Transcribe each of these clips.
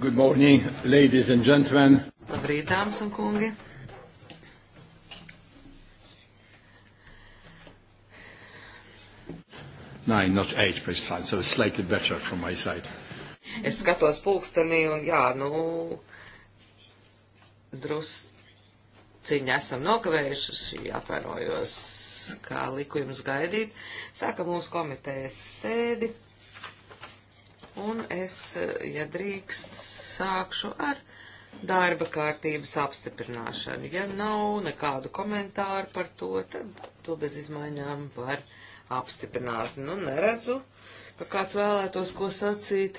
Good morning, ladies and gentlemen. Labrīt, dāmas un kungi. Nine, not eight precise, so slightly better from my side. Es skatos pulkstenī un jā, nu, drusciņi esam nokavējuši, atvainojos, kā liku jums gaidīt. Sākam mūsu komitejas sēdi un es, eh, ja drīkst, sākšu ar darba kārtības apstiprināšanu. Ja nav nekādu komentāru par to, tad to bez izmaiņām var apstiprināt. Nu, neredzu, ka kāds vēlētos ko sacīt.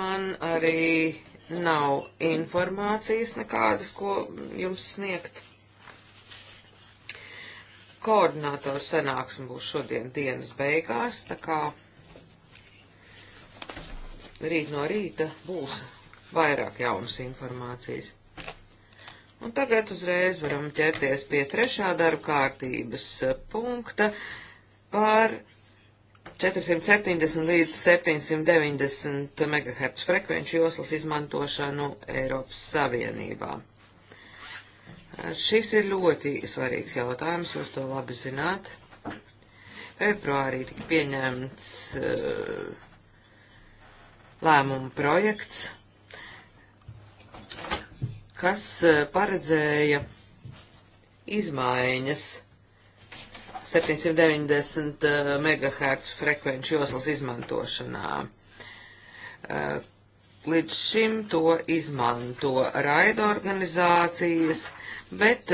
Man arī nav informācijas nekādas, ko jums sniegt koordinātoru sanāksme būs šodien dienas beigās, tā kā rīt no rīta būs vairāk jaunas informācijas. Un tagad uzreiz varam ķerties pie trešā darba kārtības eh, punkta par 470 līdz 790 MHz frekvenču joslas izmantošanu Eiropas Savienībā. Eh, šis ir ļoti svarīgs jautājums, jūs to labi zināt. Februārī tika pieņemts uh, lēmuma projekts, kas e, paredzēja izmaiņas 790 e, MHz frekvenču joslas izmantošanā. E, līdz šim to izmanto raida organizācijas, bet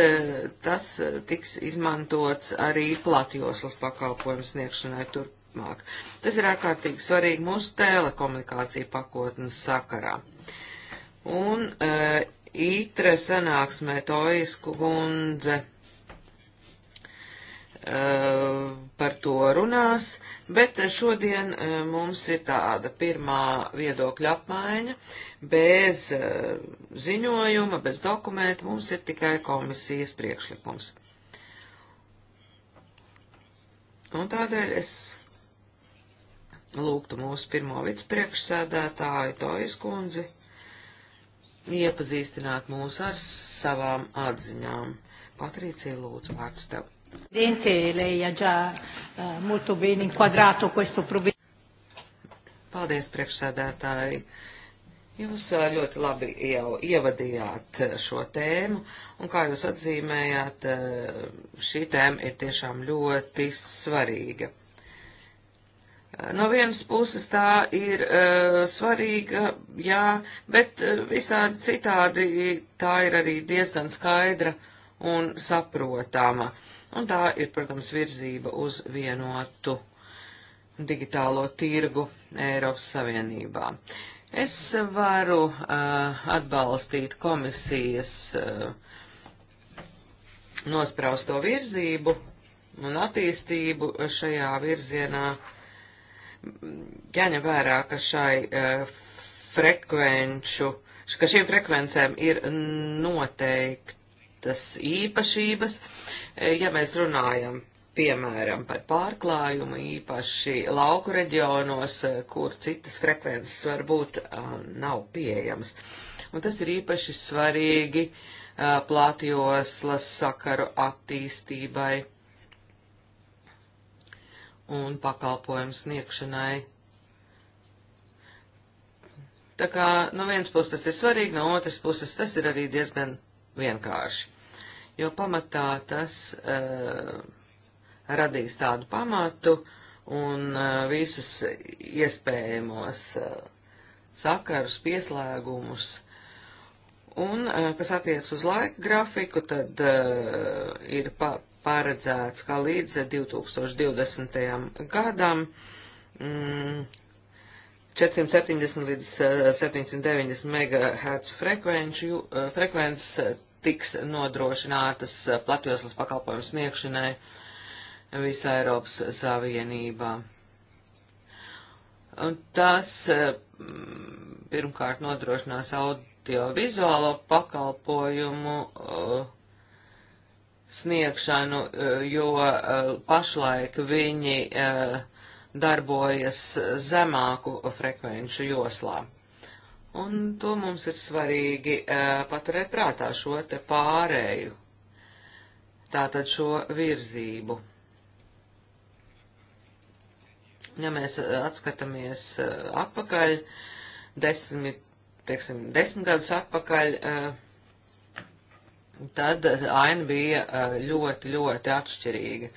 tas tiks izmantots arī platjoslas pakalpojumu sniegšanai turp turpmāk. Tas ir ārkārtīgi svarīgi mūsu telekomunikāciju pakotnes sakarā. Un uh, ITRE sanāksmē Tojas kundze uh, par to runās, bet šodien uh, mums ir tāda pirmā viedokļa apmaiņa. Bez uh, ziņojuma, bez dokumenta mums ir tikai komisijas priekšlikums. Un tādēļ es lūgtu mūsu pirmo vicepriekšsēdētāju Tojas kundzi iepazīstināt mūs ar savām atziņām. Patricija, lūdzu, vārds tev. Eh, Paldies, priekšsēdētāji. Jūs eh, ļoti labi jau ievadījāt eh, šo tēmu, un kā jūs atzīmējāt, šī tēma ir tiešām ļoti svarīga. No vienas puses tā ir uh, svarīga, jā, bet uh, visādi citādi tā ir arī diezgan skaidra un saprotama. Un tā ir, protams, virzība uz vienotu digitālo tirgu Eiropas Savienībā. Es varu uh, atbalstīt komisijas uh, nosprausto virzību un attīstību šajā virzienā. Uh, jāņem vērā, ka šai uh, frekvenču, ka šīm frekvencēm ir noteiktas īpašības, eh, ja mēs runājam, piemēram, par pārklājumu, īpaši lauku reģionos, eh, kur citas frekvences varbūt uh, nav pieejamas. Un tas ir īpaši svarīgi uh, plātjoslas sakaru attīstībai un pakalpojumu sniegšanai. Tā kā no vienas puses tas ir svarīgi, no otras puses tas ir arī diezgan vienkārši, jo pamatā tas uh, radīs tādu pamatu un uh, visus iespējamos uh, sakarus, pieslēgumus. Un, uh, kas attiec uz laika grafiku, tad uh, ir pa paredzēts, ka līdz 2020. gadam mm, 470 līdz 790 eh, MHz frekvenču, eh, frekvences eh, tiks nodrošinātas platjoslas pakalpojumu sniegšanai visā Eiropas Savienībā. Un tas mm, pirmkārt nodrošinās audiovizuālo pakalpojumu uh, sniegšanu, eh, jo eh, pašlaik viņi eh, darbojas zemāku frekvenču joslā. Un to mums ir svarīgi paturēt prātā šo te pārēju, tātad šo virzību. Ja mēs atskatāmies atpakaļ, desmit, teiksim, desmit gadus atpakaļ, uh, tad aina bija eh, ļoti, ļoti atšķirīga.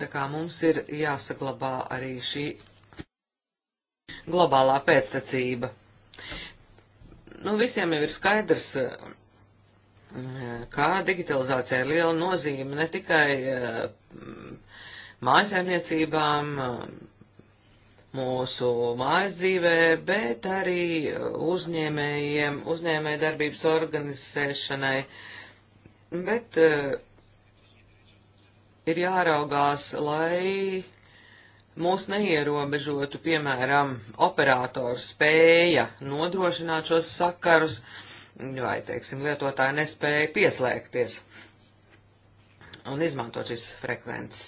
Tā kā mums ir jāsaglabā arī šī globālā pēctecība. Nu, visiem jau ir skaidrs, eh, kā digitalizācija ir liela nozīme ne tikai eh, mājasēmniecībām, mūsu mājas dzīvē, bet arī uzņēmējiem, uzņēmējdarbības organizēšanai, uh, Bet uh, ir jāraugās, lai mūs neierobežotu, piemēram, operātoru spēja nodrošināt šos sakarus, vai, teiksim, lietotāja nespēja pieslēgties un izmantot šīs frekvences.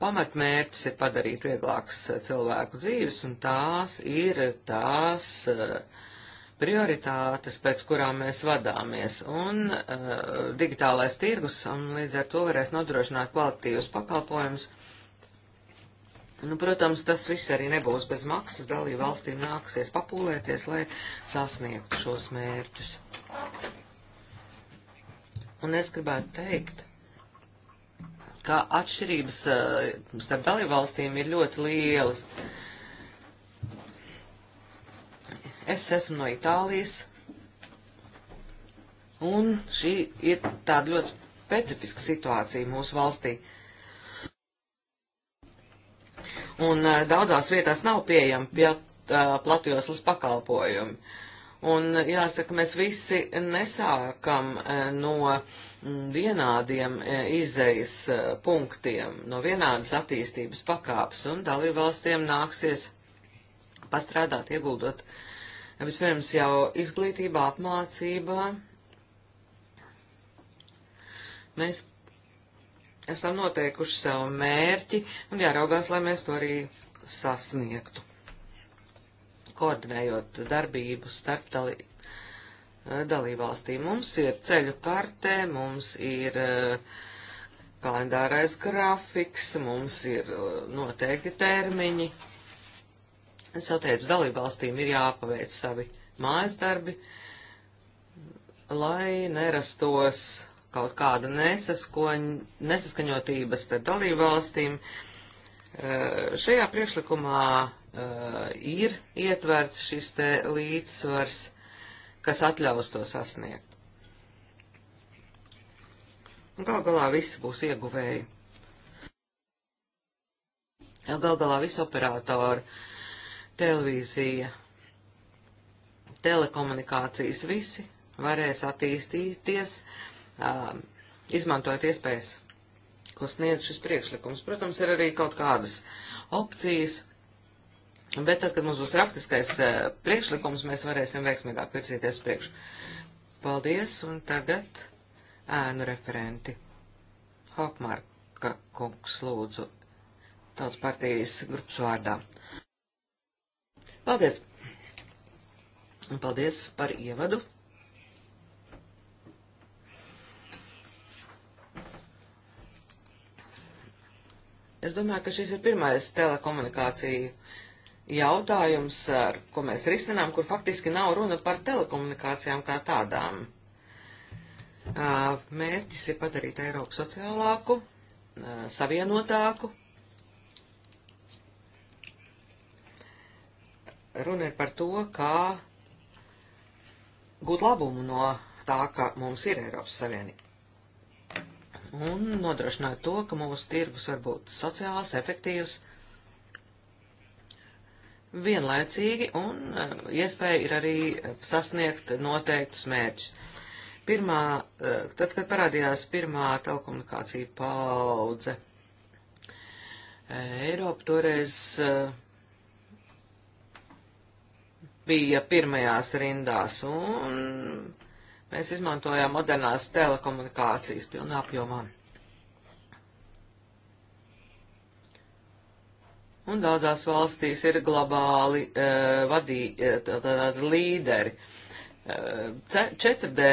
pamatmērķis ir padarīt vieglākas cilvēku dzīves, un tās ir tās prioritātes, pēc kurām mēs vadāmies. Un uh, digitālais tirgus, un līdz ar to varēs nodrošināt kvalitīvus pakalpojumus. Nu, protams, tas viss arī nebūs bez maksas. Dalību valstīm nāksies papūlēties, lai sasniegtu šos mērķus. Un es gribētu teikt, ka atšķirības eh, starp dalībvalstīm ir ļoti lielas. Es esmu no Itālijas, un šī ir tāda ļoti specifiska situācija mūsu valstī. Un eh, daudzās vietās nav pieejami eh, platjoslas pakalpojumi. Un jāsaka, mēs visi nesākam no Mm, vienādiem e, izejas e, punktiem, no vienādas attīstības pakāpes, un dalībvalstiem nāksies pastrādāt, ieguldot e, vispirms jau izglītībā, apmācībā. Mēs esam noteikuši savu mērķi un jāraugās, lai mēs to arī sasniegtu. Koordinējot darbību starp dalībvalstīm Eh, dalībvalstī. Mums ir ceļu kartē, mums ir eh, kalendārais grafiks, mums ir eh, noteikti termiņi. Es jau teicu, dalībvalstīm ir jāpaveic savi mājas darbi, lai nerastos kaut kāda nesaskaņotības starp dalībvalstīm. Šajā priekšlikumā ir ietverts šis te līdzsvars kas atļaus to sasniegt. Un gal galā visi būs ieguvēji. Jo gal galā visi operatori, televīzija, telekomunikācijas, visi varēs attīstīties, um, izmantojot iespējas, ko sniedz šis priekšlikums. Protams, ir arī kaut kādas opcijas, Bet tad, kad mums būs rakstiskais eh, priekšlikums, mēs varēsim veiksmīgāk virzīties priekš. Paldies, un tagad ēnu referenti. Hopmarka kungs lūdzu tautas partijas grupas vārdā. Paldies! Un paldies par ievadu. Es domāju, ka šis ir pirmais telekomunikācija jautājums, ar ko mēs risinām, kur faktiski nav runa par telekomunikācijām kā tādām. Mērķis ir padarīt Eiropu sociālāku, savienotāku. Runa ir par to, kā gūt labumu no tā, ka mums ir Eiropas Savienība. Un nodrošināt to, ka mūsu tirgus var būt sociāls, efektīvs, uh, vienlaicīgi un eh, iespēja ir arī sasniegt noteiktus mērķus. Pirmā, eh, tad, kad parādījās pirmā telekomunikācija paudze, eh, Eiropa toreiz bija pirmajās rindās un mēs izmantojām modernās telekomunikācijas pilnā apjomā. un daudzās valstīs ir globāli uh, vadī, e, tā, tā, līderi. Uh, e, 4D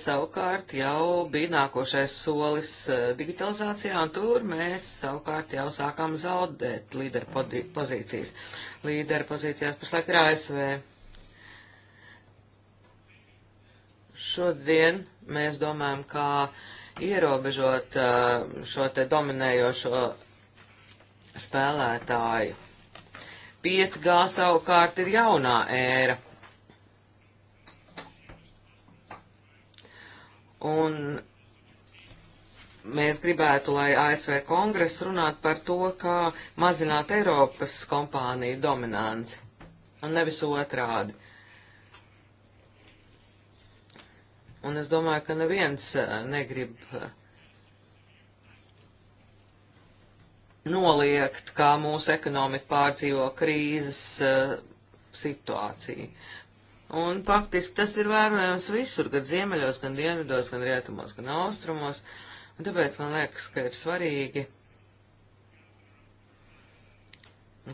savukārt jau bija nākošais solis uh, digitalizācijā, un tur mēs savukārt jau sākām zaudēt līderu pozīcijas. Līderu pozīcijās pašlaik ir ASV. Šodien mēs domājam, kā ierobežot uh, šo te dominējošo spēlētāju. 5G savukārt ir jaunā ēra. Un mēs gribētu, lai ASV kongress runātu par to, kā mazināt Eiropas kompāniju dominanci, un nevis otrādi. Un es domāju, ka neviens eh, negrib uh, noliegt, kā mūsu ekonomika pārdzīvo krīzes uh, situāciju. Un faktiski tas ir vērojams visur, gan ziemeļos, gan dienvidos, gan rietumos, gan austrumos. Un tāpēc man liekas, ka ir svarīgi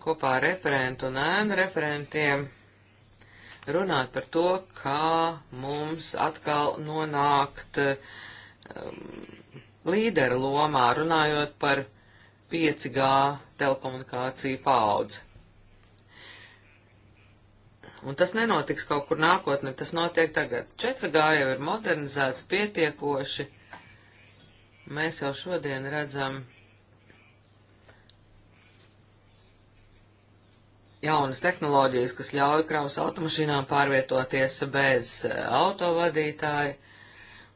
kopā ar referentu un ēnu referentiem runāt par to, kā mums atkal nonākt um, līdera lomā, runājot par 5G telekomunikāciju paudzi. Un tas nenotiks kaut kur nākotnē, tas notiek tagad. 4G jau ir modernizēts pietiekoši. Mēs jau šodien redzam jaunas tehnoloģijas, kas ļauj kravas automašīnām pārvietoties bez autovadītāja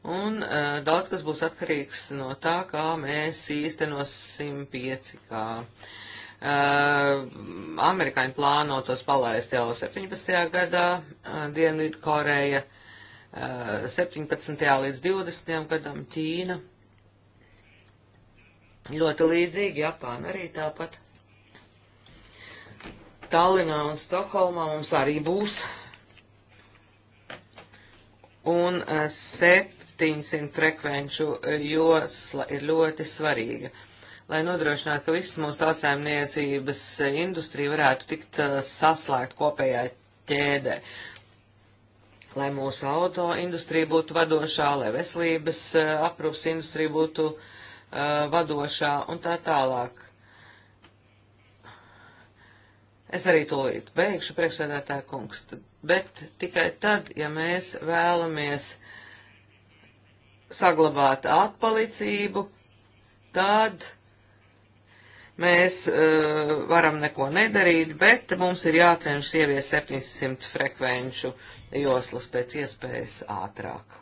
un uh, daudz kas būs atkarīgs no tā, kā mēs īstenosim 5K. Uh, eh, amerikāņi plāno tos palaist jau 17. gadā, uh, eh, Dienvidu Koreja uh, 17. līdz 20. gadam, Ķīna. Ļoti līdzīgi Japāna arī tāpat. Tallinā un Stokholmā mums arī būs. Un uh, sep 700 frekvenču eh, josla ir ļoti svarīga, lai nodrošinātu, ka visas mūsu tautsēmniecības eh, industrija varētu tikt eh, saslēgt kopējā ķēdē. Lai mūsu auto industrija būtu vadošā, lai veselības aprūpas industrija būtu uh, vadošā un tā tālāk. Es arī tūlīt beigšu priekšsēdētāja kungs, bet tikai tad, ja mēs vēlamies uh, saglabāt atpalicību, tad mēs uh, varam neko nedarīt, bet mums ir jācenšas ievies 700 frekvenču joslas pēc iespējas ātrāk.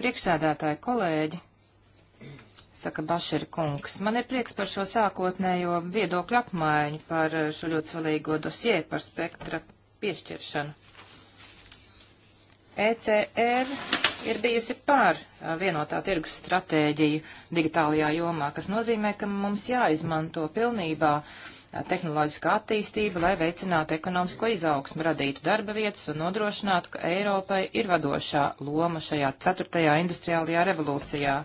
Priekšsēdētāji kolēģi, saka Bašir kungs, man ir prieks par šo sākotnējo viedokļu apmaiņu par šo ļoti svarīgo dosie par spektra piešķiršanu. ECR ir bijusi pār vienotā tirgus stratēģiju digitālajā jomā, kas nozīmē, ka mums jāizmanto pilnībā tehnoloģiskā attīstība, lai veicinātu ekonomisko izaugsmu, radītu darba vietas un nodrošinātu, ka Eiropai ir vadošā loma šajā ceturtajā industriālajā revolūcijā.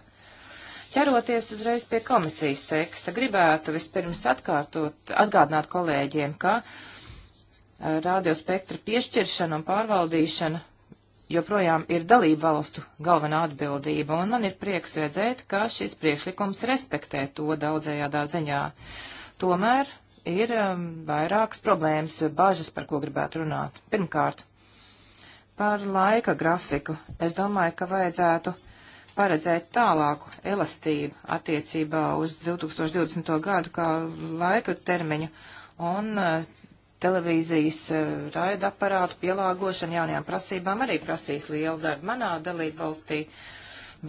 Ķeroties uzreiz pie komisijas teksta, gribētu vispirms atkārtot, atgādināt kolēģiem, ka radiospektra piešķiršana un pārvaldīšana joprojām ir dalību valstu galvenā atbildība, un man ir prieks redzēt, ka šis priekšlikums respektē to daudzējādā ziņā. Tomēr ir um, vairākas problēmas, bažas, par ko gribētu runāt. Pirmkārt, par laika grafiku. Es domāju, ka vajadzētu paredzēt tālāku elastību attiecībā uz 2020. gadu kā laika termiņu, un uh, televīzijas eh, raida aparātu pielāgošana jaunajām prasībām arī prasīs lielu darbu. Manā dalību valstī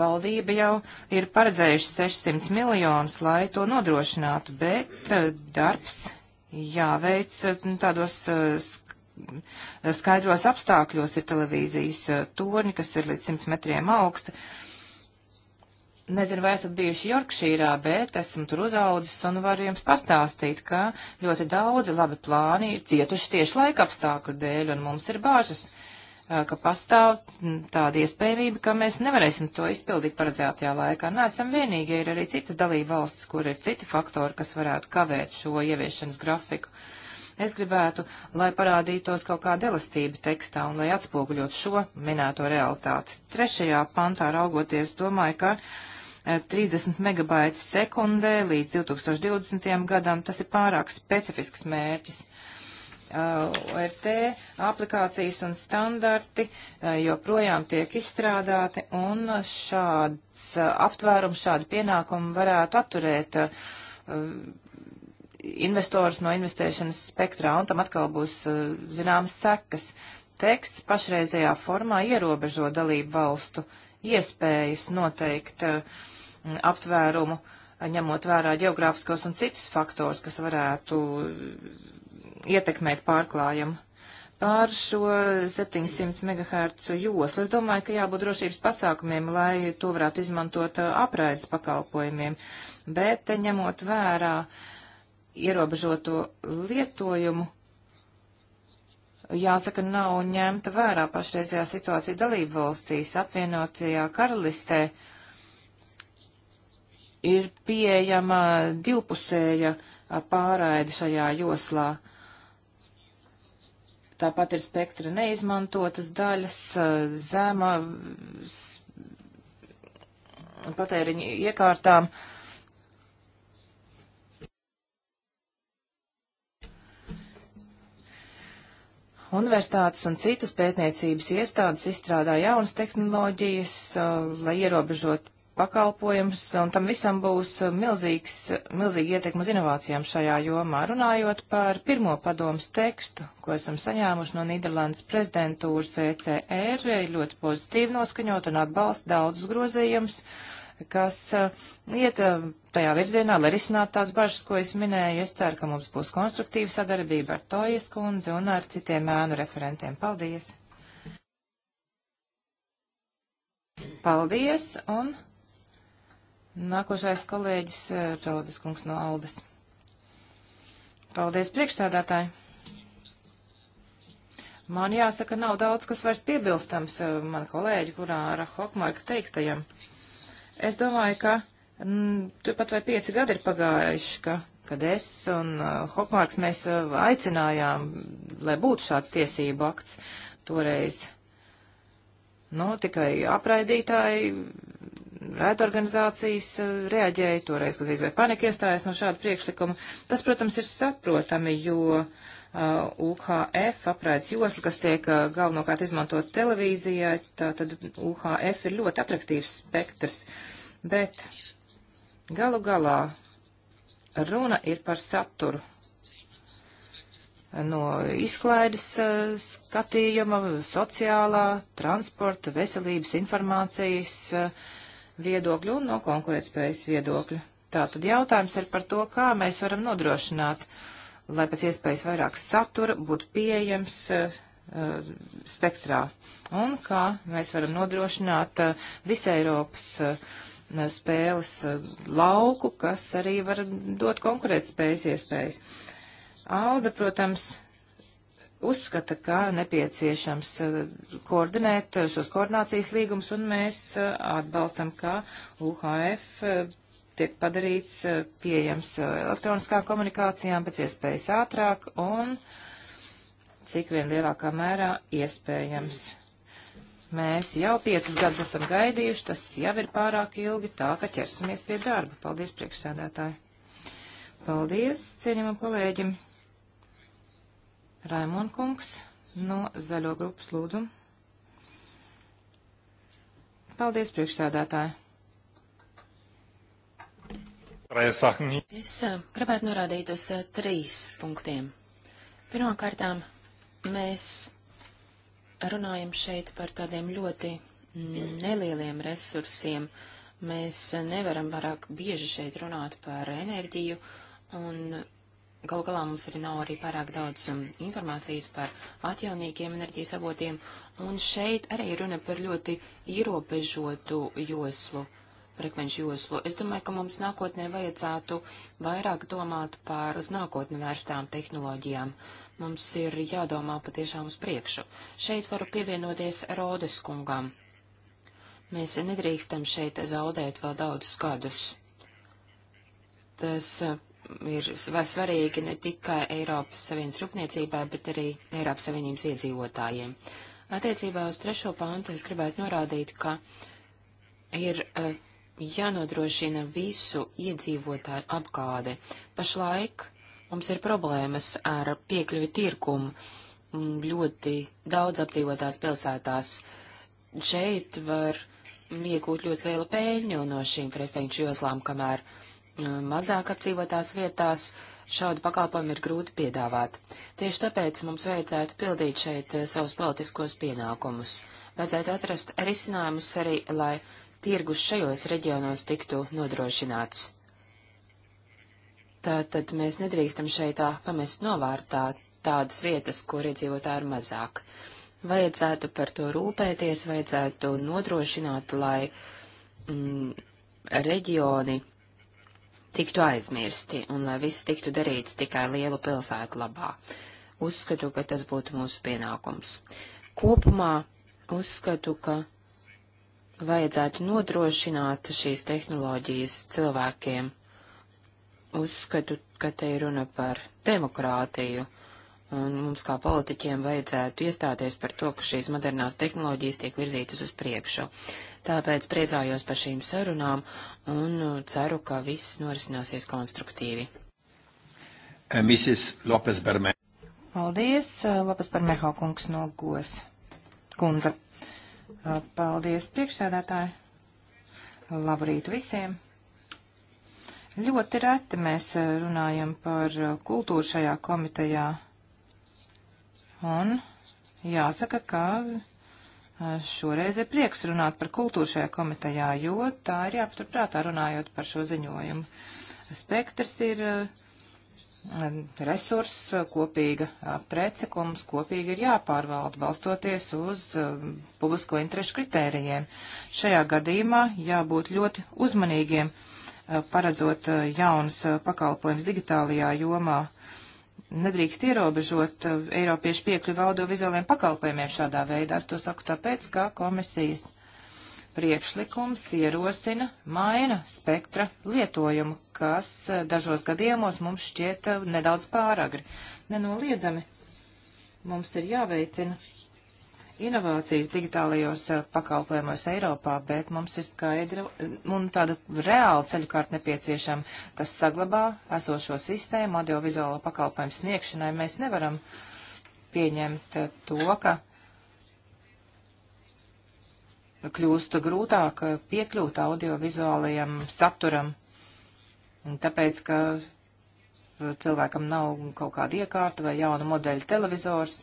valdība jau ir paredzējuši 600 miljonus, lai to nodrošinātu, bet eh, darbs jāveic eh, nu, tādos skaidros apstākļos ir televīzijas torņi, kas ir līdz 100 metriem augsta. Uh, Nezinu, vai esat bijuši Jorkšīrā, bet esmu tur uzaudzis un varu jums pastāstīt, ka ļoti daudzi labi plāni ir cietuši tieši laika apstākļu dēļ, un mums ir bāžas, ka pastāv tāda iespējamība, ka mēs nevarēsim to izpildīt paredzētajā laikā. Nesam vienīgie, ir arī citas dalība valstis, kur ir citi faktori, kas varētu kavēt šo ieviešanas grafiku. Es gribētu, lai parādītos kaut kāda elastība tekstā un lai atspoguļot šo minēto realitāti. Trešajā pantā raugoties, domāju, ka 30 eh, megabaiti sekundē līdz 2020. gadam. Tas ir pārāk specifisks mērķis. Eh, ORT aplikācijas un standarti eh, joprojām tiek izstrādāti, un šāds aptvērums, šādi pienākumi varētu atturēt investors no investēšanas spektrā, un tam atkal būs zināmas sekas. Teksts pašreizējā formā ierobežo dalību valstu iespējas noteikt eh, aptvērumu, ņemot vērā geogrāfiskos un citus faktors, kas varētu ietekmēt pārklājumu. Pār šo 700 MHz joslu es domāju, ka jābūt drošības pasākumiem, lai to varētu izmantot eh, apraides pakalpojumiem, bet eh, ņemot vērā ierobežoto lietojumu, jāsaka, nav ņemta vērā pašreizajā situācija dalību valstīs. Apvienotajā karalistē ir pieejama divpusēja pārraide šajā joslā. Tāpat ir spektra neizmantotas daļas, zema patēriņa iekārtām. Uh, Universitātes un citas pētniecības iestādes izstrādā jaunas tehnoloģijas, uh, lai ierobežot pakalpojums, un tam visam būs uh, milzīgs, uh, milzīgi ietekmi uz inovācijām šajā jomā. Runājot par pirmo padomus tekstu, ko esam saņēmuši no Nīderlandes prezidentūras ECR, ļoti pozitīvi noskaņot un atbalsta daudzus grozījumus. Uh, kas uh, iet uh, tajā virzienā, lai risinātu tās bažas, ko es minēju. Es ceru, ka mums būs konstruktīva sadarbība ar Tojas kundzi un ar citiem ēnu referentiem. Paldies! Paldies! Un nākošais kolēģis uh, Raudas kungs no Albas. Paldies, priekšsādātāji! Man jāsaka, nav daudz, kas vairs piebilstams man kolēģi, kurā ar Hokmarka teiktajam. Uh, Es domāju, ka mm, pat vai pieci gadi ir pagājuši, ka, kad es un uh, Hopmārks mēs uh, aicinājām, lai būtu šāds tiesību akts toreiz. Nu, tikai apraidītāji, rētorganizācijas uh, reaģēja, toreiz gandrīz vai panika iestājas no šāda priekšlikuma. Tas, protams, ir saprotami, jo uh, uh, UHF apraides josla, kas tiek uh, galvenokārt izmantot televīzijai, tātad UHF ir ļoti atraktīvs spektrs, bet galu galā runa ir par saturu no izklaides uh, skatījuma, sociālā, transporta, veselības, informācijas uh, viedokļu un no konkurētspējas viedokļu. Tātad jautājums ir par to, kā mēs varam nodrošināt uh, lai pēc iespējas vairāk satura būtu pieejams uh, spektrā un kā mēs varam nodrošināt uh, eh, visu Eiropas uh, spēles lauku, kas arī var dot konkurētspējas iespējas. Alda, protams, uzskata, ka nepieciešams koordinēt šos koordinācijas līgumus, un mēs atbalstam, ka UHF tiek padarīts eh, pieejams eh, elektroniskām komunikācijām pēc iespējas ātrāk un cik vien lielākā mērā iespējams. Mēs jau piecus gadus esam gaidījuši, tas jau ir pārāk ilgi, tā ka ķersimies pie darba. Paldies, priekšsēdētāji! Paldies, cienījumam kolēģim! Raimon kungs no Zaļo grupas lūdzu. Paldies, priekšsēdētāji! Es eh, gribētu norādīt uz eh, trīs punktiem. Pirmkārtām, mēs runājam šeit par tādiem ļoti nelieliem resursiem. Mēs eh, nevaram pārāk bieži šeit runāt par enerģiju, un gal galā mums arī nav arī pārāk daudz um, informācijas par atjaunīgiem enerģijas avotiem, un šeit arī runa par ļoti ierobežotu joslu frekvenču joslu. Es domāju, ka mums nākotnē vajadzētu vairāk domāt pār uz nākotni vērstām tehnoloģijām. Mums ir jādomā patiešām uz priekšu. Šeit varu pievienoties Rodes kungam. Mēs nedrīkstam šeit zaudēt vēl daudzus gadus. Tas uh, ir svarīgi ne tikai Eiropas Savienības rūpniecībai, bet arī Eiropas Savienības iedzīvotājiem. Attiecībā uz trešo pāntu es gribētu norādīt, ka ir uh, jānodrošina visu iedzīvotāju apgāde. Pašlaik mums ir problēmas ar piekļuvi tirkumu mm, ļoti daudz apdzīvotās pilsētās. Šeit var iegūt ļoti lielu peļņu no šīm prefekšu joslām, kamēr mm, mazāk apdzīvotās vietās šādu pakalpojumu ir grūti piedāvāt. Tieši tāpēc mums vajadzētu pildīt šeit eh, savus politiskos pienākumus. Vajadzētu atrast risinājumus arī, lai tirgus šajos reģionos tiktu nodrošināts. Tātad mēs nedrīkstam šeit tā pamest novārtā tādas vietas, kur iedzīvotāji ir mazāk. Vajadzētu par to rūpēties, vajadzētu nodrošināt, lai mm, reģioni tiktu aizmirsti un lai viss tiktu darīts tikai lielu pilsētu labā. Uzskatu, ka tas būtu mūsu pienākums. Kopumā uzskatu, ka vajadzētu nodrošināt šīs tehnoloģijas cilvēkiem. Uzskatu, ka te ir runa par demokrātiju, un mums kā politiķiem vajadzētu iestāties par to, ka šīs modernās tehnoloģijas tiek virzītas uz priekšu. Tāpēc priecājos par šīm sarunām un uh, ceru, ka viss norisināsies konstruktīvi. Uh, Mrs. Lopes Bermejo. Paldies, uh, Lopes Bermejo kungs no Gos. Kundze. Paldies, priekšsēdētāji! Labrīt visiem! Ļoti reti mēs runājam par kultūru šajā komitejā. Un jāsaka, ka šoreiz ir prieks runāt par kultūru šajā komitejā, jo tā ir jāpaturprātā runājot par šo ziņojumu. Spektrs ir uh, Um, resurs, uh, kopīga uh, prece, ko mums kopīgi ir jāpārvalda, balstoties uz um, publisko interešu kritērijiem. Šajā gadījumā jābūt ļoti uzmanīgiem, uh, paredzot jaunus pakalpojumus digitālajā jomā. Nedrīkst ierobežot Eiropiešu piekļuvi audio vizuāliem pakalpojumiem šādā veidā. Es to saku tāpēc, ka komisijas priekšlikums ierosina maina spektra lietojumu, kas eh, dažos gadījumos mums šķiet eh, nedaudz pāragri. Nenoliedzami mums ir jāveicina inovācijas digitālajos eh, pakalpojumos Eiropā, bet mums ir skaidra un tāda reāla ceļkārta nepieciešama, kas saglabā esošo sistēmu audiovizuālo pakalpojumu sniegšanai. Mēs nevaram pieņemt to, ka kļūst grūtāk piekļūt audiovizuālajam saturam, tāpēc, ka cilvēkam nav kaut kāda iekārta vai jauna modeļa televizors.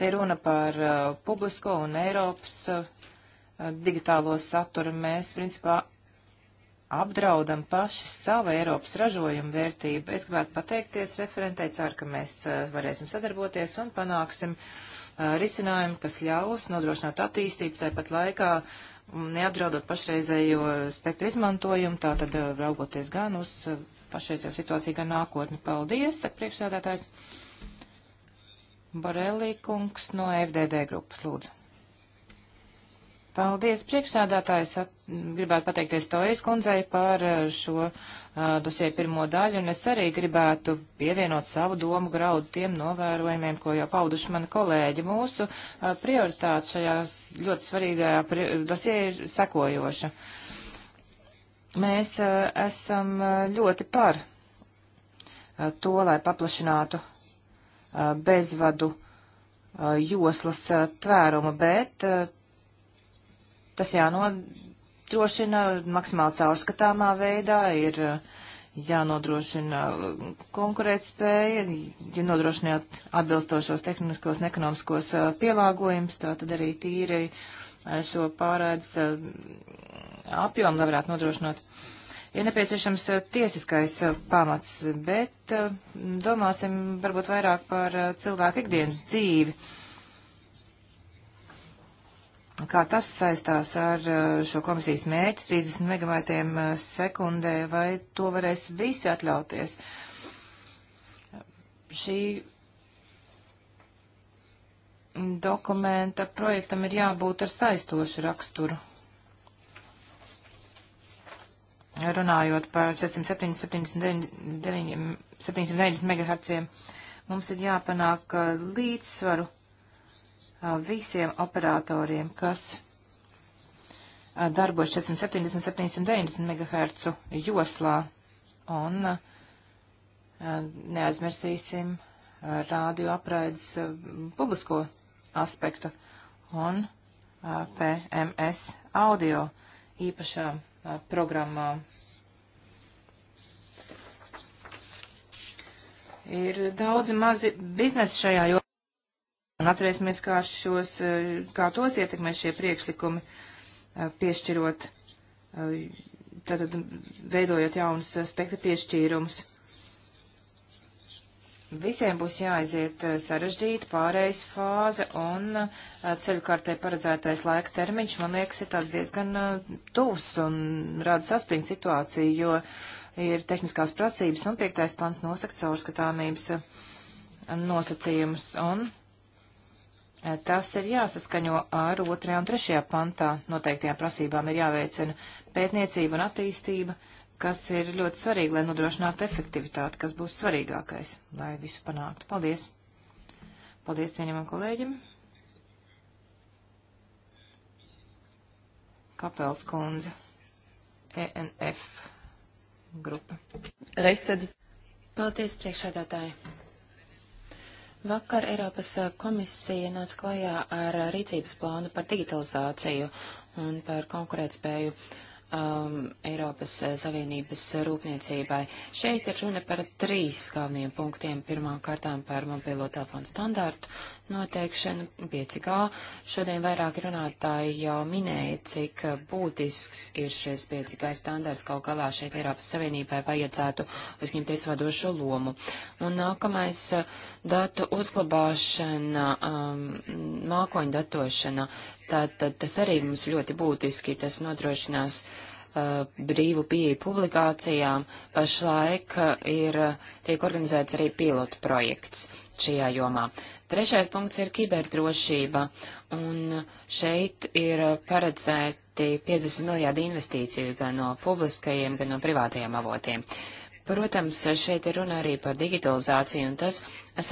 Te runa par uh, publisko un Eiropas uh, digitālo saturu. Mēs, principā, apdraudam paši savu Eiropas ražojumu vērtību. Es gribētu pateikties referentei, ceru, ka mēs eh, varēsim sadarboties un panāksim eh, risinājumu, kas ļaus nodrošināt attīstību, tāpat laikā mm, neapdraudot pašreizējo spektru izmantojumu, tātad eh, raugoties gan uz pašreizējo situāciju, gan nākotni. Paldies, saka priekšsēdētājs. Borelī kungs no FDD grupas lūdzu. Paldies, priekšsādātājs. Gribētu pateikties Tojas kundzei par uh, šo uh, dosie pirmo daļu, un es arī gribētu pievienot savu domu graudu tiem novērojumiem, ko jau pauduši mani kolēģi. Mūsu uh, prioritāte šajā ļoti svarīgajā dosie ir sekojoša. Mēs esam ļoti par to, lai paplašinātu bezvadu joslas tvērumu, bet tas jānodrošina maksimāli caurskatāmā veidā, ir uh, jānodrošina uh, konkurētspēja, ja nodrošināt atbilstošos tehniskos un ekonomiskos uh, pielāgojumus, tā tad arī tīri šo pārēdz apjomu, lai varētu nodrošināt. Ir nepieciešams tiesiskais pamats, bet domāsim varbūt vairāk par cilvēku ikdienas dzīvi. Uh, kā tas saistās ar uh, šo komisijas mērķi 30 megabaitiem uh, sekundē, vai to varēs visi atļauties. Šī dokumenta projektam ir jābūt ar saistošu raksturu. Runājot par 779 MHz, mums ir jāpanāk uh, līdzsvaru visiem operatoriem, kas darbojas 470-790 MHz joslā. Un neaizmirsīsim rādio apraides publisko aspektu un PMS audio īpašām programmām. Ir daudzi mazi biznesi šajā jomā. Un atcerēsimies, kā, šos, eh, kā tos ietekmē šie priekšlikumi, eh, piešķirot, eh, tātad veidojot jaunus spektra piešķīrumus. Visiem būs jāaiziet sarežģīta pārējais fāze, un ceļu kartē paredzētais laika termiņš, man liekas, ir tāds diezgan tūs un rada saspringta situācija, jo ir tehniskās prasības, un piektais pants nosaka caurskatāmības nosacījumus. Un Tas ir jāsaskaņo ar 2. un 3. pantā noteiktajām prasībām ir jāveicina pētniecība un attīstība, kas ir ļoti svarīgi, lai nodrošinātu efektivitāti, kas būs svarīgākais, lai visu panāktu. Paldies! Paldies cienījumam kolēģim! Kapels kundze, ENF grupa. Reizsadi. Paldies priekšādātāji! Vakar Eiropas komisija nāca klajā ar rīcības plānu par digitalizāciju un par konkurētspēju um, Eiropas Savienības rūpniecībai. Šeit ir runa par trīs galveniem punktiem. Pirmām kārtām par mobilo telefonu standārtu, noteikšanu 5G. Šodien vairāk runātāji jau minēja, cik būtisks ir šis 5G standarts. Kaut galā šeit Eiropas Savienībai vajadzētu uzņemties vadošo lomu. Un nākamais datu uzglabāšana, um, mākoņu datošana, tātad tas arī mums ļoti būtiski, tas nodrošinās uh, brīvu pieeju publikācijām. Pašlaik uh, ir, tiek organizēts arī pilotu projekts šajā jomā. Trešais punkts ir kiberdrošība, un šeit ir paredzēti 50 miljārdi investīciju gan no publiskajiem, gan no privātajiem avotiem. Protams, šeit ir runa arī par digitalizāciju, un tas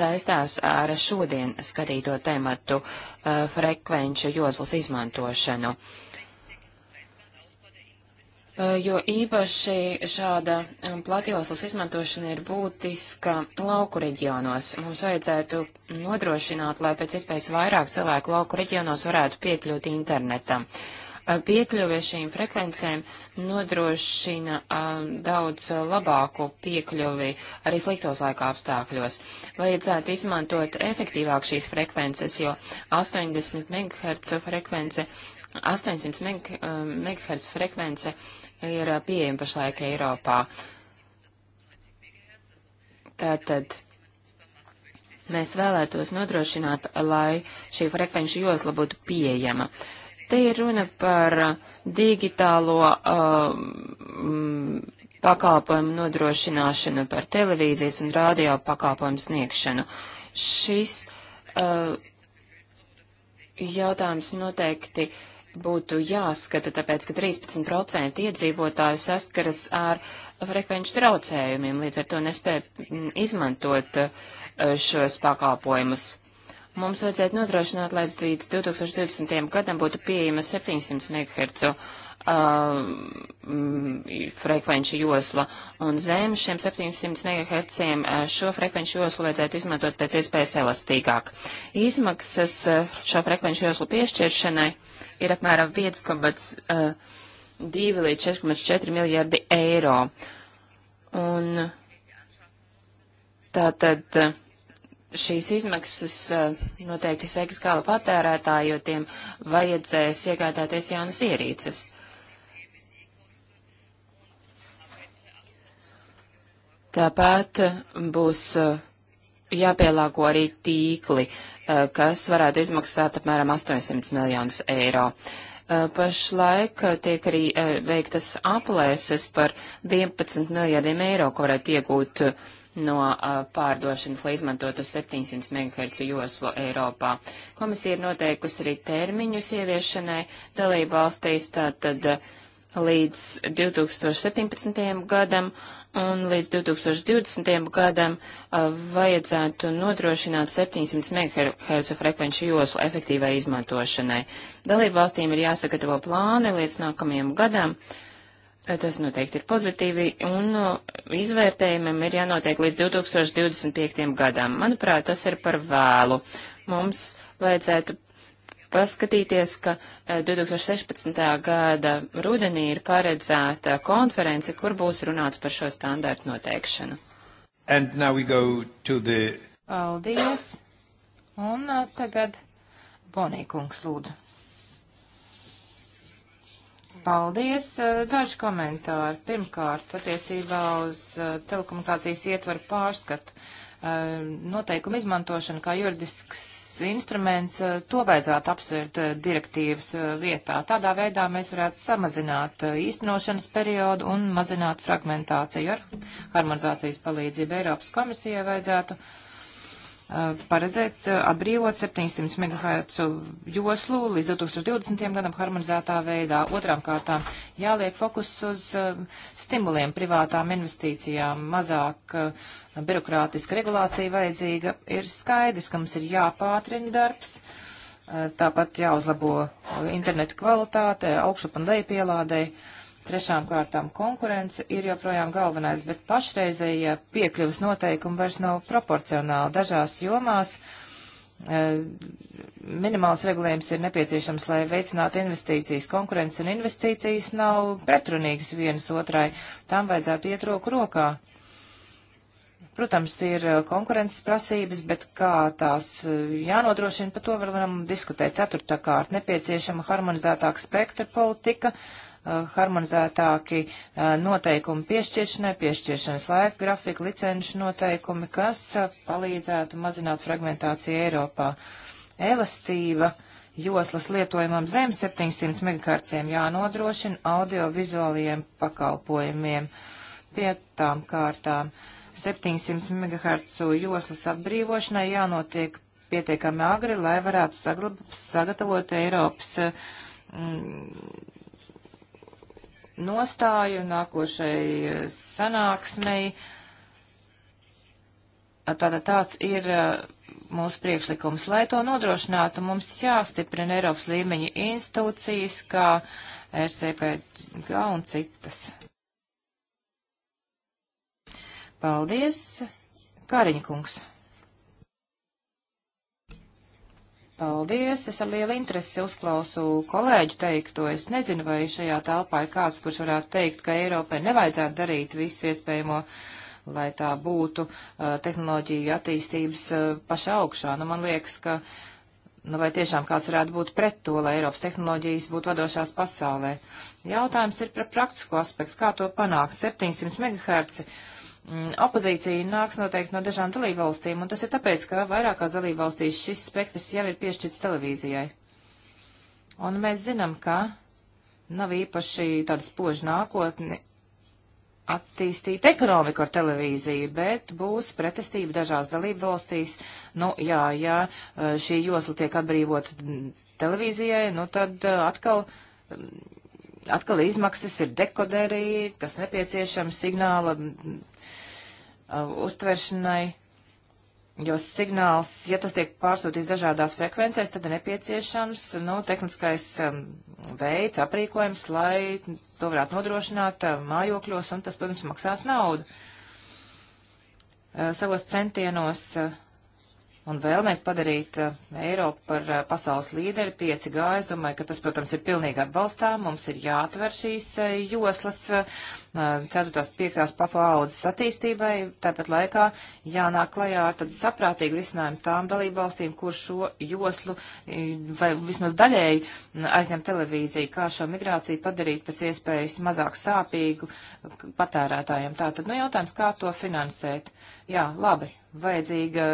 saistās ar šodien skatīto tematu uh, frekvenču joslas izmantošanu. Uh, Eh, jo īpaši šāda eh, platjoslas izmantošana ir būtiska lauku reģionos. Mums vajadzētu nodrošināt, lai pēc iespējas vairāk cilvēku lauku reģionos varētu piekļūt internetam. Eh, piekļuve šīm frekvencēm nodrošina um, daudz labāku piekļuvi arī sliktos laika apstākļos. Vajadzētu izmantot efektīvāk šīs frekvences, jo 80 MHz frekvence 800 MHz frekvence ir pieejami pašlaik Eiropā. Tātad mēs vēlētos nodrošināt, lai šī frekvenču josla būtu pieejama. Te ir runa par digitālo uh, pakalpojumu nodrošināšanu, par televīzijas un rādio pakalpojumu sniegšanu. Šis uh, jautājums noteikti uh, būtu jāskata, tāpēc, ka 13% iedzīvotāju saskaras ar frekvenču traucējumiem, līdz ar to nespēja mm, izmantot eh, šos pakalpojumus. Mums vajadzētu nodrošināt, lai līdz 2020. gadam būtu pieejama 700 MHz um, frekvenču josla. Un zem šiem 700 MHz uh, šo frekvenču joslu vajadzētu izmantot pēc iespējas elastīgāk. Izmaksas uh, šo frekvenču joslu piešķiršanai ir apmēram 5,2 līdz 4,4 miljardi eiro. Un tātad šīs izmaksas noteikti seks gala patērētājiem, jo tiem vajadzēs iegādāties jaunas ierīces. Tāpat būs uh, jāpielāgo arī tīkli, uh, kas varētu izmaksāt apmēram 800 miljonus eiro. Uh, pašlaik tiek arī veiktas aplēses par 11 miljardiem eiro, ko varētu iegūt no pārdošanas, lai izmantotu 700 MHz joslu Eiropā. Komisija ir noteikusi arī termiņus ieviešanai dalību valstīs, tātad līdz 2017. gadam un līdz 2020. gadam vajadzētu nodrošināt 700 MHz frekvenču joslu efektīvai izmantošanai. Dalību valstīm ir jāsagatavo plāni līdz nākamajam gadam. Tas noteikti ir pozitīvi, un izvērtējumam ir jānotiek līdz 2025. gadam. Manuprāt, tas ir par vēlu. Mums vajadzētu paskatīties, ka 2016. Eh, gada rudenī ir paredzēta konference, kur būs runāts par šo standārtu noteikšanu. The... Paldies! Un eh, tagad Bonīkungs lūdzu. Paldies. Eh, daži komentāri. Pirmkārt, attiecībā uz telekomunikācijas ietvaru pārskatu noteikumu izmantošanu kā juridisks instruments, eh, to vajadzētu apsvērt eh, direktīvas eh, vietā. Tādā veidā mēs varētu samazināt īstenošanas periodu un mazināt fragmentāciju ar harmonizācijas palīdzību Eiropas komisijai vajadzētu. Uh, Uh, paredzēts atbrīvot 700 MHz joslu līdz 2020. gadam harmonizētā veidā. Otrām kārtām jāliek fokus uz um, stimuliem privātām investīcijām, mazāk uh, birokrātiska regulācija vajadzīga. Ir skaidrs, ka mums ir jāpātrina darbs. Uh, tāpat jāuzlabo interneta kvalitāte, augšup un lejupielādei. Uh, Trešām kārtām konkurence ir joprojām galvenais, bet pašreizējie piekļuvas noteikumi vairs nav proporcionāli. Dažās jomās e, minimāls regulējums ir nepieciešams, lai veicinātu investīcijas. Konkurence un investīcijas nav pretrunīgas vienas otrai. Tām vajadzētu iet roku rokā. Protams, ir e, konkurences prasības, bet kā tās e, jānodrošina, par to varam diskutēt. Ceturtā kārt nepieciešama harmonizētāka spektra politika, Eh, harmonizētāki eh, noteikumi piešķiršanai, piešķiršanas laika grafika, licenšu noteikumi, kas eh, palīdzētu mazināt fragmentāciju Eiropā. Elastība joslas lietojumam zem 700 megakārtiem jānodrošina audiovizuālajiem pakalpojumiem pietām kārtām. 700 MHz joslas atbrīvošanai jānotiek pietiekami agri, lai varētu saglab, sagatavot Eiropas mm, nostāju nākošai eh, sanāksmei. Tātad tāds ir eh, mūsu priekšlikums. Lai to nodrošinātu, mums jāstiprina Eiropas līmeņa institūcijas, kā RCPG un citas. Paldies, Kāriņkungs. Paldies! Es ar lielu interesi uzklausu kolēģu teikto. Es nezinu, vai šajā telpā ir kāds, kurš varētu teikt, ka Eiropai nevajadzētu darīt visu iespējamo, lai tā būtu uh, tehnoloģija attīstības uh, paša augšā. Nu, man liekas, ka, nu, vai tiešām kāds varētu būt pret to, lai Eiropas tehnoloģijas būtu vadošās pasaulē. Jautājums ir par praktisko aspektu, kā to panākt. 700 MHz Mm, opozīcija nāks noteikti no dažām dalībvalstīm, un tas ir tāpēc, ka vairākās dalībvalstīs šis spektrs jau ir piešķirts televīzijai. Un mēs zinām, ka nav īpaši tāda spoža nākotne attīstīt ekonomiku ar televīziju, bet būs pretestība dažās dalībvalstīs. Nu, jā, jā, eh, šī josla tiek atbrīvota televīzijai, nu tad eh, atkal mm, atkal izmaksas ir dekoderī, kas nepieciešama signāla uztveršanai, jo signāls, ja tas tiek pārsūtīts dažādās frekvencēs, tad ir nepieciešams, nu, tehniskais veids, aprīkojums, lai to varētu nodrošināt mājokļos, un tas, protams, maksās naudu. Savos centienos uh, un vēlamies padarīt eh, Eiropu par eh, pasaules līderi 5G. Es domāju, ka tas, protams, ir pilnīgi atbalstām. Mums ir jāatver šīs eh, joslas 4. 5. papaudzes attīstībai, tāpat laikā jānāk klajā ar tad saprātīgu risinājumu tām dalībvalstīm, kur šo joslu eh, vai vismaz daļēji mm, aizņem televīziju, kā šo migrāciju padarīt pēc iespējas mazāk sāpīgu eh, patērētājiem. Tātad, nu, jautājums, kā to finansēt? Jā, labi, vajadzīga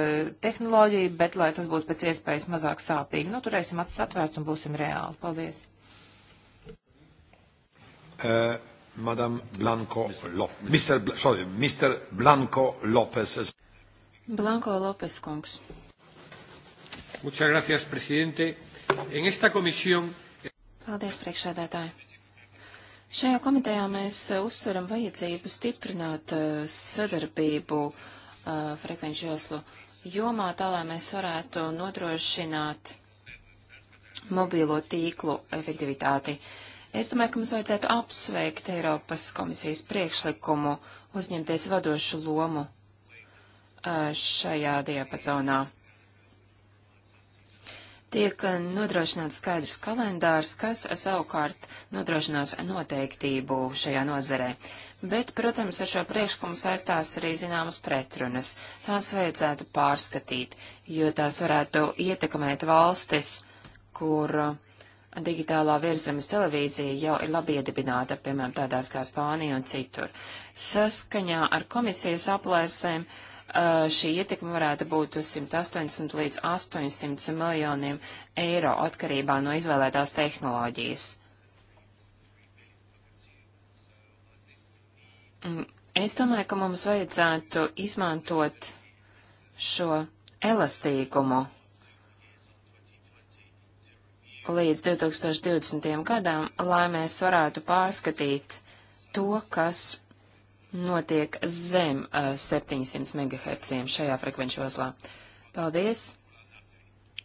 tehnoloģija, bet lai tas būtu pēc iespējas mazāk sāpīgi. Nu, turēsim acis atvērts un būsim reāli. Paldies! Uh, Madam Blanco Lopes. Mr. Bl sorry, Mr. Blanco Lopes. Blanco López Kungs. Muchas gracias, presidente. En esta comisión. Paldies, priekšsēdētāji. Šajā komitejā mēs uzsveram vajadzību stiprināt uh, sadarbību uh, frekvenču joslu jomā, tā lai mēs varētu nodrošināt mobīlo tīklu efektivitāti. Uh, Es domāju, ka mums vajadzētu apsveikt Eiropas komisijas priekšlikumu uzņemties vadošu lomu šajā diapazonā. Tiek nodrošināts skaidrs kalendārs, kas savukārt nodrošinās noteiktību šajā nozarē. Bet, protams, ar šo priekšlikumu saistās arī zināmas pretrunas. Tās vajadzētu pārskatīt, jo tās varētu ietekmēt valstis, kur uh, digitālā virsramas televīzija jau ir labi iedibināta, piemēram, tādās kā Spānija un citur. Saskaņā ar komisijas aplēsēm šī ietekme varētu būt 180 līdz 800 miljoniem eiro atkarībā no izvēlētās tehnoloģijas. Mm, es domāju, ka mums vajadzētu izmantot šo elastīgumu līdz 2020. gadam, lai mēs varētu pārskatīt to, kas notiek zem uh, 700 MHz šajā frekvenču oslā. Paldies,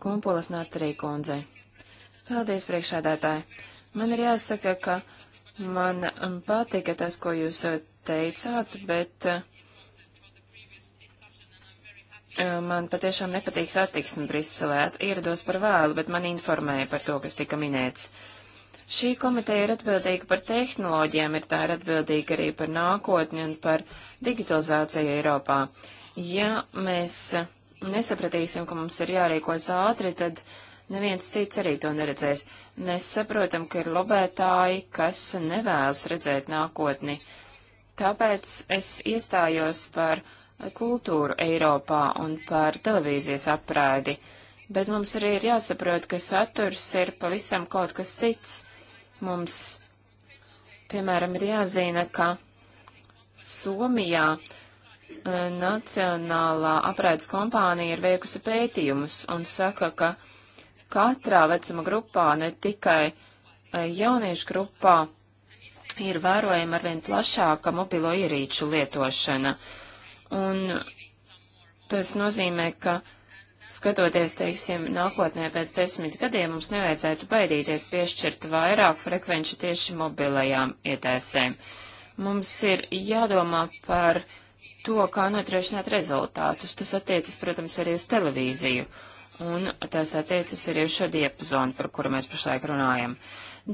Kumpulas Natrī kundze. Paldies, priekšādātāji. Man ir jāsaka, ka man um, patika tas, ko jūs uh, teicāt, bet uh, Man patiešām nepatīk satiksme Briselē. Ierados par vēlu, bet man informēja par to, kas tika minēts. Šī komiteja ir atbildīga par tehnoloģijām, ir tā ir atbildīga arī par nākotni un par digitalizāciju Eiropā. Ja mēs nesapratīsim, ka mums ir jārīkojas ātri, tad neviens cits arī to neredzēs. Mēs saprotam, ka ir lobētāji, kas nevēlas redzēt nākotni. Tāpēc es iestājos par kultūru Eiropā un par televīzijas apraidi, bet mums arī ir jāsaprot, ka saturs ir pavisam kaut kas cits. Mums, piemēram, ir jāzina, ka Somijā eh, Nacionālā apraides kompānija ir veikusi pētījumus un saka, ka katrā vecuma grupā, ne tikai eh, jauniešu grupā, ir vērojama arvien plašāka mobilo ierīču lietošana. Uh, Un tas nozīmē, ka skatoties, teiksim, nākotnē pēc desmit gadiem, mums nevajadzētu baidīties piešķirt vairāk frekvenču tieši mobilajām ietēsēm. Mums ir jādomā par to, kā nodrošināt rezultātus. Tas attiecas, protams, arī uz televīziju, un tas attiecas arī uz šo diapazonu, par kuru mēs pašlaik runājam.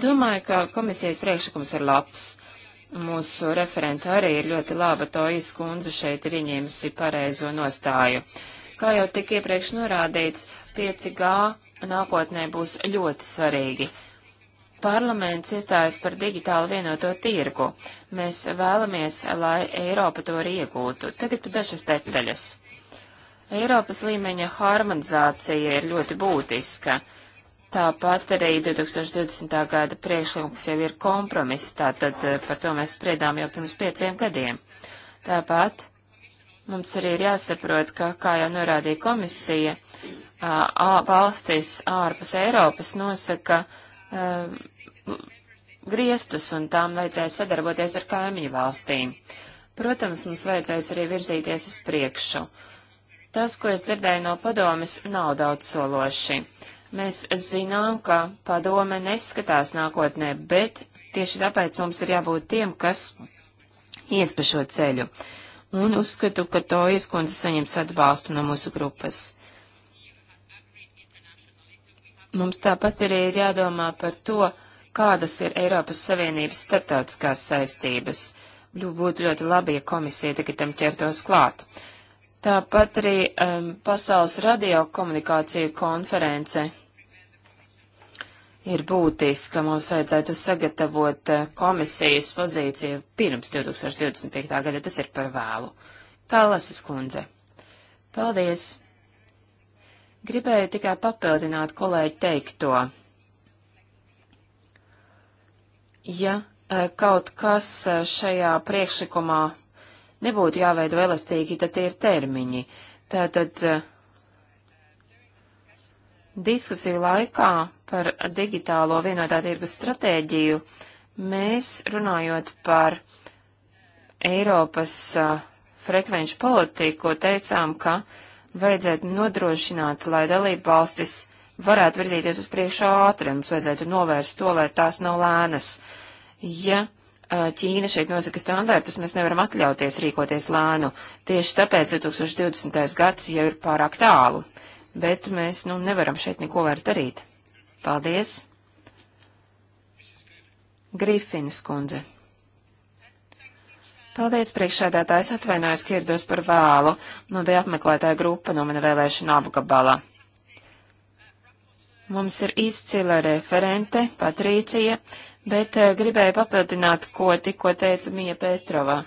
Domāju, ka komisijas priekšlikums ir labs. Mūsu referenta arī ir ļoti laba, to izkundze šeit ir ieņēmusi pareizo nostāju. Kā jau tik iepriekš norādīts, 5G nākotnē būs ļoti svarīgi. Parlaments iestājas par digitālu vienoto tirgu. Mēs vēlamies, lai Eiropa to arī iegūtu. Tagad par dažas detaļas. Eiropas līmeņa harmonizācija ir ļoti būtiska. Tāpat arī 2020. gada priekšlikums jau ir kompromiss, tātad eh, par to mēs spriedām jau pirms pieciem gadiem. Tāpat mums arī ir jāsaprot, ka, kā jau norādīja komisija, valstis ārpus Eiropas nosaka griestus un tām vajadzēja sadarboties ar kaimiņu valstīm. Protams, mums vajadzēs arī virzīties uz priekšu. Tas, ko es dzirdēju no padomis, nav daudz sološi. Mēs zinām, ka padome neskatās nākotnē, bet tieši tāpēc mums ir jābūt tiem, kas ies pa šo ceļu. Un uzskatu, ka to ieskundze saņems atbalstu no mūsu grupas. Mums tāpat arī ir jādomā par to, kādas ir Eiropas Savienības starptautiskās saistības. Būtu ļoti labi, ja komisija tagad tam ķertos klāt. Uh, Tāpat arī um, Pasaules radiokomunikāciju konference ir būtiska. Mums vajadzētu sagatavot uh, komisijas pozīciju pirms 2025. gada. Tas ir par vēlu. Kalasas kundze. Paldies! Gribēju tikai papildināt kolēģi teikto. Ja uh, kaut kas uh, šajā priekšlikumā nebūtu jāveido elastīgi, tad tie ir termiņi. Tātad eh, diskusiju laikā par digitālo vienotā tirgus stratēģiju mēs runājot par Eiropas uh, frekvenču politiku teicām, ka vajadzētu nodrošināt, lai dalība valstis varētu virzīties uz priekšu ātri, mums vajadzētu novērst to, lai tās nav lēnas. Ja Eh, Ķīna šeit nosaka standārtus, mēs nevaram atļauties rīkoties lēnu. Tieši tāpēc 2020. gads jau ir pārāk tālu, bet mēs nu nevaram šeit neko vairs darīt. Paldies! Grifins kundze. Paldies, priekšsēdētājs atvainojos, ka ierados par vēlu. Man bija apmeklētāja grupa no mana vēlēšana apgabalā. Mums ir izcila referente Patrīcija bet eh, gribēju papildināt, ko tikko teica Mija Petrova.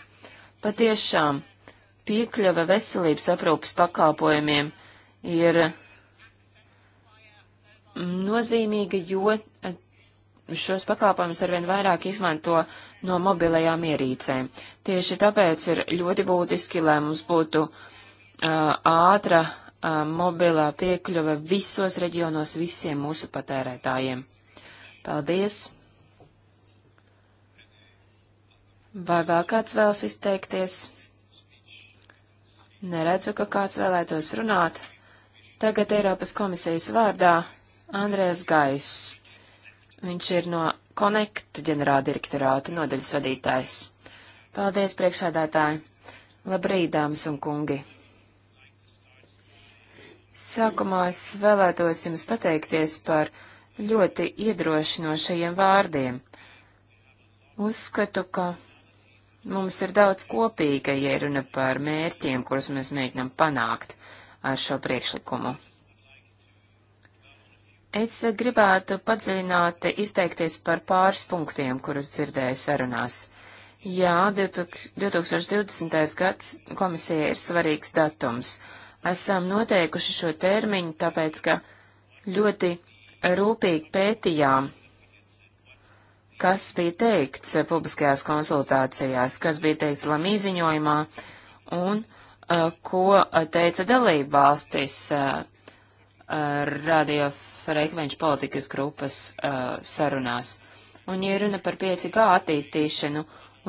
Patiešām piekļuve veselības aprūpas pakalpojumiem ir nozīmīga, jo eh, šos pakalpojumus arvien vairāk izmanto no mobilajām ierīcēm. Tieši tāpēc ir ļoti būtiski, lai mums būtu uh, ātra uh, mobilā piekļuve visos reģionos visiem mūsu patērētājiem. Paldies! Vai vēl kāds vēlas izteikties? Neredzu, ka kāds vēlētos runāt. Tagad Eiropas komisijas vārdā Andrēs Gaiss. Viņš ir no Connect ģenerāldirektorāta nodaļas vadītājs. Paldies, priekšādātāji! Labrīt, dāmas un kungi! Sākumā es vēlētos jums pateikties par ļoti iedrošinošajiem vārdiem. Uzskatu, ka Mums ir daudz kopīga, ja runa par mērķiem, kurus mēs mēģinām panākt ar šo priekšlikumu. Es gribētu padziļināti izteikties par pāris punktiem, kurus dzirdēju sarunās. Jā, 2020. gads komisija ir svarīgs datums. Esam noteikuši šo termiņu, tāpēc, ka ļoti rūpīgi pētījām kas bija teikts publiskajās konsultācijās, kas bija teikts Lamī ziņojumā un uh, ko uh, teica dalība valstis uh, uh radiofrekvenču politikas grupas uh, sarunās. Un, ja runa par 5G attīstīšanu,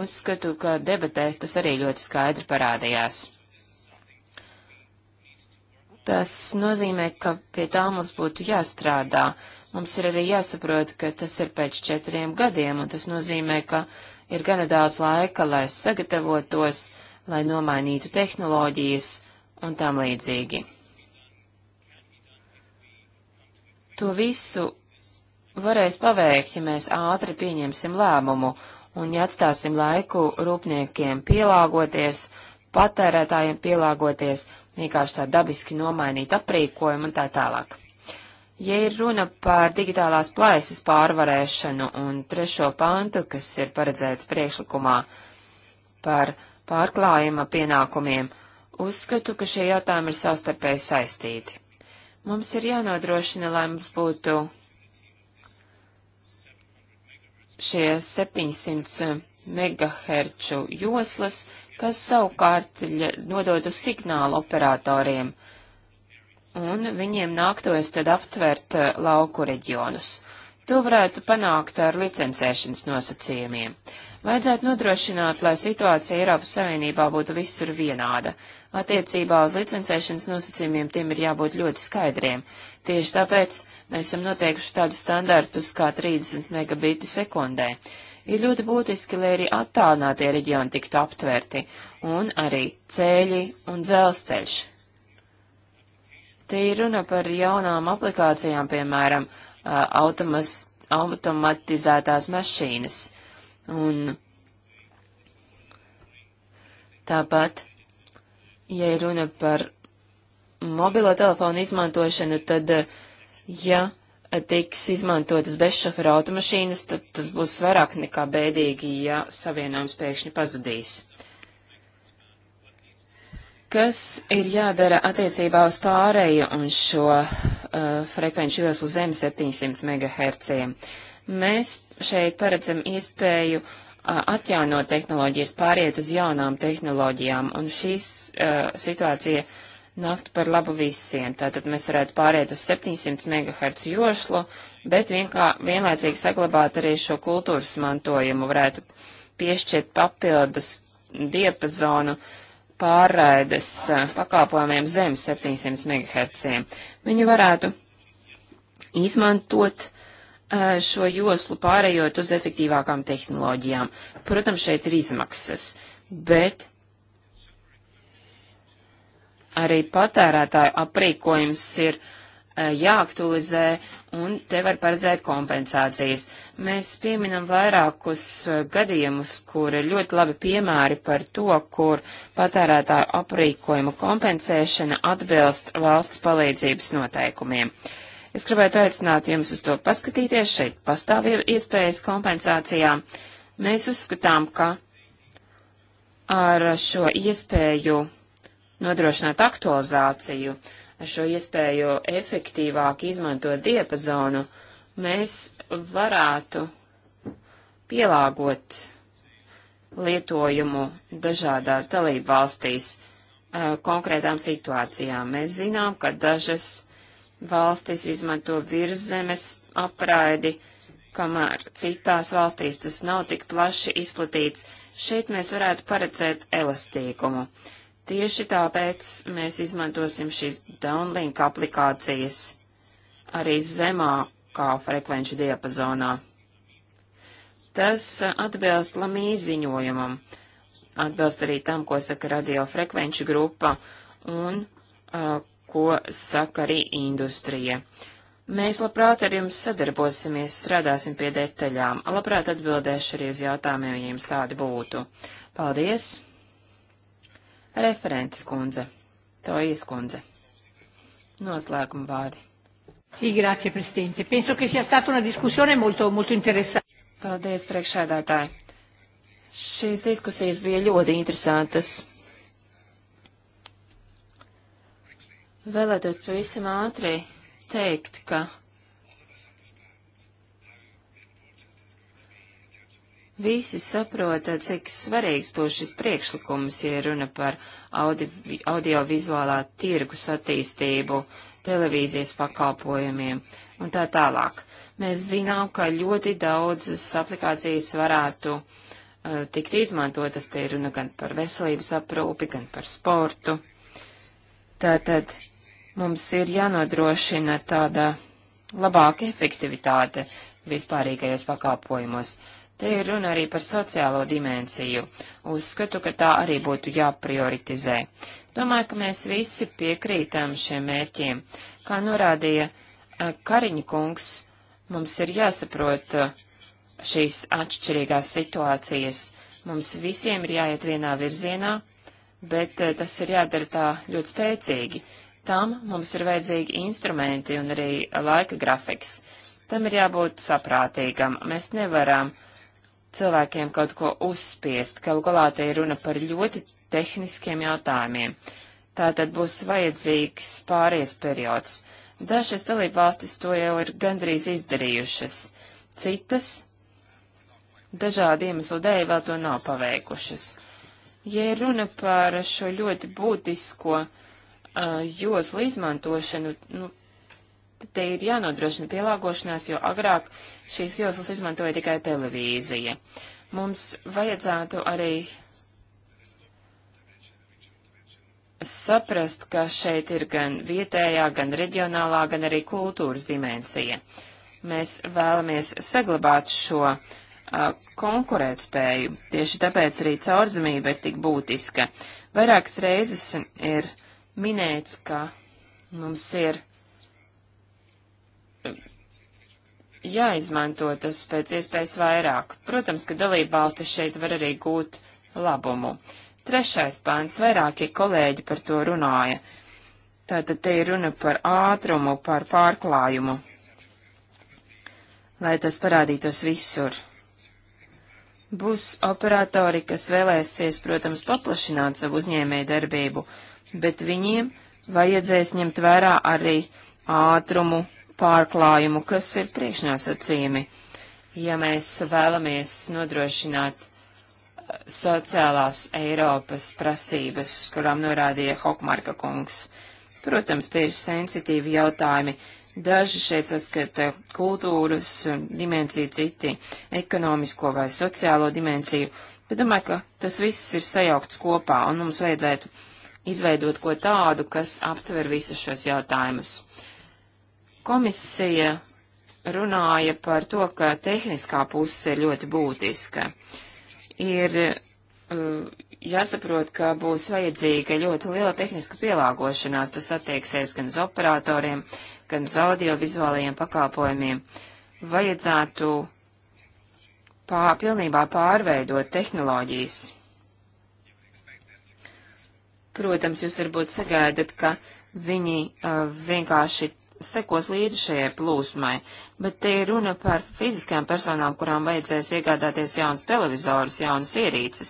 uzskatu, ka debatēs tas arī ļoti skaidri parādījās. Tas nozīmē, ka pie tā mums būtu jāstrādā. Mums ir arī jāsaprot, ka tas ir pēc četriem gadiem, un tas nozīmē, ka ir gana daudz laika, lai sagatavotos, lai nomainītu tehnoloģijas un tam līdzīgi. To visu varēs paveikt, ja mēs ātri pieņemsim lēmumu un ja atstāsim laiku rūpniekiem pielāgoties, patērētājiem pielāgoties vienkārši tā dabiski nomainīt aprīkojumu un tā tālāk. Ja ir runa par digitālās plaisas pārvarēšanu un trešo pantu, kas ir paredzēts priekšlikumā par pārklājuma pienākumiem, uzskatu, ka šie jautājumi ir savstarpēji saistīti. Mums ir jānodrošina, lai mums būtu šie 700 megaherču joslas, kas savukārt nodotu signālu operatoriem, un viņiem nāktos tad aptvert eh, lauku reģionus. To varētu panākt ar licencēšanas nosacījumiem. Vajadzētu nodrošināt, lai situācija Eiropas Savienībā būtu visur vienāda. Attiecībā uz licencēšanas nosacījumiem tiem ir jābūt ļoti skaidriem. Tieši tāpēc mēs esam noteikuši tādus standartus kā 30 megabīti sekundē. Ir ļoti būtiski, lai arī attālinātie reģioni tiktu aptverti, un arī ceļi un dzelzceļš. Te ir runa par jaunām aplikācijām, piemēram, automas, automatizētās mašīnas. Un tāpat, ja ir runa par mobilo telefonu izmantošanu, tad, ja tiks izmantotas bezšofera automašīnas, tad tas būs vairāk nekā bēdīgi, ja savienojums pēkšņi pazudīs. Kas ir jādara attiecībā uz pārēju un šo uh, frekvenču joslu zem 700 MHz? Mēs šeit paredzam iespēju uh, atjaunot tehnoloģijas, pāriet uz jaunām tehnoloģijām, un šīs uh, situācija uh, nāktu par labu visiem. Tātad mēs varētu pāriet uz 700 MHz joslu, bet vienlā, vienlaicīgi saglabāt arī šo kultūras mantojumu, varētu piešķirt papildus diapazonu pārraides pakalpojumiem zem 700 MHz. Viņi varētu izmantot šo joslu pārējot uz efektīvākām tehnoloģijām. Protams, šeit ir izmaksas, bet Arī patērētāju aprīkojums ir e, jāaktualizē, un te var paredzēt kompensācijas. Mēs pieminam vairākus e, gadījumus, kur ir ļoti labi piemēri par to, kur patērētāju aprīkojuma kompensēšana atbilst valsts palīdzības noteikumiem. Es gribētu aicināt jums uz to paskatīties, šeit pastāv iespējas kompensācijām. Mēs uzskatām, ka ar šo iespēju nodrošināt aktualizāciju, šo iespēju efektīvāk izmantot diapazonu, mēs varētu pielāgot lietojumu dažādās dalību valstīs eh, konkrētām situācijām. Mēs zinām, ka dažas valstis izmanto virzemes apraidi, kamēr citās valstīs tas nav tik plaši izplatīts. Šeit mēs varētu paredzēt elastīgumu. Uh, Tieši tāpēc mēs izmantosim šīs downlink aplikācijas arī zemākā frekvenču diapazonā. Tas atbilst Lamijas ziņojumam, atbilst arī tam, ko saka radiofrekvenču grupa un uh, ko saka arī industrija. Mēs labprāt ar jums sadarbosimies, strādāsim pie detaļām, labprāt atbildēšu arī uz jautājumiem, ja jums tādi būtu. Paldies! Referentes kundze, to ieskundze. Noslēguma vārdi. Sì, grazie Presidente. Penso che sia stata una discussione molto, molto interessante. Paldies, priekšsēdētāji. Šīs diskusijas bija ļoti interesantas. Vēlētos pavisam ātri teikt, ka Visi saprot, eh, cik svarīgs būs šis priekšlikums, ja runa par audi audiovizuālā tirgus attīstību, televīzijas pakalpojumiem un tā tālāk. Mēs zinām, ka ļoti daudzas aplikācijas varētu uh, tikt izmantotas, te ir runa gan par veselības aprūpi, gan par sportu. Tātad mums ir jānodrošina tāda labāka efektivitāte vispārīgajos pakalpojumos. Te ir runa arī par sociālo dimensiju. Uzskatu, ka tā arī būtu jāprioritizē. Domāju, ka mēs visi piekrītam šiem mērķiem. Kā norādīja eh, Kariņa kungs, mums ir jāsaprot eh, šīs atšķirīgās situācijas. Mums visiem ir jāiet vienā virzienā, bet eh, tas ir jādara tā ļoti spēcīgi. Tam mums ir vajadzīgi instrumenti un arī laika grafiks. Tam ir jābūt saprātīgam. Mēs nevaram uh, cilvēkiem kaut ko uzspiest. Galu galā te ir runa par ļoti tehniskiem jautājumiem. Tātad būs vajadzīgs pāries periods. Dažas dalībvalstis to jau ir gandrīz izdarījušas, citas dažādu iemeslu dēļ vēl to nav paveikušas. Ja runa par šo ļoti būtisko uh, joslu izmantošanu, nu, te ir jānodrošina pielāgošanās, jo agrāk šīs joslas izmantoja tikai televīzija. Mums vajadzētu arī saprast, ka šeit ir gan vietējā, gan reģionālā, gan arī kultūras dimensija. Mēs vēlamies saglabāt šo uh, konkurētspēju. Tieši tāpēc arī caurdzamība ir tik būtiska. Vairākas reizes ir minēts, ka mums ir jāizmanto tas pēc iespējas vairāk. Protams, ka dalība valstis šeit var arī gūt labumu. Trešais pāns, vairākie kolēģi par to runāja. Tātad te ir runa par ātrumu, par pārklājumu, lai tas parādītos visur. Būs operatori, kas vēlēsies, protams, paplašināt savu uzņēmēju darbību, bet viņiem vajadzēs ņemt vērā arī ātrumu, pārklājumu, kas ir priekšnosacījumi. Ja mēs vēlamies nodrošināt eh, sociālās Eiropas prasības, uz kurām norādīja Hokmarka kungs, protams, tie ir sensitīvi jautājumi. Daži šeit saskata kultūras dimensiju, citi ekonomisko vai sociālo dimensiju, bet domāju, ka tas viss ir sajaukts kopā, un mums vajadzētu izveidot ko tādu, kas aptver visus šos jautājumus. Komisija runāja par to, ka tehniskā puse ir ļoti būtiska. Ir eh, jāsaprot, ka būs vajadzīga ļoti liela tehniska pielāgošanās. Tas attieksies gan uz operatoriem, gan uz audiovizuālajiem pakalpojumiem. Vajadzētu pār, pilnībā pārveidot tehnoloģijas. Protams, jūs varbūt sagaidat, ka viņi uh, vienkārši sekos līdzi šajai plūsmai, bet te ir runa par fiziskām personām, kurām vajadzēs iegādāties jaunas televizorus, jaunas ierīces.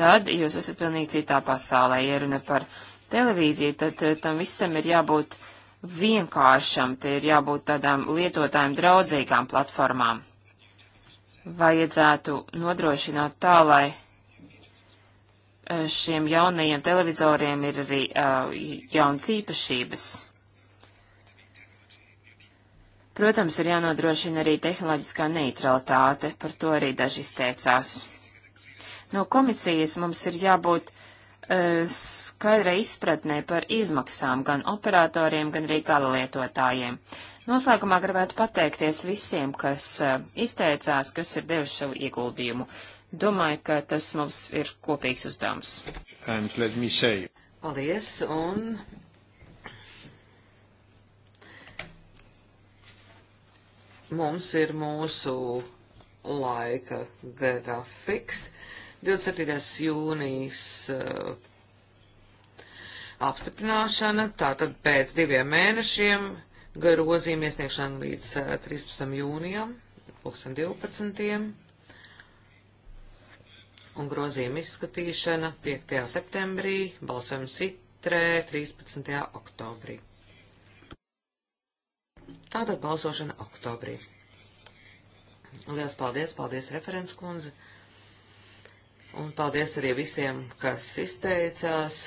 Tad jūs esat pilnīgi citā pasaulē. Ja runa par televīziju, tad eh, tam visam ir jābūt vienkāršam, te ir jābūt tādām lietotājiem draudzīgām platformām. Vajadzētu nodrošināt tā, lai eh, šiem jaunajiem televizoriem ir arī uh, jauns īpašības. Protams, ir jānodrošina arī tehnoloģiskā neutralitāte, par to arī daži izteicās. No komisijas mums ir jābūt uh, skaidrai izpratnē par izmaksām gan operatoriem, gan arī galalietotājiem. Noslēgumā gribētu pateikties visiem, kas uh, izteicās, kas ir devuši savu ieguldījumu. Domāju, ka tas mums ir kopīgs uzdevums. Paldies, un Mums ir mūsu laika grafiks. 27. jūnijas uh, apstiprināšana, tātad pēc diviem mēnešiem grozījuma iesniegšana līdz uh, eh, 13. jūnijam, 2012. Un grozījuma izskatīšana 5. septembrī, balsojums itrē 13. oktobrī. Tātad balsošana oktobrī. Lielas paldies, paldies referents kundze. Un paldies arī visiem, kas izteicās,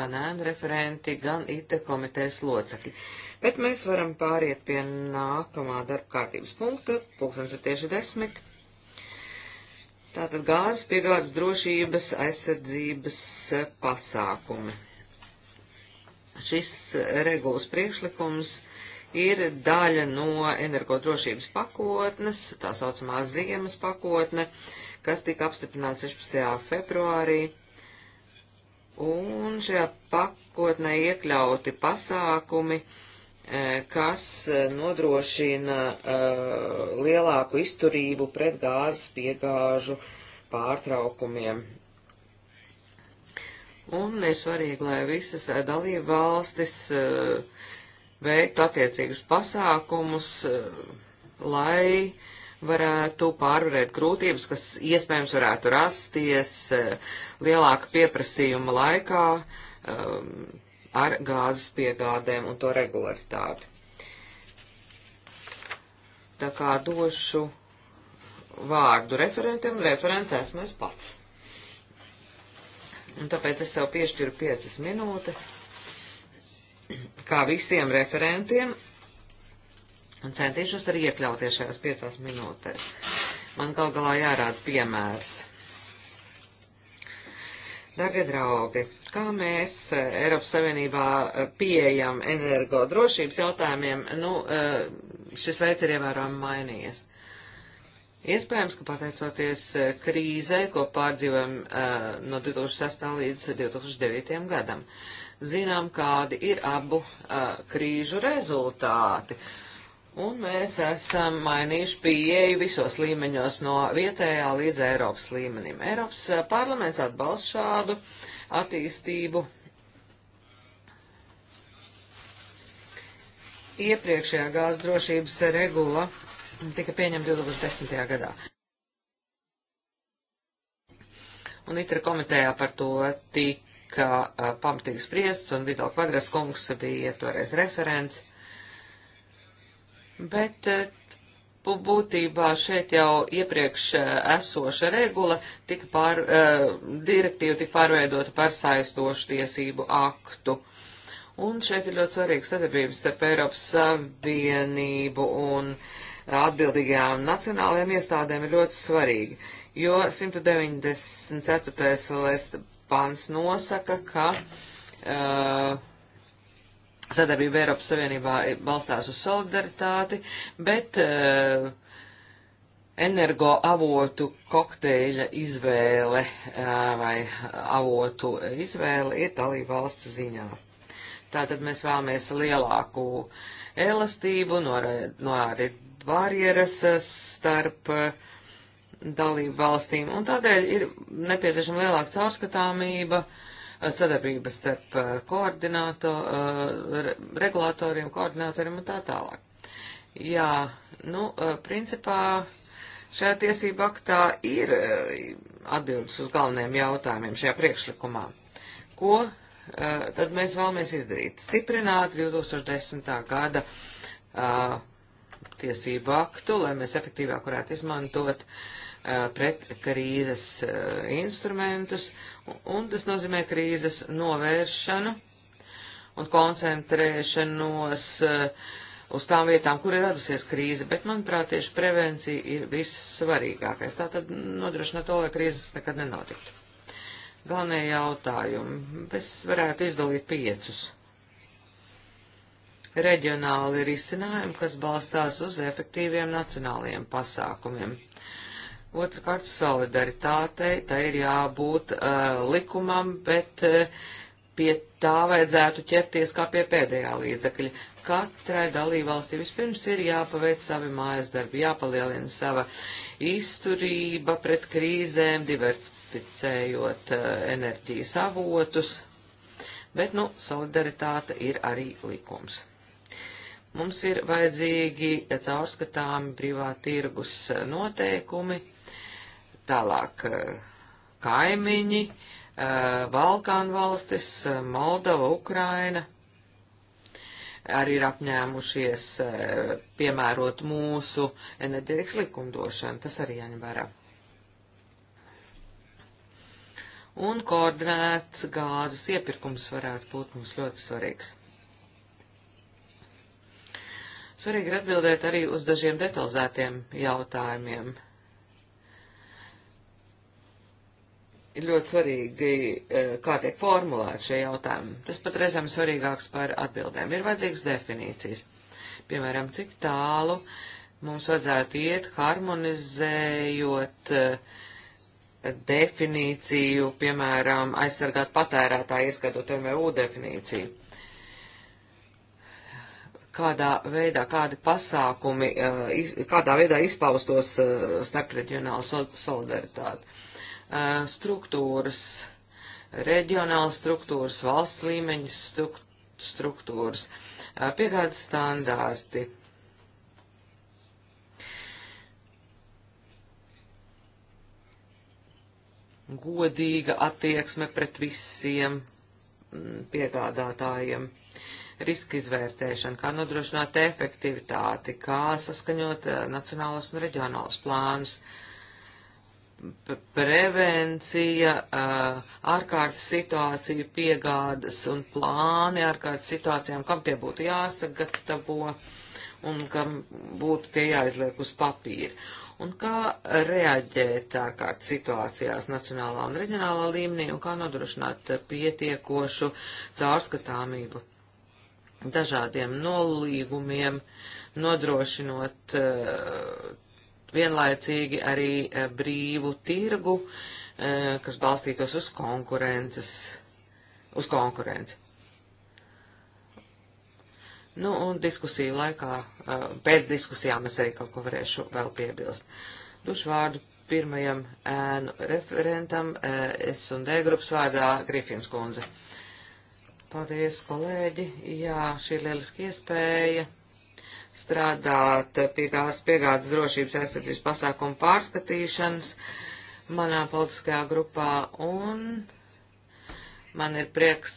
gan ēnu referenti, gan IT komitejas locekļi. Bet mēs varam pāriet pie nākamā darba kārtības punkta, pulkstens ir tieši desmit. Tātad gāzes piegādes drošības aizsardzības pasākumi. Šis regulas priekšlikums ir daļa no energodrošības pakotnes, tā saucamā ziemas pakotne, kas tika apstiprināta 16. februārī. Un šajā pakotnē iekļauti pasākumi, e, kas nodrošina uh, lielāku izturību pret gāzes piegāžu pārtraukumiem. Un ir svarīgi, lai visas dalība valstis uh, veikt attiecīgus pasākumus, eh, lai varētu pārvarēt grūtības, kas iespējams varētu rasties eh, lielāka pieprasījuma laikā eh, ar gāzes piegādēm un to regularitāti. Tā kā došu vārdu referentiem, referents esmu es pats. Un tāpēc es sev piešķiru piecas minūtes kā visiem referentiem, un centīšos arī iekļauties šajās piecās minūtēs. Man gal galā jārāda piemērs. Darbie draugi, kā mēs eh, Eiropas Savienībā eh, pieejam energo drošības jautājumiem, nu, eh, šis veids ir ievērojami mainījies. Iespējams, ka pateicoties krīzē, ko pārdzīvojam no 2006. līdz 2009. gadam. Uh, zinām, kādi ir abu uh, krīžu rezultāti. Un mēs esam mainījuši pieeju visos līmeņos no vietējā līdz Eiropas līmenim. Eiropas parlaments atbalsta šādu attīstību. Iepriekšējā gāzes drošības regula tika pieņemta 2010. gadā. Un itra komitejā par to tika tika uh, pamatīgi spriests, un Vidal Kvadras kungs bija toreiz referents. Bet uh, būtībā šeit jau iepriekš uh, esoša regula tika pār, direktīva tika pārveidota par saistošu tiesību aktu. Un šeit ir ļoti svarīga sadarbība starp Eiropas Savienību un atbildīgajām nacionālajām iestādēm ir ļoti svarīga, jo 194 pāns nosaka, ka uh, sadarbība Eiropas Savienībā balstās uz solidaritāti, bet uh, energoavotu kokteļa izvēle uh, vai avotu izvēle ir dalība valsts ziņā. Tātad mēs vēlamies lielāku elastību, norit barjeras uh, starp uh, dalību valstīm, un tādēļ ir nepieciešama lielāka caurskatāmība, eh, sadarbība starp eh, koordināto, eh, regulātoriem, koordinātoriem un tā tālāk. Jā, nu, principā šajā tiesība aktā ir atbildes uz galvenajiem jautājumiem šajā priekšlikumā. Ko tad mēs vēlamies izdarīt? Stiprināt 2010. gada tiesību aktu, lai mēs efektīvāk varētu izmantot uh, Eh, pret krīzes eh, instrumentus, un tas nozīmē krīzes novēršanu un koncentrēšanos eh, uz tām vietām, kur ir radusies krīze, bet, manuprāt, tieši prevencija ir vissvarīgākais. Tā tad nodrošina to, lai krīzes nekad nenotiktu. Galvenie jautājumi. Es varētu izdalīt piecus. Reģionāli risinājumi, kas balstās uz efektīviem nacionālajiem pasākumiem Otrakārt, solidaritātei, tai ir jābūt uh, likumam, bet uh, pie tā vajadzētu ķerties kā pie pēdējā līdzekļa. Katrai dalībvalstī vispirms ir jāpaveic savi mājas darbi, jāpalielina sava izturība pret krīzēm, diversificējot uh, enerģijas avotus, bet, nu, solidaritāte ir arī likums. Mums ir vajadzīgi caurskatāmi privātirgus noteikumi, uh, Tālāk eh, kaimiņi, eh, Balkānu valstis, eh, Moldova, Ukraina arī ir apņēmušies piemērot mūsu enerģētikas likumdošanu. Tas arī jāņem vērā. Un koordinēts gāzes iepirkums varētu būt mums ļoti svarīgs. Svarīgi ir atbildēt arī uz dažiem detalizētiem jautājumiem. ir ļoti svarīgi, e, kā tiek formulēti šie jautājumi. Tas pat reizēm svarīgāks par atbildēm. Ir vajadzīgs definīcijas. Piemēram, cik tālu mums vajadzētu iet harmonizējot e, definīciju, piemēram, aizsargāt patērētāju, ieskatot MVU definīciju. Kādā veidā, kādi pasākumi, e, kādā veidā izpaustos starpreģionāla solidaritāte struktūras, reģionālas struktūras, valsts līmeņu struktūras, piegādes standārti. Godīga attieksme pret visiem mm, piegādātājiem, riska izvērtēšana, kā nodrošināt efektivitāti, kā saskaņot nacionālos un reģionālos plānus, uh, prevencija, ārkārtas situācija, piegādas un plāni ārkārtas situācijām, kam tie būtu jāsagatavo un kam būtu tie jāizliek uz papīra. Un kā reaģēt ārkārtas situācijās nacionālā un reģionālā līmenī un kā nodrošināt pietiekošu caurskatāmību dažādiem nolīgumiem, nodrošinot uh, vienlaicīgi arī eh, brīvu tirgu, eh, kas balstītos uz konkurences, uz konkurenci. Nu, un diskusiju laikā, eh, pēc diskusijām es arī kaut ko varēšu vēl piebilst. Dušu vārdu pirmajam ēnu referentam, S un D grupas vārdā Grifins kundze. Paldies, kolēģi. Jā, šī ir lieliski iespēja strādāt pie gāzes piegādes drošības aizsardzības pasākumu pārskatīšanas manā politiskajā grupā, un man ir prieks,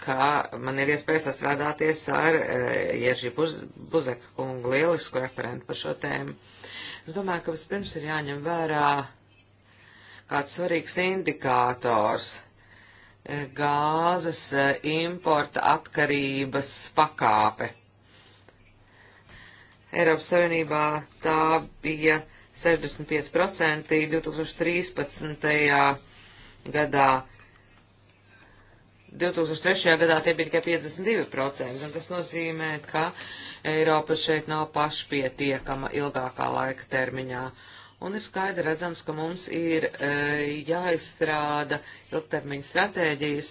ka man ir iespēja sastrādāties ar Ieži Buz, Buzeka kungu lielisku referentu par šo tēmu. Es domāju, ka vispirms ir jāņem vērā kāds svarīgs indikātors e, gāzes e, importa atkarības pakāpe Eiropas Savienībā tā bija 65% 2013. gadā. 2003. gadā tie bija tikai 52%, un tas nozīmē, ka Eiropa šeit nav pašpietiekama ilgākā laika termiņā. Un ir skaidri redzams, ka mums ir e, jāizstrāda ilgtermiņa stratēģijas,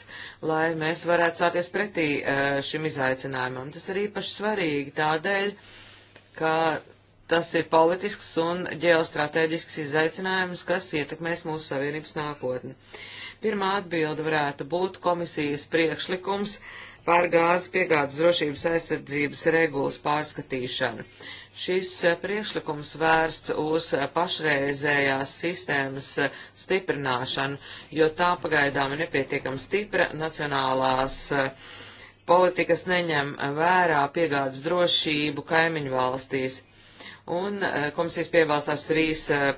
lai mēs varētu sāties pretī e, šim izaicinājumam. Tas ir īpaši svarīgi tādēļ, e, ka tas ir politisks un ģeostrateģisks izaicinājums, kas ietekmēs mūsu savienības nākotni. Pirmā atbilde varētu būt komisijas priekšlikums par gāzes piegādes drošības aizsardzības regulas pārskatīšanu. Šis eh, priekšlikums vērsts uz pašreizējās sistēmas eh, stiprināšanu, jo tā pagaidām ir nepietiekam stipra nacionālās uh, politikas neņem vērā piegādes drošību kaimiņu valstīs. Un eh, komisijas piebalstās trīs eh,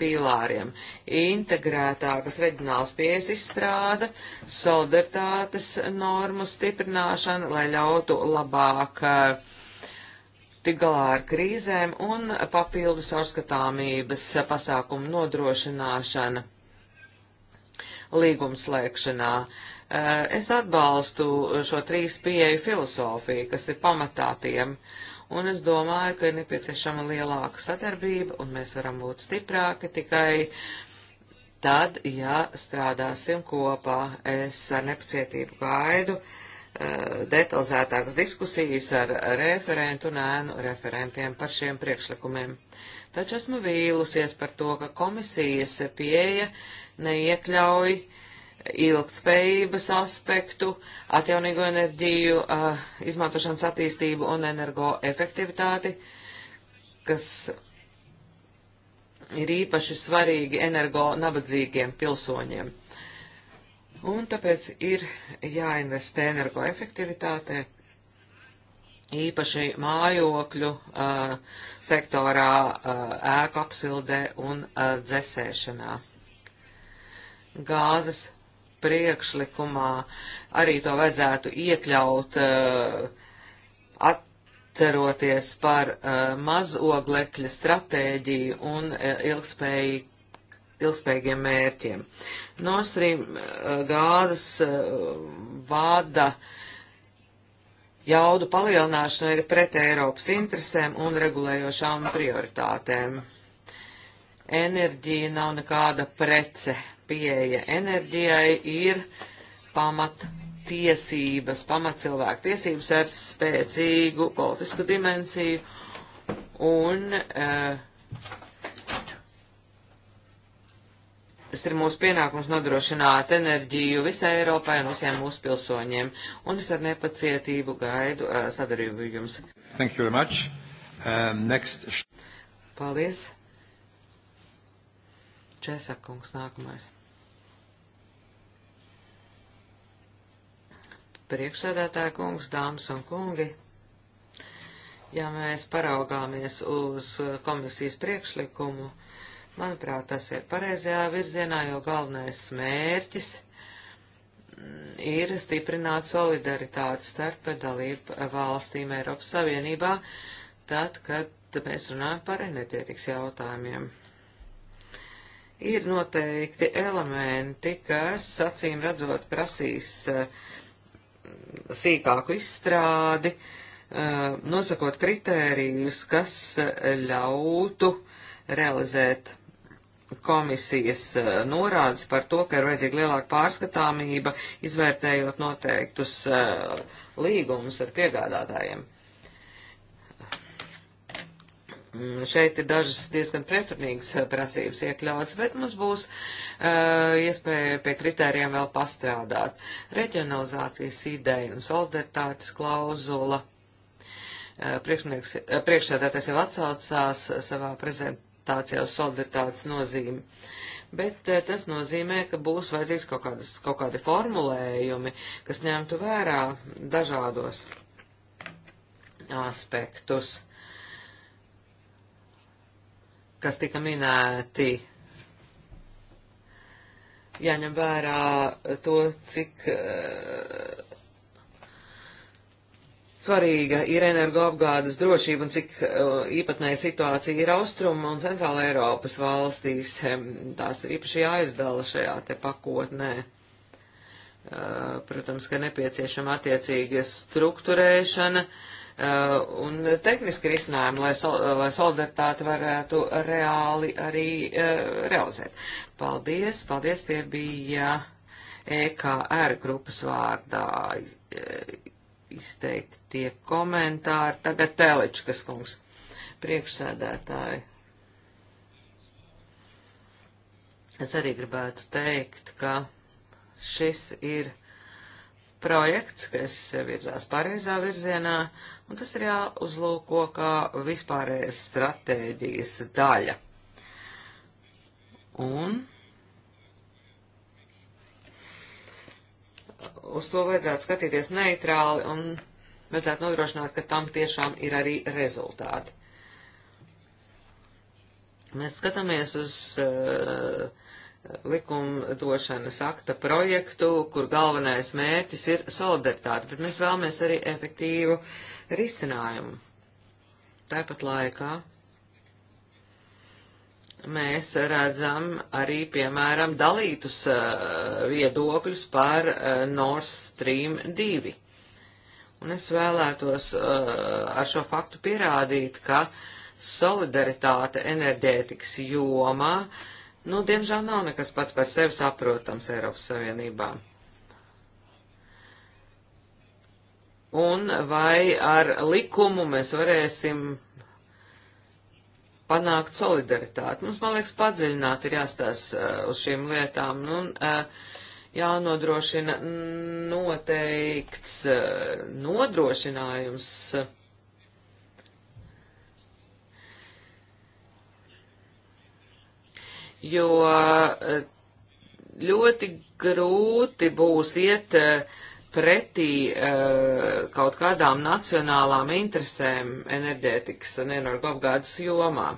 pīlāriem - integrētākas reģionāls pieejas izstrāda, solidaritātes normu stiprināšana, lai ļautu labāk eh, tik galā ar krīzēm un papildus ārskatāmības pasākumu nodrošināšana līgumslēgšanā. Uh, Eh, es atbalstu šo trīs pieeju filozofiju, kas ir pamatā tiem, un es domāju, ka ir nepieciešama lielāka sadarbība, un mēs varam būt stiprāki tikai tad, ja strādāsim kopā. Es ar nepacietību gaidu eh, detalizētākas diskusijas ar referentu un ēnu referentiem par šiem priekšlikumiem. Taču esmu vīlusies par to, ka komisijas pieeja neiekļauj uh, ilgtspējības aspektu, atjaunīgo enerģiju, eh, izmantošanas attīstību un energoefektivitāti, kas ir īpaši svarīgi energo nabadzīgiem pilsoņiem. Un tāpēc ir jāinvestē energoefektivitātē, īpaši mājokļu uh, sektorā, uh, ēku apsildē un uh, dzesēšanā. Gāzes priekšlikumā arī to vajadzētu iekļaut eh, at, ceroties par uh, mazoglekļa stratēģiju un uh, eh, ilgspēju, ilgspējīgiem mērķiem. Nostrīm uh, gāzes uh, vada jaudu palielināšana ir pret Eiropas interesēm un regulējošām prioritātēm. Enerģija nav nekāda prece, pieeja enerģijai ir pamat tiesības, pamat cilvēku tiesības ar spēcīgu politisku dimensiju un uh, tas ir mūsu pienākums nodrošināt enerģiju visai Eiropai un visiem mūsu pilsoņiem. Un es ar nepacietību gaidu uh, sadarbību jums. Thank you very much. Um, next. Paldies. Česakungs nākamais. priekšsēdētāja kungs, dāmas un kungi. Ja mēs paraugāmies uz komisijas priekšlikumu, manuprāt, tas ir pareizajā virzienā, jo galvenais mērķis ir stiprināt solidaritāti starp dalību valstīm Eiropas Savienībā, tad, kad mēs runājam par enerģētikas jautājumiem ir noteikti elementi, kas acīm redzot prasīs uh, sīkāku izstrādi, eh, nosakot kritērijus, kas eh, ļautu realizēt komisijas eh, norādes par to, ka ir vajadzīga lielāka pārskatāmība, izvērtējot noteiktus līgumus ar piegādātājiem. Mm, šeit ir dažas diezgan pretrunīgas eh, prasības iekļautas, bet mums būs uh, iespēja pie kritērijiem vēl pastrādāt. Reģionalizācijas ideja un solidaritātes klauzula. Uh, Priekšsēdētājs jau atsaucās savā prezentācijā uz solidaritātes nozīmi. Bet uh, tas nozīmē, ka būs vajadzīgs kaut, kādas, kaut kādi formulējumi, kas ņemtu vērā dažādos aspektus kas tika minēti, jāņem vērā to, cik uh, svarīga ir energoapgādes drošība un cik uh, īpatnēja situācija ir Austruma un Centrāla Eiropas valstīs. Tās ir īpaši jāizdala šajā te pakotnē. Uh, protams, ka nepieciešama attiecīga struktūrēšana. Uh, Uh, un tehniski risinājumi, lai, sol, lai solidaritāti varētu reāli arī uh, realizēt. Paldies, paldies, tie bija EKR grupas vārdā uh, izteiktie komentāri. Tagad Teličkas kungs, priekšsēdētāji. Es arī gribētu teikt, ka šis ir projekts, kas virzās pareizā virzienā, un tas ir jāuzlūko kā vispārējais stratēģijas daļa. Un uz to vajadzētu skatīties neitrāli un vajadzētu nodrošināt, ka tam tiešām ir arī rezultāti. Mēs skatāmies uz uh, likumdošanas akta projektu, kur galvenais mērķis ir solidaritāte, bet mēs vēlamies arī efektīvu risinājumu. Tāpat laikā mēs redzam arī, piemēram, dalītus eh, viedokļus par eh, Nord Stream 2. Un es vēlētos eh, ar šo faktu pierādīt, ka solidaritāte enerģētikas jomā uh, nu, diemžēl nav nekas pats par sevi saprotams Eiropas Savienībā. Un vai ar likumu mēs varēsim panākt solidaritāti? Mums, man liekas, padziļināt ir jāstās uh, uz šīm lietām. Nu, uh, jānodrošina noteikts uh, nodrošinājums jo eh, ļoti grūti būs iet eh, pretī eh, kaut kādām nacionālām interesēm enerģētikas un energoapgādes jomā.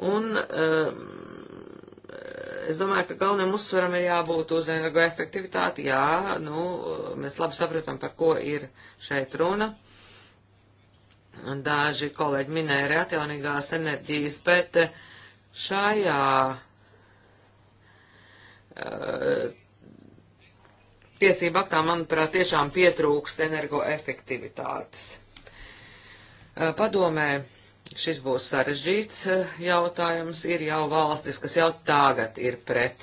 Un es domāju, ka galvenam uzsvaram ir jābūt uz energoefektivitāti. Jā, nu, mēs labi saprotam, par ko ir šeit runa. Daži kolēģi minēja arī atjaunīgās enerģijas, bet uh, Šajā uh, eh, tiesība aktā, manuprāt, tiešām pietrūkst energoefektivitātes. Uh, padomē šis būs sarežģīts uh, jautājums, ir jau valstis, kas jau tagad ir pret.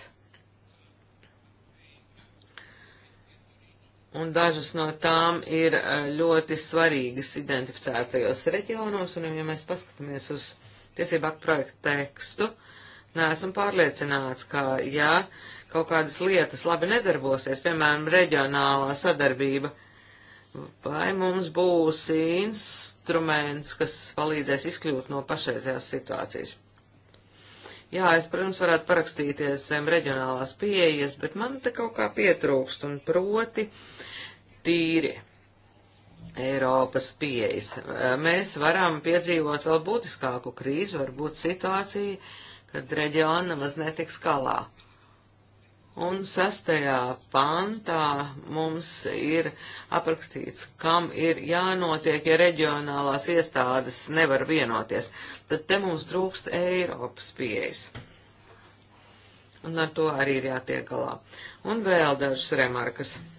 Un dažas no tām ir ļoti svarīgas identificētajos reģionos, un ja mēs paskatāmies uz uh, tiesību aktu projektu tekstu, neesmu pārliecināts, ka, ja kaut kādas lietas labi nedarbosies, piemēram, reģionālā sadarbība, vai mums būs instruments, kas palīdzēs izkļūt no pašreizējās situācijas. Jā, es, protams, varētu parakstīties zem reģionālās pieejas, bet man te kaut kā pietrūkst, un proti tīri Eiropas pieejas. Mēs varam piedzīvot vēl būtiskāku krīzi, varbūt situāciju, kad reģiona maz netiks galā. Un sastajā pantā mums ir aprakstīts, kam ir jānotiek, ja reģionālās iestādes nevar vienoties. Tad te mums trūkst Eiropas pieejas. Un ar to arī ir jātiek galā. Un vēl dažas remarkas. Mm.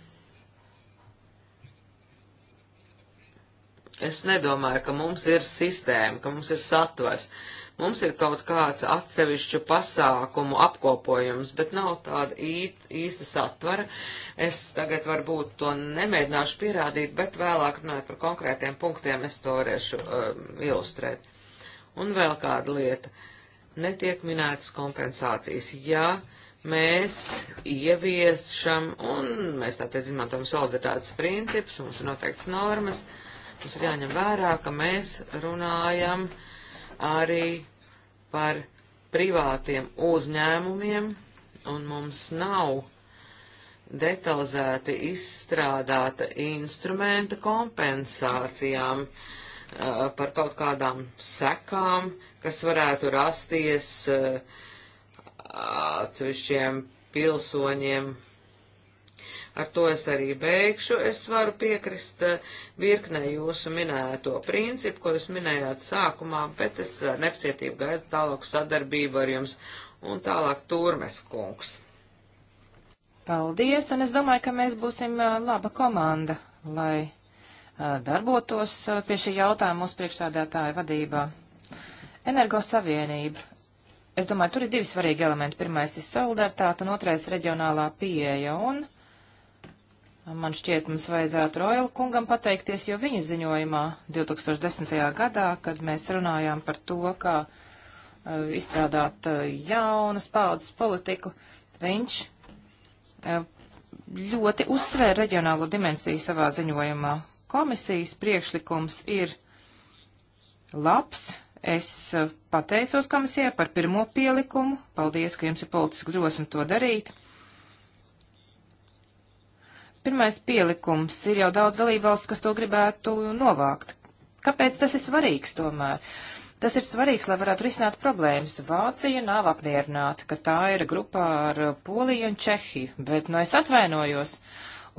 Es nedomāju, ka mums ir sistēma, ka mums ir satvers. Mums ir kaut kāds atsevišķu pasākumu apkopojums, bet nav tāda īsta satvara. Es tagad varbūt to nemēģināšu pierādīt, bet vēlāk runājot par konkrētiem punktiem, es to varēšu um, ilustrēt. Un vēl kāda lieta. Netiek minētas kompensācijas. Ja mēs ieviešam, un mēs tātad izmantojam solidaritātes principus, mums ir noteikts normas, uh, Mums ir jāņem vērā, ka mēs runājam arī par privātiem uzņēmumiem, un mums nav detalizēti izstrādāta instrumenta kompensācijām uh, par kaut kādām sekām, kas varētu rasties uh, atsevišķiem pilsoņiem ar to es arī beigšu. Es varu piekrist eh, virknē jūsu minēto principu, ko jūs minējāt sākumā, bet es ar eh, nepacietību gaidu tālāku sadarbību ar jums un tālāk turmes kungs. Paldies, un es domāju, ka mēs būsim eh, laba komanda, lai darbotos pie šī jautājuma mūsu priekšsādātāja vadībā. Energosavienība. Es domāju, tur ir divi svarīgi elementi. Pirmais ir solidaritāte un otrais reģionālā pieeja. Un Man šķiet, mums vajadzētu Roila kungam pateikties, jo viņa ziņojumā 2010. gadā, kad mēs runājām par to, kā uh, izstrādāt uh, jaunas paudzes politiku, viņš uh, ļoti uzsvēra reģionālo dimensiju savā ziņojumā. Komisijas priekšlikums ir labs, Es pateicos komisijai par pirmo pielikumu. Paldies, ka jums ir politiski drosmi to darīt. Pirmais pielikums ir jau daudz dalībvalsts, kas to gribētu novākt. Kāpēc tas ir svarīgs tomēr? Tas ir svarīgs, lai varētu risināt problēmas. Vācija nav apmierināta, ka tā ir grupā ar Poliju un Čehiju, bet, nu, es atvainojos,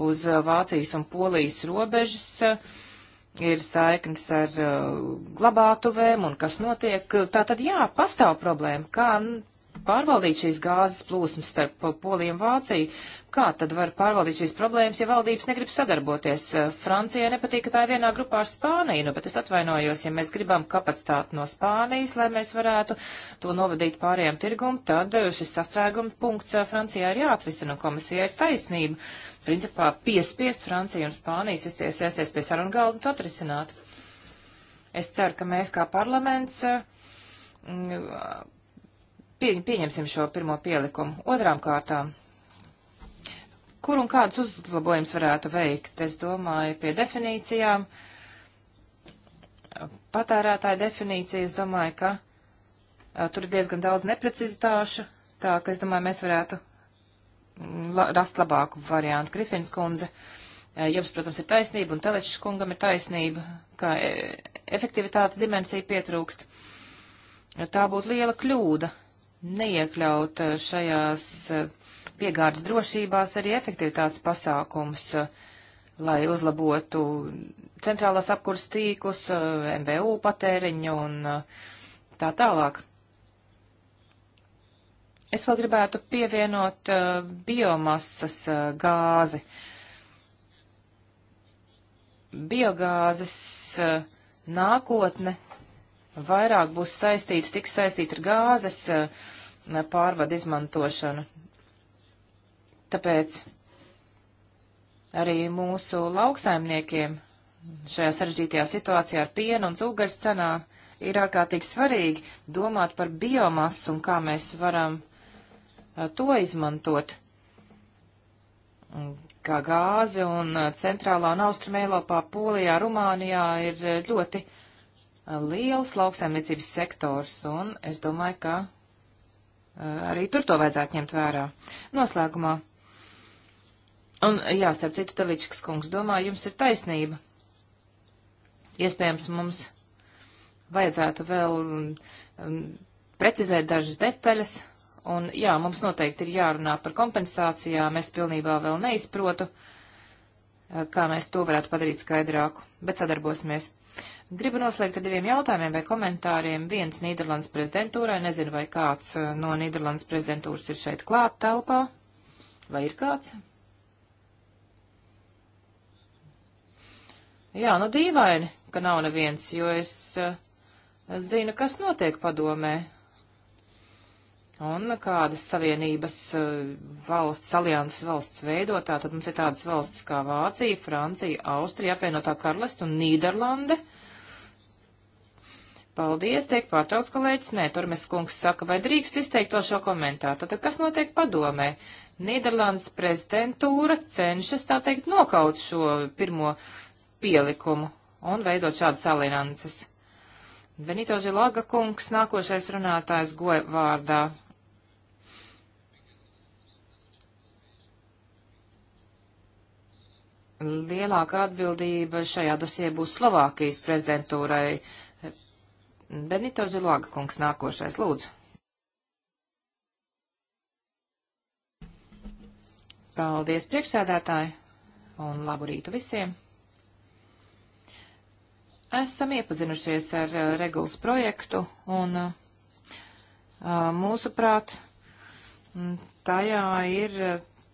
uz uh, Vācijas un Polijas robežas uh, ir saiknes ar uh, glabātuvēm un kas notiek. Tā tad, jā, pastāv problēma, kā pārvaldīt šīs gāzes plūsmas starp uh, Poliju un Vāciju. Kā tad var pārvaldīt šīs problēmas, ja valdības negrib sadarboties? Uh, Francijai nepatīk, ka tā ir vienā grupā ar Spāniju, nu, bet es atvainojos, ja mēs gribam kapacitāti no Spānijas, lai mēs varētu to novadīt pārējām tirgumu, tad uh, šis sastrēguma punkts Francijā ir jāatrisina, un komisijai ir taisnība. Principā piespiest Franciju un Spāniju sēsties pie sarunu galda un to atrisināt. Es ceru, ka mēs kā parlaments Pie, pieņemsim šo pirmo pielikumu. Otrām kārtām, kur un kādus uzlabojums varētu veikt? Es domāju, pie definīcijām, patērētāja definīcija, es domāju, ka a, tur ir diezgan daudz neprecizitāšu, tā ka es domāju, mēs varētu mm, la, rast labāku variantu. Grifins kundze, a, jums, protams, ir taisnība, un Telečs kungam ir taisnība, ka e, efektivitātes dimensija pietrūkst. Tā būtu liela kļūda neiekļaut eh, šajās eh, piegādes drošībās arī efektivitātes pasākums, eh, lai uzlabotu centrālās apkurs tīklus, MVU patēriņu un tā tālāk. Es vēl gribētu pievienot biomasas gāzi. Biogāzes nākotne vairāk būs saistīts, tiks saistīts ar gāzes eh, pārvadu izmantošanu. Tāpēc arī mūsu lauksaimniekiem šajā sarežģītajā situācijā ar pienu un cūgaļas cenām ir ārkārtīgi svarīgi domāt par biomasu un kā mēs varam eh, to izmantot kā gāzi un eh, centrālā un austrumēlopā Polijā, Rumānijā ir ļoti uh, liels lauksaimniecības sektors, un es domāju, ka eh, arī tur to vajadzētu ņemt vērā. Noslēgumā. Un, jā, starp citu, Teličkas kungs, domāju, jums ir taisnība. Iespējams, mums vajadzētu vēl um, precizēt dažas detaļas, un, jā, mums noteikti ir jārunā par kompensācijām, es pilnībā vēl neizprotu, eh, kā mēs to varētu padarīt skaidrāku, bet sadarbosimies. Gribu noslēgt ar diviem jautājumiem vai komentāriem. Viens Nīderlandes prezidentūrai. Nezinu, vai kāds eh, no Nīderlandes prezidentūras ir šeit klāt telpā. Vai ir kāds? Jā, nu dīvaini, ka nav neviens, jo es, eh, es zinu, kas notiek padomē. Un kādas savienības eh, valsts, alianses valsts veidotā, tad mums ir tādas valsts kā Vācija, Francija, Austrija, apvienotā karalist un Nīderlande. Uh, Paldies, tiek pārtrauc kolēģis. Nē, Turmes kungs saka, vai drīkst izteikt vēl šo komentāru. Tad, kas notiek padomē? Nīderlandes prezidentūra cenšas, tā teikt, nokaut šo pirmo pielikumu un veidot šādas alianses. Benito Žilaga kungs, nākošais runātājs goja vārdā. Lielāka atbildība šajā dosie būs Slovākijas prezidentūrai Benito Ziloga kungs nākošais, lūdzu. Paldies priekšsēdētāji un labu rītu visiem. Esam iepazinušies ar eh, regulas projektu un eh, eh, mūsuprāt tajā ir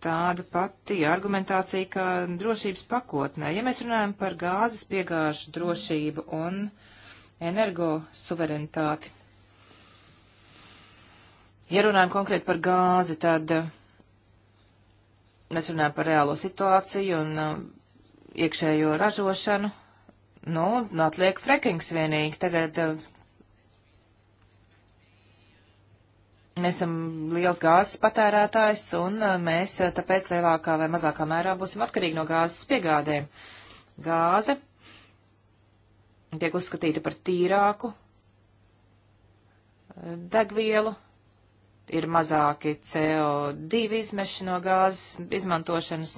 tāda pati argumentācija kā drošības pakotnē. Ja mēs runājam par gāzes piegāžu drošību un uh, energo suverenitāti. Ja runājam konkrēti par gāzi, tad eh, mēs runājam par reālo situāciju un eh, iekšējo ražošanu. Nu, atliek frekings vienīgi. Tagad eh, mēs esam liels gāzes patērētājs un mēs tāpēc lielākā vai mazākā mērā būsim atkarīgi no gāzes piegādēm. Gāze tiek uzskatīta par tīrāku eh, degvielu, ir mazāki CO2 izmeši no gāzes izmantošanas,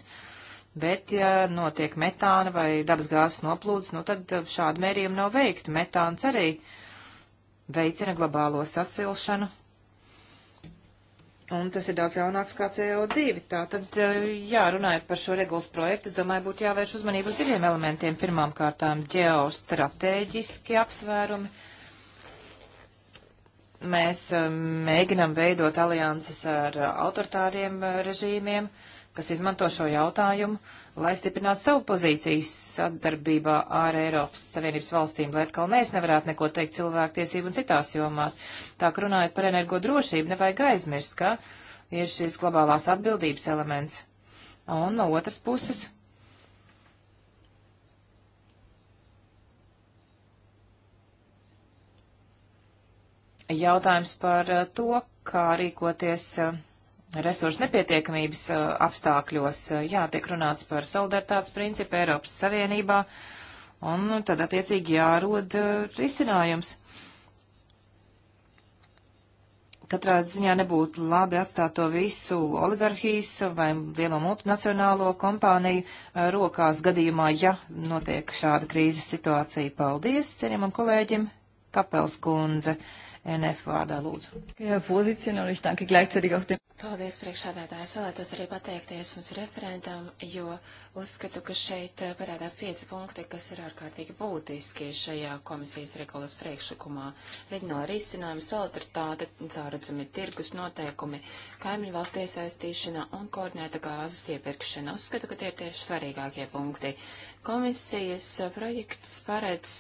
bet ja notiek metāna vai dabas gāzes noplūdes, nu tad eh, šādi mērījumi nav veikti. Metāns arī veicina globālo sasilšanu Un tas ir daudz ļaunāks kā CO2. Tā tad, eh, jā, runājot par šo regulas projektu, es domāju, būtu jāvērš uzmanību uz diviem elementiem. Pirmām kārtām ģeostrateģiski apsvērumi. Mēs eh, mēģinam veidot alianses ar autoritāriem eh, režīmiem. Uh, kas izmanto šo jautājumu, lai stiprinātu savu pozīciju sadarbībā ar Eiropas Savienības valstīm, lai atkal mēs nevarētu neko teikt cilvēktiesību un citās jomās. Tā kā runājot par energo drošību, nevajag aizmirst, ka ir šis globālās atbildības elements. Un no otras puses jautājums par uh, to, kā rīkoties uh, resursu nepietiekamības uh, apstākļos. Uh, jā, tiek runāts par solidaritātes principu Eiropas Savienībā, un nu, tad attiecīgi jārod uh, risinājums. Katrā ziņā nebūtu labi atstāt to visu oligarhijas vai lielo multinacionālo kompāniju rokās gadījumā, ja notiek šāda krīzes situācija. Paldies, cienījamam kolēģim, Kapels kundze. Uh, NF vārdā lūdzu. Jā, pozicionāli, tanki, gleicerīgi auch dem. Paldies, priekšādātājs. Vēlētos arī pateikties mums referentam, jo uzskatu, ka šeit eh, parādās pieci punkti, kas ir ārkārtīgi būtiski šajā komisijas regulas priekšlikumā. Reģionāla risinājuma, solidaritāte, caurredzami tirgus noteikumi, kaimiņu valsts iesaistīšana un koordinēta gāzes iepirkšana. Uzskatu, ka tie ir tieši svarīgākie punkti. Komisijas eh, projekts paredz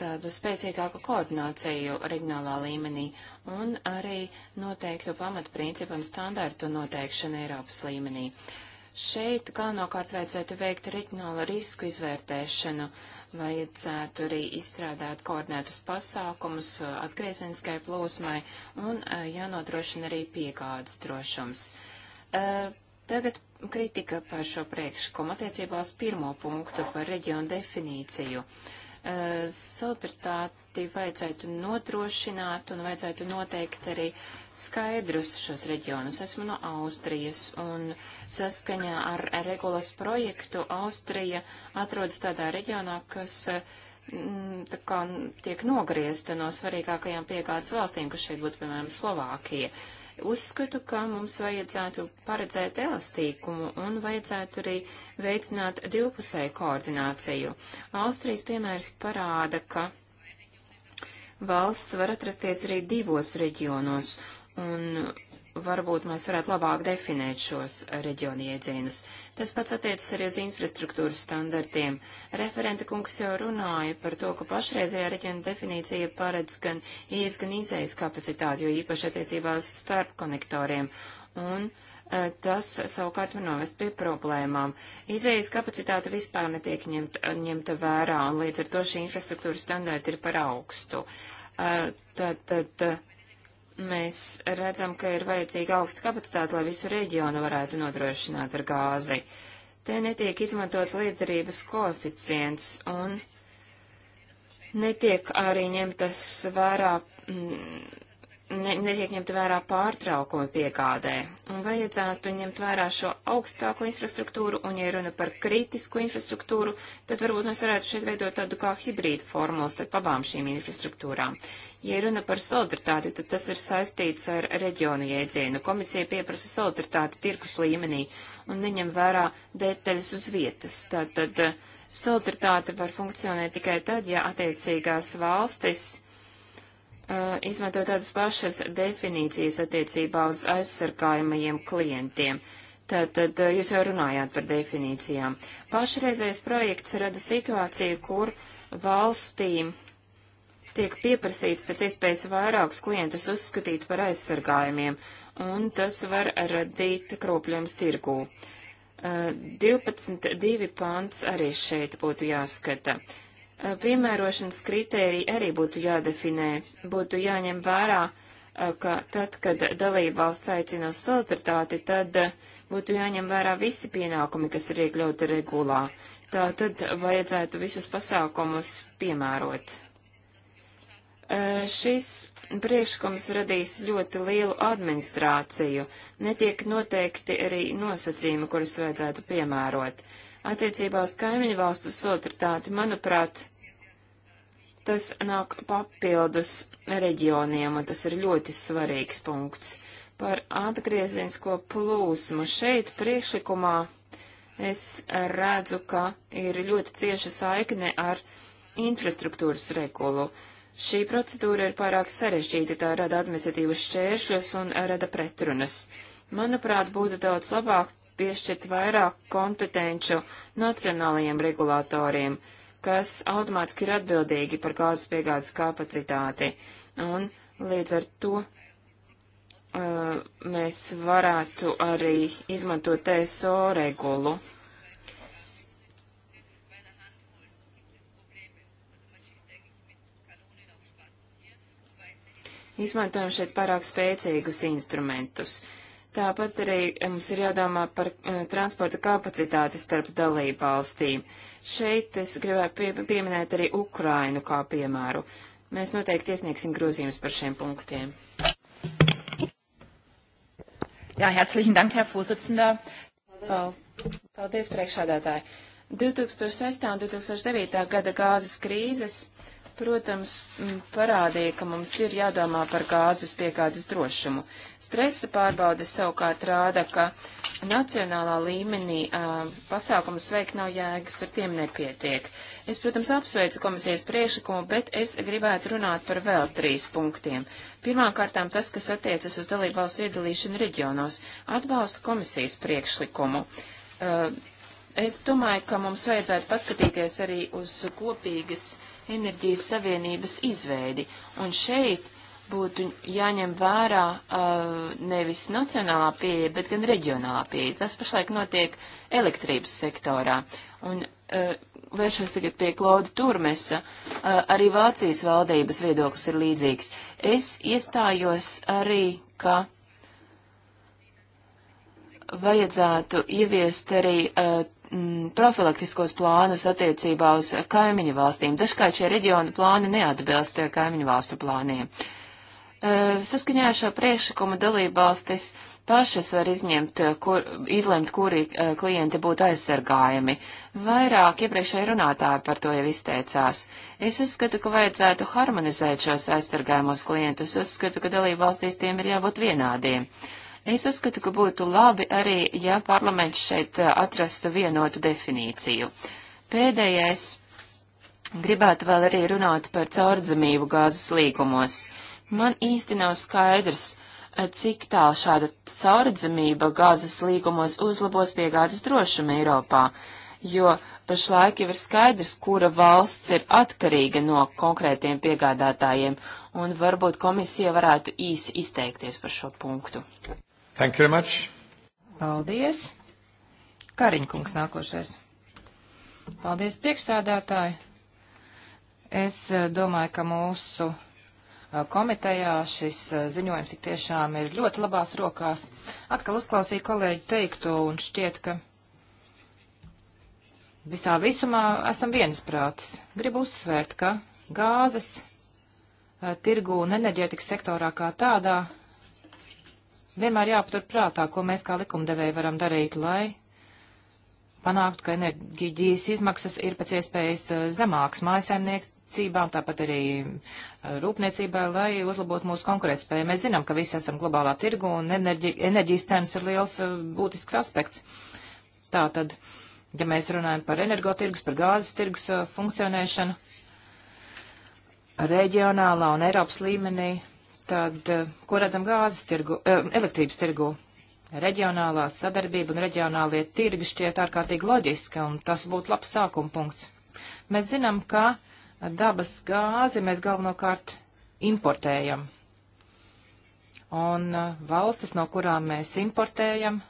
tādu spēcīgāku koordināciju reģionālā līmenī un arī noteiktu pamatprincipu un standartu noteikšanu Eiropas līmenī. Šeit galvenokārt vajadzētu veikt reģionālu risku izvērtēšanu, vajadzētu arī izstrādāt koordinētus pasākumus atgriezeniskai plūsmai un jānodrošina arī piegādes drošums. Tagad kritika par šo priekšlikumu attiecībā uz pirmo punktu par reģionu definīciju. Uh, Eh, solidaritāti vajadzētu notrošināt un vajadzētu noteikt arī skaidrus šos reģionus. Esmu no Austrijas un saskaņā ar regulas projektu Austrija atrodas tādā reģionā, kas mm, tā kā tiek nogriezta no svarīgākajām piegādes valstīm, kas šeit būtu, piemēram, Slovākija. Uh, Uzskatu, ka mums vajadzētu paredzēt elastīkumu un vajadzētu arī veicināt divpusēju koordināciju. Austrijas piemērs parāda, ka valsts var atrasties arī divos reģionos, un varbūt mēs varētu labāk definēt šos reģionu iedzienus. Tas pats attiecas arī uz infrastruktūras standartiem. Referenta kungs jau runāja par to, ka pašreizējā reģiona definīcija paredz gan ies, gan izējas kapacitāti, jo īpaši attiecībā uz starpkonektoriem. Un e, tas savukārt var novest pie problēmām. Izējas kapacitāte vispār netiek ņemt, ņemta vērā, un līdz ar to šī infrastruktūra standarta ir par augstu. E, tad, tad, Mēs redzam, ka ir vajadzīga augsta kapacitāte, lai visu reģionu varētu nodrošināt ar gāzi. Te netiek izmantots liederības koeficients un netiek arī ņemtas vērā mm, ne, netiek ņemta vērā pārtraukumi piegādē, un vajadzētu ņemt vērā šo augstāko infrastruktūru, un, ja runa par kritisku infrastruktūru, tad varbūt mēs varētu šeit veidot tādu kā hibrīdu formulu starp abām šīm infrastruktūrām. Ja runa par solidaritāti, tad tas ir saistīts ar reģionu jēdzienu. Komisija pieprasa solidaritāti tirkus līmenī un neņem vērā detaļas uz vietas. Tātad eh, solidaritāte var funkcionēt tikai tad, ja attiecīgās valstis Uh, izmanto tādas pašas definīcijas attiecībā uz aizsargājumajiem klientiem. Tātad uh, jūs jau runājāt par definīcijām. Pašreizējais projekts rada situāciju, kur valstīm tiek pieprasīts pēc iespējas vairākus klientus uzskatīt par aizsargājumiem, un tas var radīt kropļums tirgū. 12.2 uh, pants arī šeit būtu jāskata. Uh, Eh, piemērošanas kritērija arī būtu jādefinē. Būtu jāņem vērā, eh, ka tad, kad dalība valsts aicina uz solidaritāti, tad eh, būtu jāņem vērā visi pienākumi, kas ir iekļauti regulā. Tā tad vajadzētu visus pasākumus piemērot. Šis priekšlikums radīs ļoti lielu administrāciju. Netiek noteikti arī nosacījumi, kurus vajadzētu piemērot. Uh, Attiecībā uz kaimiņu valstu solidaritāti, manuprāt, tas nāk papildus reģioniem, un tas ir ļoti svarīgs punkts. Par atgrieziensko plūsmu šeit priekšlikumā es redzu, ka ir ļoti cieša saikne ar infrastruktūras regulu. Šī procedūra ir pārāk sarežģīta, tā rada administratīvas šķēršļus un rada pretrunas. Manuprāt, būtu daudz labāk piešķirt vairāk kompetenču nacionālajiem regulātoriem, kas automātiski ir atbildīgi par gāzes piegādes kapacitāti. Un līdz ar to uh, mēs varētu arī izmantot TSO e regulu. Izmantojam šeit pārāk spēcīgus instrumentus. Uh, Tāpat arī eh, mums ir jādomā par uh, transporta kapacitāti starp dalību valstīm. Šeit es gribētu pie, pieminēt arī Ukrainu kā piemēru. Mēs noteikti iesniegsim grozījumus par šiem punktiem. Jā, herzlichen Dank, Herr Vorsitzender. Paldies, Paldies priekšādātāji. 2006. un 2009. gada gāzes krīzes protams, parādīja, ka mums ir jādomā par gāzes piegādes drošumu. Stresa pārbaude savukārt rāda, ka nacionālā līmenī uh, pasākumus veikt nav jēgas, ar tiem nepietiek. Es, protams, apsveicu komisijas priekšlikumu, bet es gribētu runāt par vēl trīs punktiem. Pirmkārtām tas, kas attiecas uz dalību valstu iedalīšanu reģionos. Atbalstu komisijas priekšlikumu. Uh, Es domāju, ka mums vajadzētu paskatīties arī uz kopīgas enerģijas savienības izveidi. Un šeit būtu jāņem vērā uh, nevis nacionālā pieeja, bet gan reģionālā pieeja. Tas pašlaik notiek elektrības sektorā. Un uh, vēršos tagad pie Klauda Turmesa. Uh, arī Vācijas valdības viedoklis ir līdzīgs. Es iestājos arī, ka vajadzētu ieviest arī uh, mm, profilaktiskos plānus attiecībā uz kaimiņu valstīm. Dažkārt šie reģiona plāni neatbilst eh, kaimiņu valstu plāniem. Eh, saskaņā ar šo priekšlikumu dalībvalstis pašas var izņemt, eh, kur, izlemt, kuri klienti būtu aizsargājami. Vairāk iepriekšēji runātāji par to jau izteicās. Es uzskatu, ka vajadzētu harmonizēt šos aizsargājumos klientus. Uzskatu, ka dalībvalstīs tiem ir jābūt vienādiem. Uh, Es uzskatu, ka būtu labi arī, ja parlaments šeit eh, atrastu vienotu definīciju. Pēdējais. Gribētu vēl arī runāt par caurdzamību gāzes līgumos. Man īsti nav skaidrs, eh, cik tālu šāda caurdzamība gāzes līgumos uzlabos piegādes drošumu Eiropā, jo pašlaik jau ir skaidrs, kura valsts ir atkarīga no konkrētiem piegādātājiem, un varbūt komisija varētu īsi izteikties par šo punktu. Thank you very much. Paldies. Kariņkungs nākošais. Paldies, priekšsādātāji. Es eh, domāju, ka mūsu eh, komitejā šis eh, ziņojums tik tiešām ir ļoti labās rokās. Atkal uzklausīju kolēģi teikto un šķiet, ka visā visumā esam viensprātis. Gribu uzsvērt, ka gāzes tirgu un enerģētikas sektorā kā tādā Vienmēr jāpatur prātā, ko mēs kā likumdevēji varam darīt, lai panāktu, ka enerģijas izmaksas ir pēc iespējas uh, zemākas mājasēmniecībām, tāpat arī uh, rūpniecībai, lai uzlabotu mūsu konkurētspēju. Mēs zinām, ka visi esam globālā tirgu un enerģi, enerģijas cenas ir liels uh, būtisks aspekts. Tātad, ja mēs runājam par energotirgus, par gāzes tirgus funkcionēšanu reģionālā un Eiropas līmenī, tad, eh, ko redzam gāzes tirgu, eh, elektrības tirgu? Reģionālā sadarbība un reģionālie tirgi šķiet ārkārtīgi loģiski, un tas būtu labs sākuma punkts. Mēs zinām, ka dabas gāzi mēs galvenokārt importējam. Un eh, valstis, no kurām mēs importējam,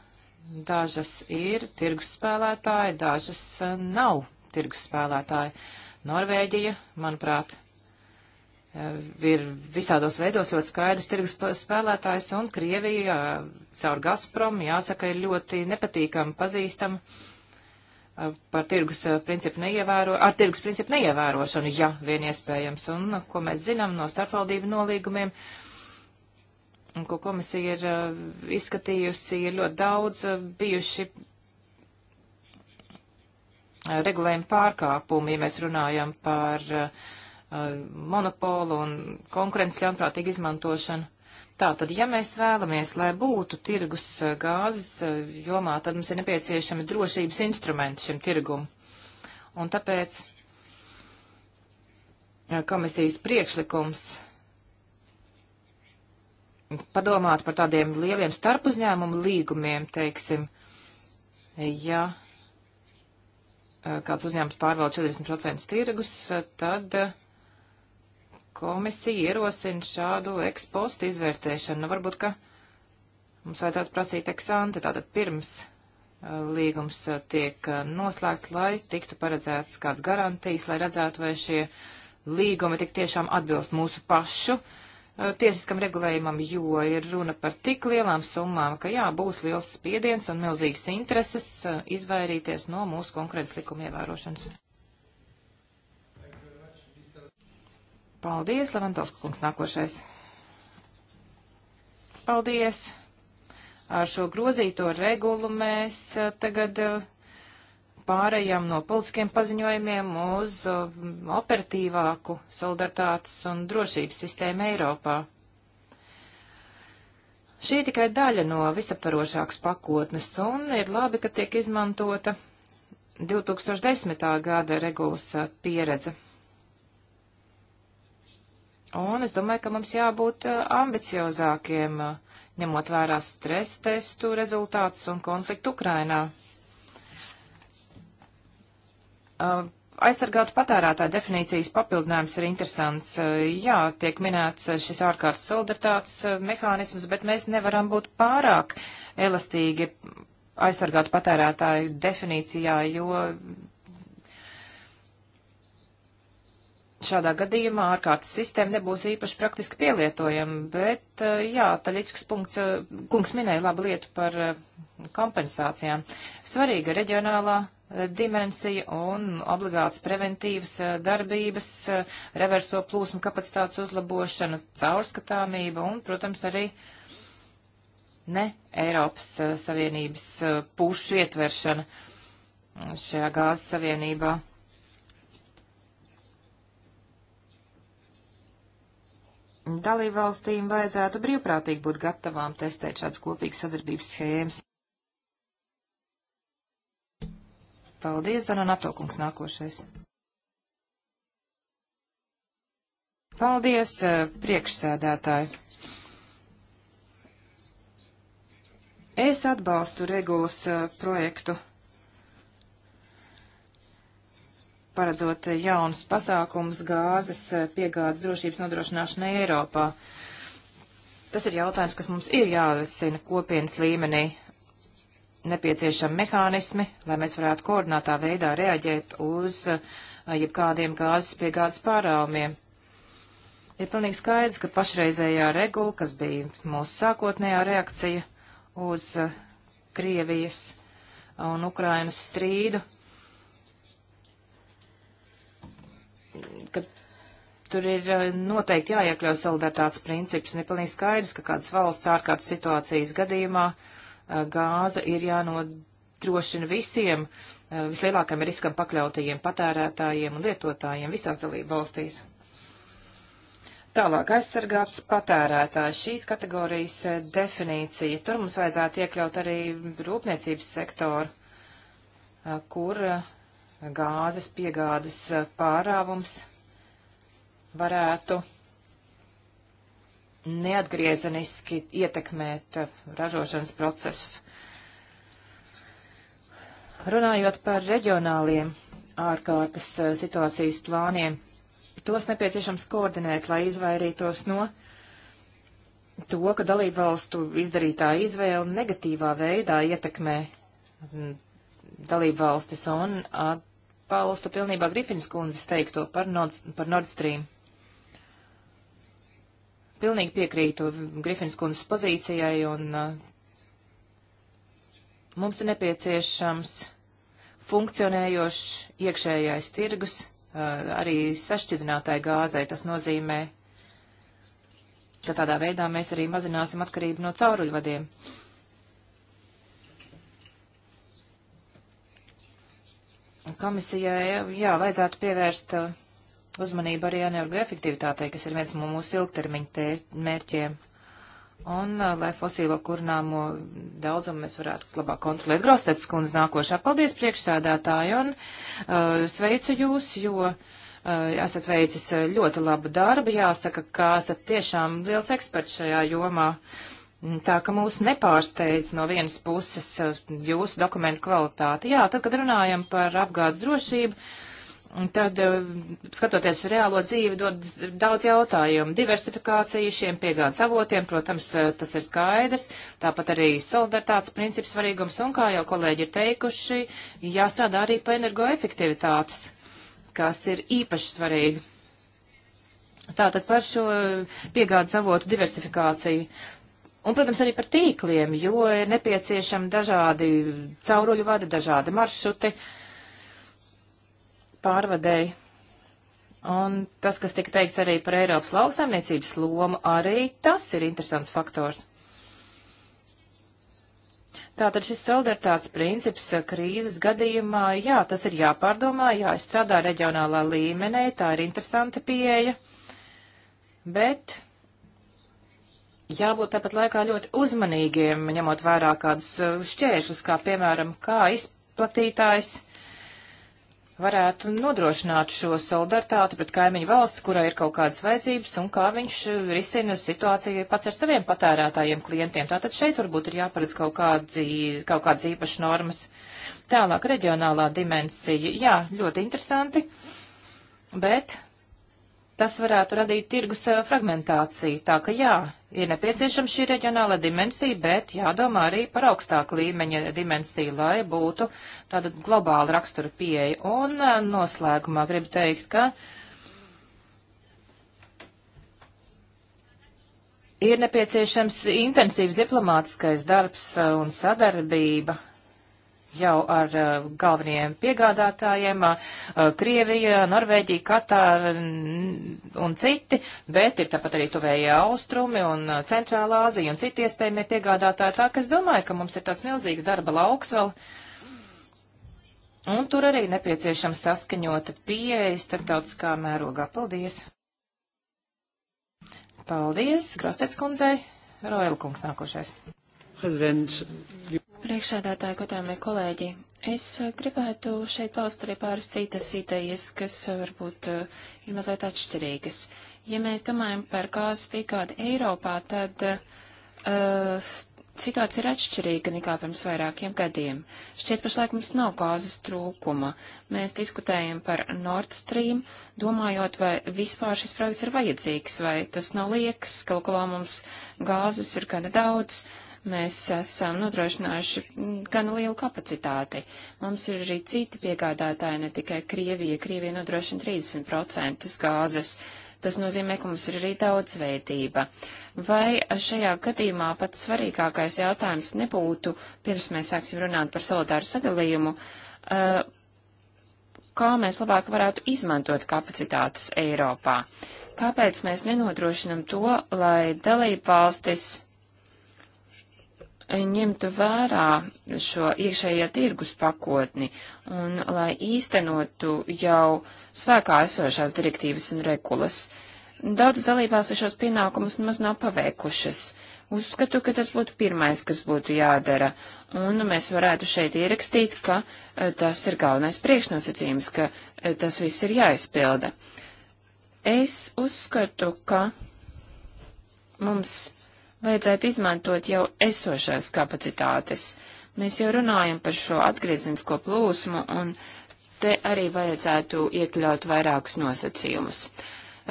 dažas ir tirgus spēlētāji, dažas nav tirgus spēlētāji. Norvēģija, manuprāt, Eh, ir visādos veidos ļoti skaidrs tirgus spēlētājs, un Krievija caur Gazprom, jāsaka, ir ļoti nepatīkami pazīstama eh, par tirgus eh, principu neievēro, ar tirgus principu neievērošanu, ja vien iespējams, un ko mēs zinām no starpvaldību nolīgumiem, un ko komisija ir izskatījusi, ir ļoti daudz bijuši regulējumi pārkāpumi, ja mēs runājam par uh, Uh, monopolu un konkurences ļaunprātīgu izmantošanu. Tātad, ja mēs vēlamies, lai būtu tirgus uh, gāzes uh, jomā, tad mums ir nepieciešami drošības instrumenti šim tirgum. Un tāpēc komisijas priekšlikums padomāt par tādiem lieliem starpuzņēmumu līgumiem, teiksim, ja kāds uzņēmums pārvalda 40% tirgus, tad uh, komisija ierosina šādu ekspostu izvērtēšanu. Nu, varbūt, ka mums vajadzētu prasīt eksanti, tātad pirms uh, līgums tiek uh, noslēgts, lai tiktu paredzēts kāds garantijas, lai redzētu, vai šie līgumi tik tiešām atbilst mūsu pašu uh, tiesiskam regulējumam, jo ir runa par tik lielām summām, ka jā, būs liels spiediens un milzīgas intereses izvairīties no mūsu konkurences likuma ievērošanas. Paldies, Levandovska kungs, nākošais. Paldies. Ar šo grozīto regulu mēs eh, tagad eh, pārējām no politiskiem paziņojumiem uz eh, operatīvāku solidaritātes un drošības sistēmu Eiropā. Šī tikai daļa no visaptarošākas pakotnes, un ir labi, ka tiek izmantota 2010. gada regulas pieredze. Un es domāju, ka mums jābūt eh, ambiciozākiem, eh, ņemot vērā stresa testu rezultātus un konfliktu Ukrainā. Eh, aizsargātu patērētāju definīcijas papildinājums ir interesants. Jā, tiek minēts šis ārkārtas solidaritātes mehānisms, bet mēs nevaram būt pārāk elastīgi aizsargātu patērētāju definīcijā, jo šādā gadījumā ārkārtas sistēma nebūs īpaši praktiski pielietojama, bet, eh, jā, Taļičkas punkts, eh, kungs minēja labu lietu par eh, kompensācijām. Svarīga reģionālā dimensija un obligāts preventīvas darbības, reverso plūsmu kapacitātes uzlabošana, caurskatāmība un, protams, arī ne Eiropas Savienības pušu ietveršana šajā gāzes savienībā. Dalībvalstīm vajadzētu brīvprātīgi būt gatavām testēt šādas kopīgas sadarbības schēmas. Paldies, Zana Natokungs, nākošais. Paldies, eh, priekšsēdētāji. Es atbalstu regulas eh, projektu paredzot jaunus pasākumus gāzes piegādes drošības nodrošināšanai Eiropā. Tas ir jautājums, kas mums ir jārisina kopienas līmenī. Nepieciešami mehānismi, lai mēs varētu koordinātā veidā reaģēt uz eh, jebkādiem gāzes piegādes pārāumiem. Ir pilnīgi skaidrs, ka pašreizējā regula, kas bija mūsu sākotnējā reakcija uz eh, Krievijas un Ukrainas strīdu, uh, ka tur ir eh, noteikti jāiekļaus solidaritātes princips. Ir pilnīgi skaidrs, ka kādas valsts ārkārtas situācijas gadījumā eh, gāze ir jānodrošina visiem eh, vislielākajam riskam pakļautajiem patērētājiem un lietotājiem visās dalību valstīs. Tālāk aizsargāts patērētājs. Šīs kategorijas definīcija. Tur mums vajadzētu iekļaut arī rūpniecības sektoru, kur gāzes piegādes eh, pārāvums varētu neatgriezeniski ietekmēt eh, ražošanas procesus. Runājot par reģionāliem ārkārtas eh, situācijas plāniem, tos nepieciešams koordinēt, lai izvairītos no to, ka dalību valstu izdarītā izvēle negatīvā veidā ietekmē mm, dalību valstis un at atbalstu pilnībā Grifins kundzes teikto par Nord, par Nord Stream. Pilnīgi piekrītu Grifins kundzes pozīcijai un uh, mums ir nepieciešams funkcionējošs iekšējais tirgus uh, arī sašķidrinātāji gāzai. Tas nozīmē, ka tādā veidā mēs arī mazināsim atkarību no cauruļvadiem. vadiem. komisijai, jā, vajadzētu pievērst uh, uzmanību arī energoefektivitātei, kas ir viens no mūsu ilgtermiņa mērķiem. Un, uh, lai fosīlo kurnāmo daudzumu mēs varētu labāk kontrolēt. Grostets kundze nākošā. Paldies priekšsādātāji un uh, sveicu jūs, jo uh, esat veicis uh, ļoti labu darbu. Jāsaka, ka esat tiešām liels eksperts šajā jomā. Uh, Mm, tā ka mūs nepārsteidz no vienas puses uh, jūsu dokumentu kvalitāte. Jā, tad, kad runājam par apgādes drošību, tad, uh, skatoties reālo dzīvi, dod daudz jautājumu. Diversifikācija šiem piegādes avotiem, protams, uh, tas ir skaidrs. Tāpat arī solidaritātes princips svarīgums un, kā jau kolēģi ir teikuši, jāstrādā arī pa energoefektivitātes, kas ir īpaši svarīgi. Tātad par šo piegādes avotu diversifikāciju. Un, protams, arī par tīkliem, jo ir nepieciešami dažādi cauruļu vadi, dažādi maršruti, pārvadēji. Un tas, kas tika teikts arī par Eiropas lauksaimniecības lomu, arī tas ir interesants faktors. Tātad šis solidaritātes princips eh, krīzes gadījumā, jā, tas ir jāpārdomā, jāizstrādā reģionālā līmenī, tā ir interesanta pieeja, bet jābūt tāpat laikā ļoti uzmanīgiem, ņemot vērā kādus uh, šķēršus, kā piemēram, kā izplatītājs varētu nodrošināt šo solidaritāti pret kaimiņu valsti, kurai ir kaut kādas vajadzības, un kā viņš uh, risina situāciju pats ar saviem patērētājiem klientiem. Tātad šeit varbūt ir jāparedz kaut, kādzi, kaut kādas īpašas normas. Tālāk reģionālā dimensija. Jā, ļoti interesanti, bet tas varētu radīt tirgus uh, fragmentāciju. Tā ka jā, ir nepieciešama šī reģionāla dimensija, bet jādomā arī par augstāku līmeņa dimensiju, lai būtu tāda globāla rakstura pieeja. Un eh, noslēgumā gribu teikt, ka ir nepieciešams intensīvs diplomātiskais darbs eh, un sadarbība jau ar eh, galvenajiem piegādātājiem eh, - Krievija, Norvēģija, Katāra un citi, bet ir tāpat arī tuvējie austrumi un eh, Centrālā Āzija un citi iespējamie piegādātāji. Tā ka es domāju, ka mums ir tāds milzīgs darba lauks vēl. Un tur arī nepieciešams saskaņota pieeja starptautiskā mērogā. Paldies! Paldies, Grostets kundzei, Roela kungs nākošais. Prezidents. Priekšādātāji, godāmie kolēģi, es gribētu šeit paust arī pāris citas idejas, kas varbūt eh, ir mazliet atšķirīgas. Ja mēs domājam par gāzes piekādi Eiropā, tad uh, situācija ir atšķirīga nekā pirms vairākiem gadiem. Šķiet, pašlaik mums nav gāzes trūkuma. Mēs diskutējam par Nord Stream, domājot, vai vispār šis projekts ir vajadzīgs, vai tas nav liekas, kaut kolā mums gāzes ir gana daudz, Mēs esam nodrošinājuši mm, gan lielu kapacitāti. Mums ir arī citi piegādātāji, ne tikai Krievija. Krievija nodrošina 30% gāzes. Tas nozīmē, ka mums ir arī daudzveidība. Vai šajā gadījumā pats svarīgākais jautājums nebūtu, pirms mēs sāksim runāt par solidāru sadalījumu, uh, kā mēs labāk varētu izmantot kapacitātes Eiropā? Kāpēc mēs nenodrošinam to, lai dalība valstis ņemtu vērā šo iekšējā tirgus pakotni un lai īstenotu jau spēkā esošās direktīvas un regulas. Daudzas dalībās ir šos pienākumus nemaz nav paveikušas. Uzskatu, ka tas būtu pirmais, kas būtu jādara, un mēs varētu šeit ierakstīt, ka eh, tas ir galvenais priekšnosacījums, ka eh, tas viss ir jāizpilda. Es uzskatu, ka mums vajadzētu izmantot jau esošās kapacitātes. Mēs jau runājam par šo atgriezinisko plūsmu, un te arī vajadzētu iekļaut vairākus nosacījumus.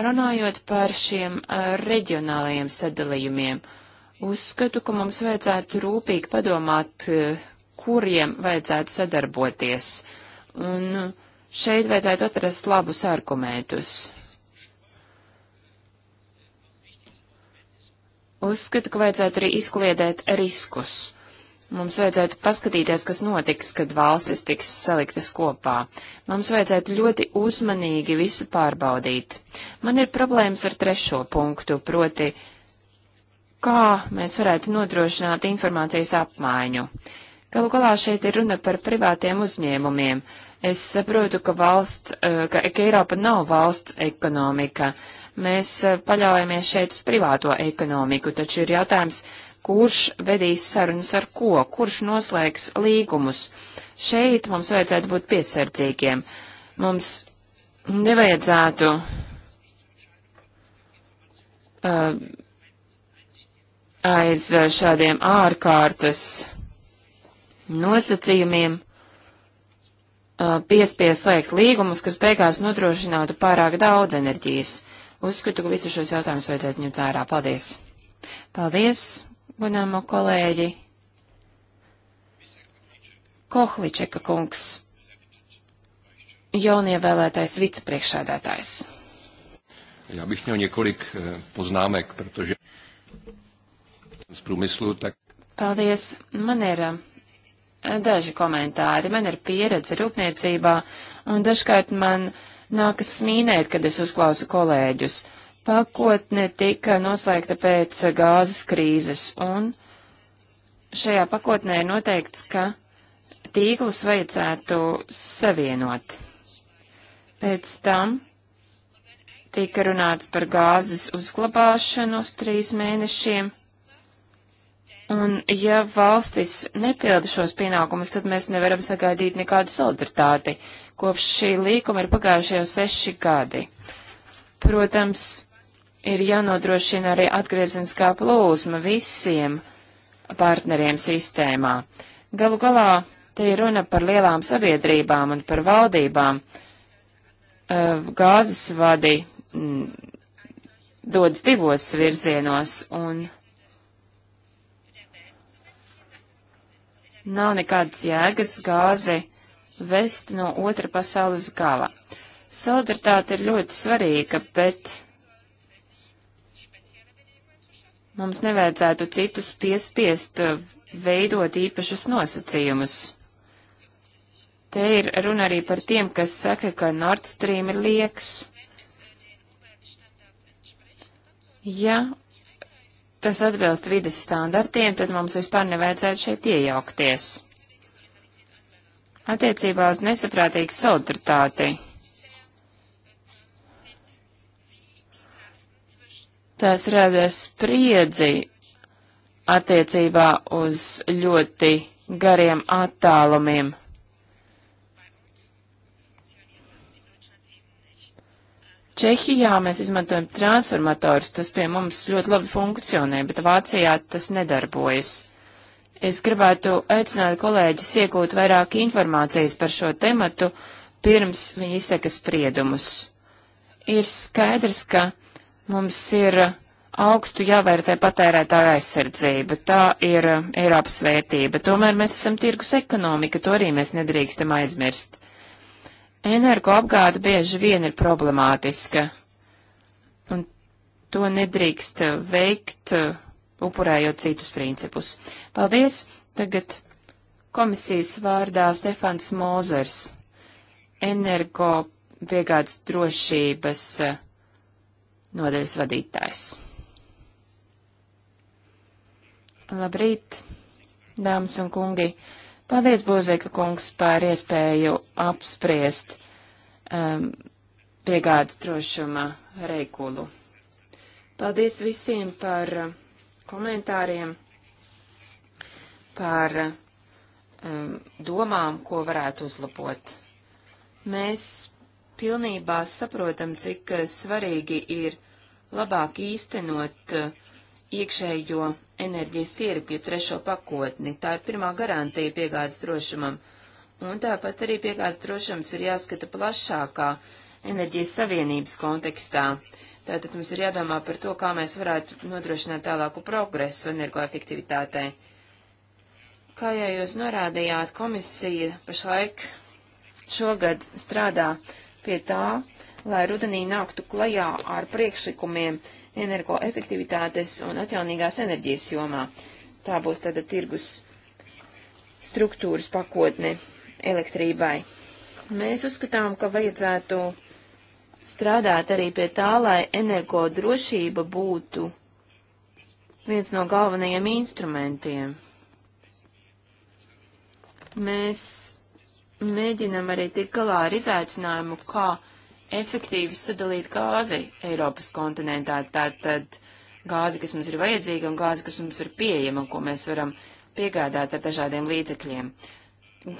Runājot par šiem uh, reģionālajiem sadalījumiem, uzskatu, ka mums vajadzētu rūpīgi padomāt, uh, kuriem vajadzētu sadarboties. Un šeit vajadzētu atrast labus argumentus. Uzskatu, ka vajadzētu arī izkliedēt riskus. Mums vajadzētu paskatīties, kas notiks, kad valstis tiks saliktas kopā. Mums vajadzētu ļoti uzmanīgi visu pārbaudīt. Man ir problēmas ar trešo punktu, proti, kā mēs varētu nodrošināt informācijas apmaiņu. Galu galā šeit ir runa par privātiem uzņēmumiem. Es saprotu, ka valsts, eh, ka, ka Eiropa nav valsts ekonomika. Uh, Mēs e, paļaujamies šeit uz privāto ekonomiku, taču ir jautājums, kurš vedīs sarunas ar ko, kurš noslēgs līgumus. Šeit mums vajadzētu būt piesardzīgiem. Mums nevajadzētu uh, aiz šādiem ārkārtas nosacījumiem uh, e, piespies slēgt līgumus, kas beigās nodrošinātu pārāk daudz enerģijas. Uzskatu, ka visus šos jautājumus vajadzētu ņemt vērā. Paldies! Paldies, gunāmo kolēģi! Kohličeka kungs, jaunievēlētais vicepriekšādātājs. Já bych měl několik eh, poznámek, protože z průmyslu tak. Paldies, man ir eh, daži komentāri, man ir pieredze rūpniecībā, un dažkārt man uh, Nākas smīnēt, kad es uzklausu kolēģus. Pakotne tika noslēgta pēc gāzes krīzes, un šajā pakotnē ir noteikts, ka tīklus vajadzētu savienot. Pēc tam tika runāts par gāzes uzglabāšanu uz trīs mēnešiem. Un ja valstis nepilda šos pienākumus, tad mēs nevaram sagaidīt nekādu solidaritāti. Kopš šī līkuma ir pagājuši jau seši gadi. Protams, ir jānodrošina arī atgriezeniskā plūsma visiem partneriem sistēmā. Galu galā te ir runa par lielām sabiedrībām un par valdībām. Eh, gāzes vadi mm, dodas divos virzienos un nav nekādas jēgas gāzi vest no otra pasaules gala. Solidaritāte ir ļoti svarīga, bet mums nevajadzētu citus piespiest eh, veidot īpašus nosacījumus. Te ir runa arī par tiem, kas saka, ka Nord Stream ir lieks. Ja tas atbilst vides standartiem, tad mums vispār nevajadzētu šeit iejaukties. Attiecībā uz nesaprātīgu solidaritāti. Tas rada spriedzi attiecībā uz ļoti gariem attālumiem. Čehijā mēs izmantojam transformatorus, tas pie mums ļoti labi funkcionē, bet Vācijā tas nedarbojas. Es gribētu aicināt kolēģis iegūt vairāk informācijas par šo tematu, pirms viņi izsaka spriedumus. Ir skaidrs, ka mums ir augstu jāvērtē patērētāja aizsardzība. Tā ir Eiropas vērtība. Tomēr mēs esam tirgus ekonomika, to arī mēs nedrīkstam aizmirst. Energoapgāde bieži vien ir problemātiska, un to nedrīkst veikt upurējot citus principus. Paldies! Tagad komisijas vārdā Stefans Mozers, energo piegādes drošības eh, nodaļas vadītājs. Labrīt, dāmas un kungi! Paldies, Bozeka kungs, par iespēju apspriest um, piegādes drošuma reikulu. Paldies visiem par uh, komentāriem, par um, domām, ko varētu uzlabot. Mēs pilnībā saprotam, cik svarīgi ir labāk īstenot uh, iekšējo enerģijas tirgu, ja trešo pakotni. Tā ir pirmā garantija piegādes drošumam. Un tāpat arī piegādes drošums ir jāskata plašākā enerģijas savienības kontekstā. Uh, Tātad mums ir jādomā par to, kā mēs varētu nodrošināt tālāku progresu energoefektivitātei. Kā jau jūs norādījāt, komisija pašlaik šogad strādā pie tā, lai rudenī nāktu klajā ar priekšlikumiem energoefektivitātes un atjaunīgās enerģijas jomā. Tā būs tāda tirgus struktūras pakotne elektrībai. Mēs uzskatām, ka vajadzētu strādāt arī pie tā, lai energodrošība būtu viens no galvenajiem instrumentiem. Mēs mēģinam arī tikt galā ar izaicinājumu, kā efektīvi sadalīt gāzi Eiropas kontinentā. Tātad gāzi, kas mums ir vajadzīga, un gāzi, kas mums ir pieejama, un ko mēs varam piegādāt ar dažādiem līdzekļiem.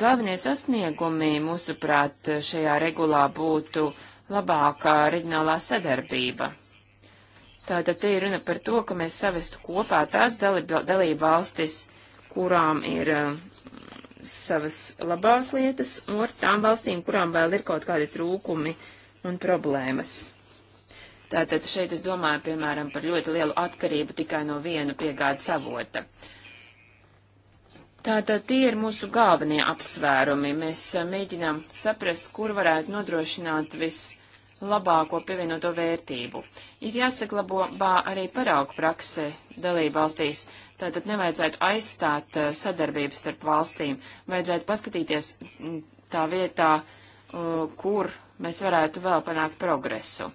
Galvenie sasniegumi, mūsuprāt, šajā regulā būtu uh, labākā reģionālā sadarbība. Tātad te ir runa par to, ka mēs savestu kopā tās dalību valstis, kurām ir um, savas labās lietas, un ar tām valstīm, kurām vēl ir kaut kādi trūkumi un problēmas. Tātad šeit es domāju, piemēram, par ļoti lielu atkarību tikai no viena piegādes avota. Tātad tie ir mūsu galvenie apsvērumi. Mēs uh, mēģinām saprast, kur varētu nodrošināt viss labāko pievienoto vērtību. Ir jāsaglabā arī paraugu prakse dalībvalstīs, tātad nevajadzētu aizstāt eh, sadarbības starp valstīm, vajadzētu paskatīties mm, tā vietā, eh, kur mēs varētu vēl panākt progresu.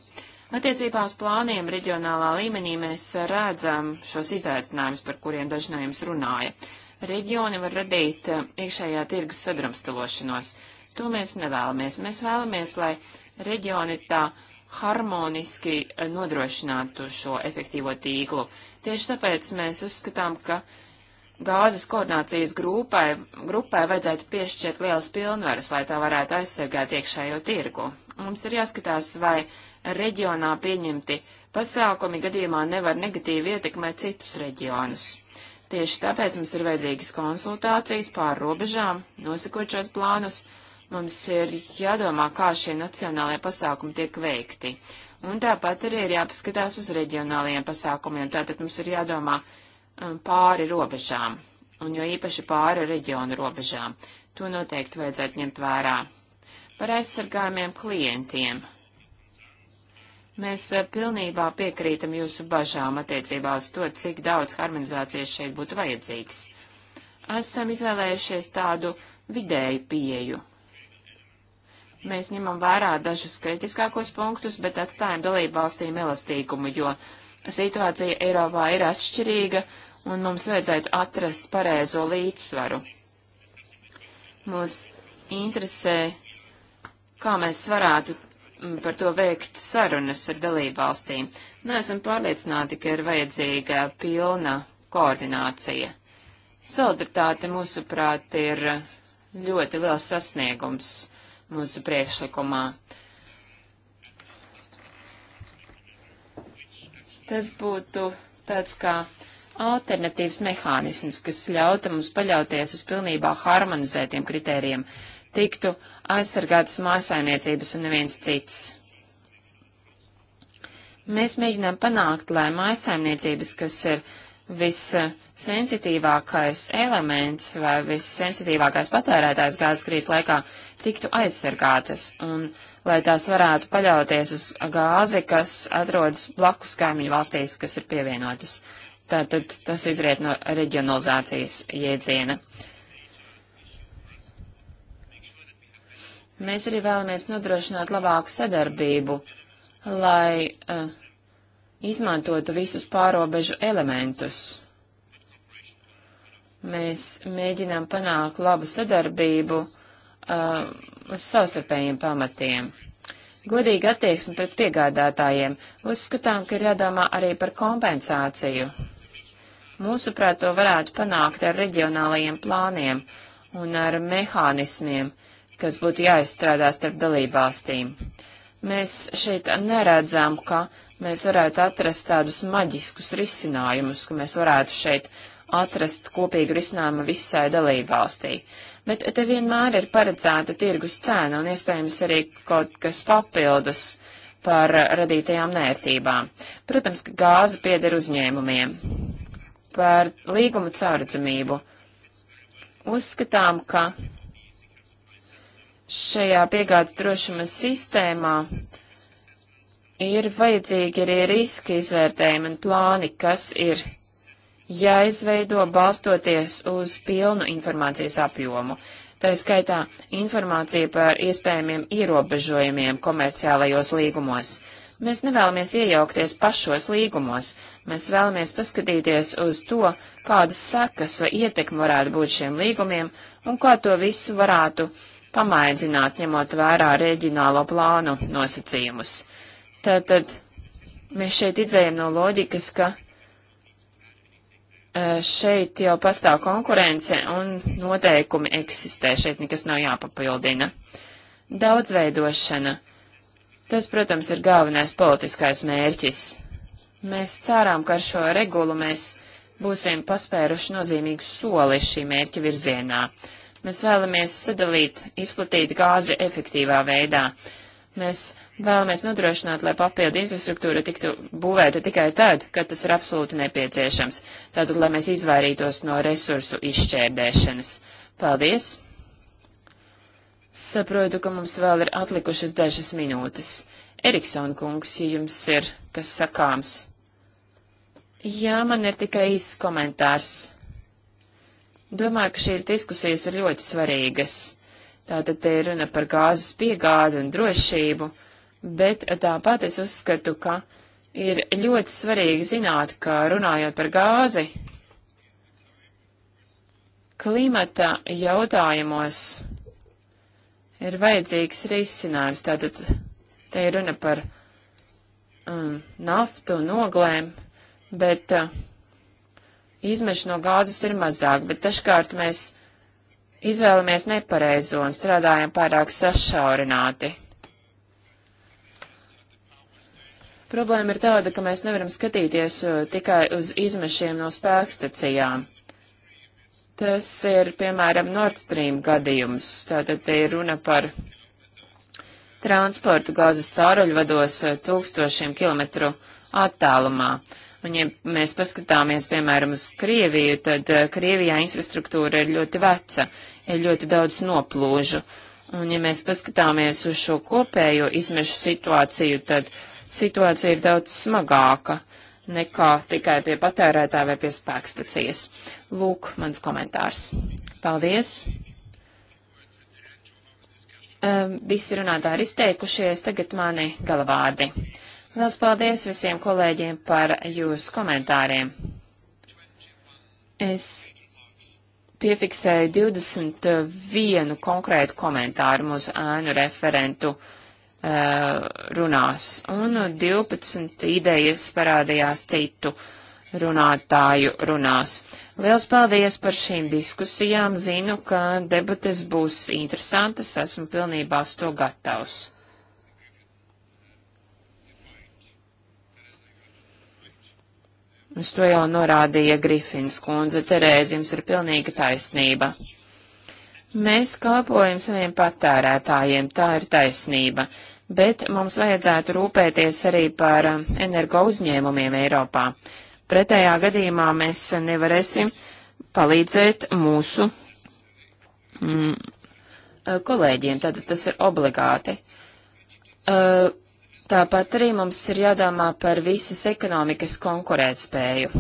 Attiecībā uz plāniem reģionālā līmenī mēs redzam šos izaicinājumus, par kuriem daži no jums runāja. Reģioni var radīt eh, iekšējā tirgus sadrumstalošanos. To mēs nevēlamies. Mēs vēlamies, lai reģioni tā harmoniski eh, nodrošinātu šo efektīvo tīklu. Tieši tāpēc mēs uzskatām, ka gāzes koordinācijas grupai, grupai vajadzētu piešķirt liels pilnvaras, lai tā varētu aizsargāt iekšējo tirgu. Mums ir jāskatās, vai reģionā pieņemti pasākumi gadījumā nevar negatīvi ietekmēt citus reģionus. Tieši tāpēc mums ir vajadzīgas konsultācijas pār robežām, nosakot šos plānus Mums ir jādomā, kā šie nacionālajie pasākumi tiek veikti. Un tāpat arī ir jāpaskatās uz reģionālajiem pasākumiem. Tātad mums ir jādomā um, pāri robežām, un jo īpaši pāri reģionu robežām. To noteikti vajadzētu ņemt vērā. Par aizsargājumiem klientiem. Mēs uh, pilnībā piekrītam jūsu bažām attiecībā uz to, cik daudz harmonizācijas šeit būtu vajadzīgs. Esam izvēlējušies tādu vidēju pieju, Mēs ņemam vērā dažus kritiskākos punktus, bet atstājam dalību valstīm elastīgumu, jo situācija Eiropā ir atšķirīga un mums vajadzētu atrast pareizo līdzsvaru. Mūs interesē, kā mēs varētu mm, par to veikt sarunas ar dalībvalstīm. Neesam pārliecināti, ka ir vajadzīga pilna koordinācija. Solidaritāte, mūsuprāt, ir ļoti liels sasniegums mūsu priekšlikumā. Tas būtu tāds kā alternatīvs mehānisms, kas ļautu mums paļauties uz pilnībā harmonizētiem kritērijiem, tiktu aizsargātas mājasainiecības un neviens cits. Mēs mēģinām panākt, lai mājasaimniecības, kas ir vissensitīvākais elements vai vissensitīvākais patērētājs gāzes krīzes laikā tiktu aizsargātas un lai tās varētu paļauties uz gāzi, kas atrodas blakus kaimiņu valstīs, kas ir pievienotas. Tātad tas izriet no reģionalizācijas jēdziena. Mēs arī vēlamies nodrošināt labāku sadarbību, lai uh, izmantotu visus pārobežu elementus. Mēs mēģinām panākt labu sadarbību uh, uz savstarpējiem pamatiem. Godīgi attieksmi pret piegādātājiem uzskatām, ka ir jādomā arī par kompensāciju. Mūsuprāt, to varētu panākt ar reģionālajiem plāniem un ar mehānismiem, kas būtu jāizstrādā starp dalībvalstīm. Mēs šeit neredzam, ka uh, mēs varētu atrast tādus maģiskus risinājumus, ka mēs varētu šeit atrast kopīgu risinājumu visai dalībvalstī. Bet te vienmēr ir paredzēta tirgus cena un iespējams arī kaut kas papildus par radītajām nērtībām. Protams, ka gāze pieder uzņēmumiem. Par līgumu caurdzamību uzskatām, ka šajā piegādes drošuma sistēmā uh, Ir vajadzīgi arī riska izvērtējumi un plāni, kas ir jāizveido balstoties uz pilnu informācijas apjomu. Tā skaitā informācija par iespējamiem ierobežojumiem komerciālajos līgumos. Mēs nevēlamies iejaukties pašos līgumos, mēs vēlamies paskatīties uz to, kādas sekas vai ietekmi varētu būt šiem līgumiem un kā to visu varētu pamaidzināt, ņemot vērā reģionālo plānu nosacījumus. Tātad mēs šeit izējam no loģikas, ka e, šeit jau pastāv konkurence un noteikumi eksistē, šeit nekas nav jāpapildina. Daudzveidošana. Tas, protams, ir galvenais politiskais mērķis. Mēs cērām, ka ar šo regulu mēs būsim paspēruši nozīmīgu soli šī mērķa virzienā. Mēs vēlamies sadalīt, izplatīt gāzi efektīvā veidā. Mēs vēlamies nodrošināt, lai papildu infrastruktūra tiktu būvēta tikai tad, kad tas ir absolūti nepieciešams. Tātad, lai mēs izvairītos no resursu izšķērdēšanas. Paldies! Saprotu, ka mums vēl ir atlikušas dažas minūtes. Eriksona kungs, ja jums ir kas sakāms. Jā, man ir tikai īsts komentārs. Domāju, ka šīs diskusijas ir ļoti svarīgas. Tātad te ir runa par gāzes piegādi un drošību, bet tāpat es uzskatu, ka ir ļoti svarīgi zināt, ka runājot par gāzi, klimata jautājumos ir vajadzīgs risinājums. Tātad te ir runa par um, naftu, noglēm, bet uh, izmeši no gāzes ir mazāk, bet dažkārt mēs izvēlamies nepareizo un strādājam pārāk sašaurināti. Problēma ir tāda, ka mēs nevaram skatīties uh, tikai uz izmešiem no spēkstacijām. Tas ir, piemēram, Nord Stream gadījums. Tātad te ir runa par transportu gāzes cauruļvados uh, tūkstošiem kilometru attālumā. Uh, Un, ja mēs paskatāmies, piemēram, uz Krieviju, tad eh, Krievijā infrastruktūra ir ļoti veca, ir ļoti daudz noplūžu. Un, ja mēs paskatāmies uz šo kopējo izmešu situāciju, tad situācija ir daudz smagāka nekā tikai pie patērētā vai pie spēkstacijas. Lūk, mans komentārs. Paldies! Um, visi runātāji ir izteikušies, tagad mani galvādi. Lielas paldies visiem kolēģiem par jūsu komentāriem. Es piefiksēju 21 konkrētu komentāru mūsu ēnu referentu uh, runās, un 12 idejas parādījās citu runātāju runās. Liels paldies par šīm diskusijām, zinu, ka debates būs interesantas, esmu pilnībā uz to gatavs. Uz to jau norādīja Grifins kundze. Terēz, jums ir pilnīga taisnība. Mēs kalpojam saviem patērētājiem, tā ir taisnība, bet mums vajadzētu rūpēties arī par um, energo uzņēmumiem Eiropā. Pretējā gadījumā mēs nevarēsim palīdzēt mūsu mm, kolēģiem, tātad tas ir obligāti. Uh, Tāpat arī mums ir jādomā par visas ekonomikas konkurētspēju.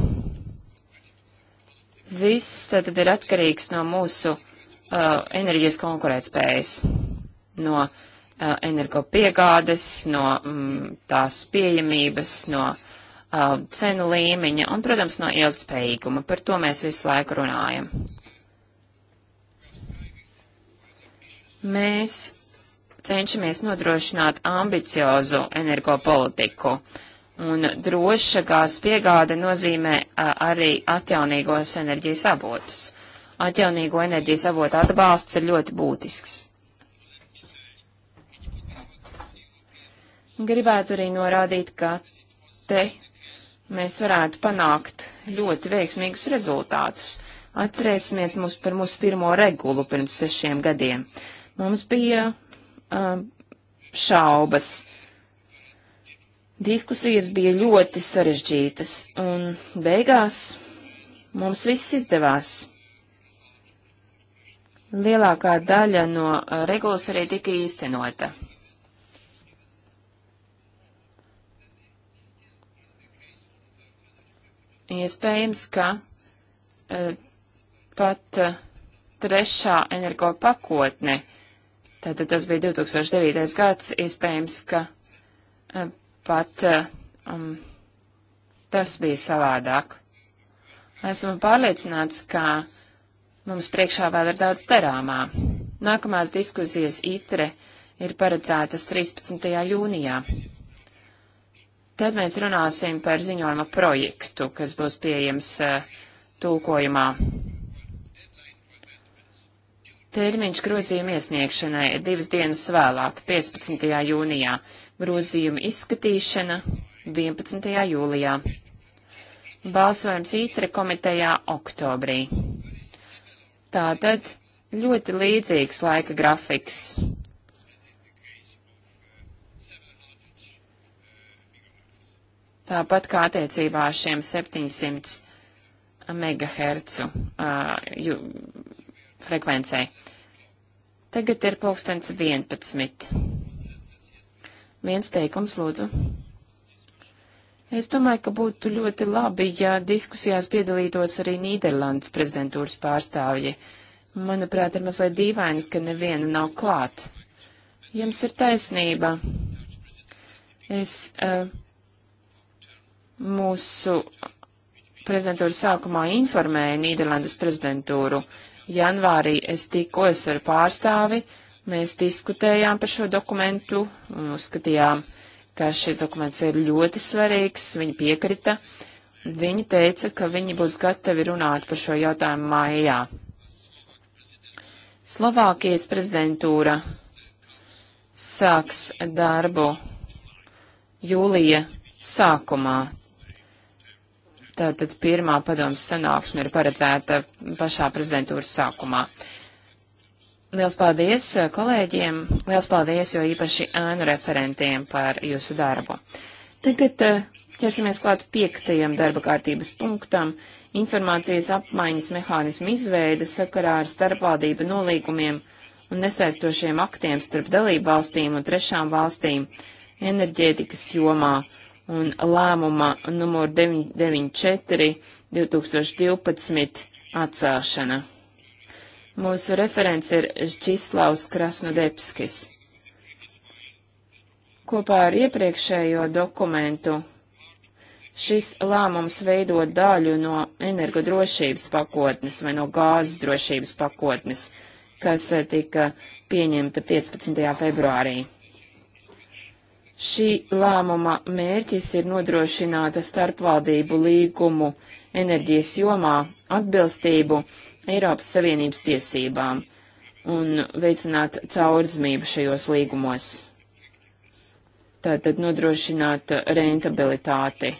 Viss tad ir atkarīgs no mūsu uh, enerģijas konkurētspējas, no uh, energopiegādes, no mm, tās pieejamības, no uh, cenu līmeņa un, protams, no ilgtspējīguma. Par to mēs visu laiku runājam. Mēs cenšamies nodrošināt ambiciozu energopolitiku. Un droša gāzes piegāde nozīmē arī atjaunīgos enerģijas avotus. Atjaunīgo enerģijas avotu atbalsts ir ļoti būtisks. Gribētu arī norādīt, ka te mēs varētu panākt ļoti veiksmīgus rezultātus. Atcerēsimies mums par mūsu pirmo regulu pirms sešiem gadiem. Mums bija Um, šaubas. Diskusijas bija ļoti sarežģītas, un beigās mums viss izdevās. Lielākā daļa no uh, regulas arī tika īstenota. Iespējams, ka e, pat e, trešā energo pakotne Tātad tas bija 2009. gads, iespējams, ka uh, pat eh, um, tas bija savādāk. Esmu pārliecināts, ka mums priekšā vēl ir daudz darāmā. Nākamās diskusijas ITRE ir paredzētas 13. jūnijā. Tad mēs runāsim par ziņojuma projektu, kas būs pieejams uh, tulkojumā Termiņš grozījuma iesniegšanai ir divas dienas vēlāk, 15. jūnijā, grozījuma izskatīšana 11. jūlijā, balsojums ītre komitejā oktobrī. Tātad ļoti līdzīgs laika grafiks. Tāpat kā attiecībā ar šiem 700 MHz uh, frekvencei. Tagad ir pulkstens 11. Viens teikums, lūdzu. Es domāju, ka būtu ļoti labi, ja diskusijās piedalītos arī Nīderlandes prezidentūras pārstāvji. Manuprāt, ir mazliet dīvaini, ka neviena nav klāt. Jums ir taisnība. Es uh, mūsu prezidentūras sākumā informēju Nīderlandes prezidentūru. Uh, janvārī es tikos ar pārstāvi, mēs diskutējām par šo dokumentu un uzskatījām, ka šis dokuments ir ļoti svarīgs, viņi piekrita. Viņi teica, ka viņi būs gatavi runāt par šo jautājumu maijā. Slovākijas prezidentūra sāks darbu jūlija sākumā. Tātad pirmā padomas sanāksme ir paredzēta pašā prezidentūras sākumā. Liels paldies eh, kolēģiem, liels paldies jo īpaši ēnu referentiem par jūsu darbu. Tagad eh, ķersimies klāt piektajam darba kārtības punktam - informācijas apmaiņas mehānismu izveida sakarā ar starpvaldību nolīgumiem un nesaistošiem aktiem starp dalību valstīm un trešām valstīm enerģētikas jomā un lēmuma numur 994 2012 atcelšana. Mūsu referents ir Čislavs Krasnodebskis. Kopā ar iepriekšējo dokumentu šis lēmums veido daļu no energodrošības pakotnes vai no gāzes drošības pakotnes, kas eh, tika pieņemta 15. februārī. Šī lēmuma mērķis ir nodrošināt starpvaldību līgumu enerģijas jomā atbilstību Eiropas Savienības tiesībām un veicināt caurdzmību šajos līgumos. Tātad nodrošināt rentabilitāti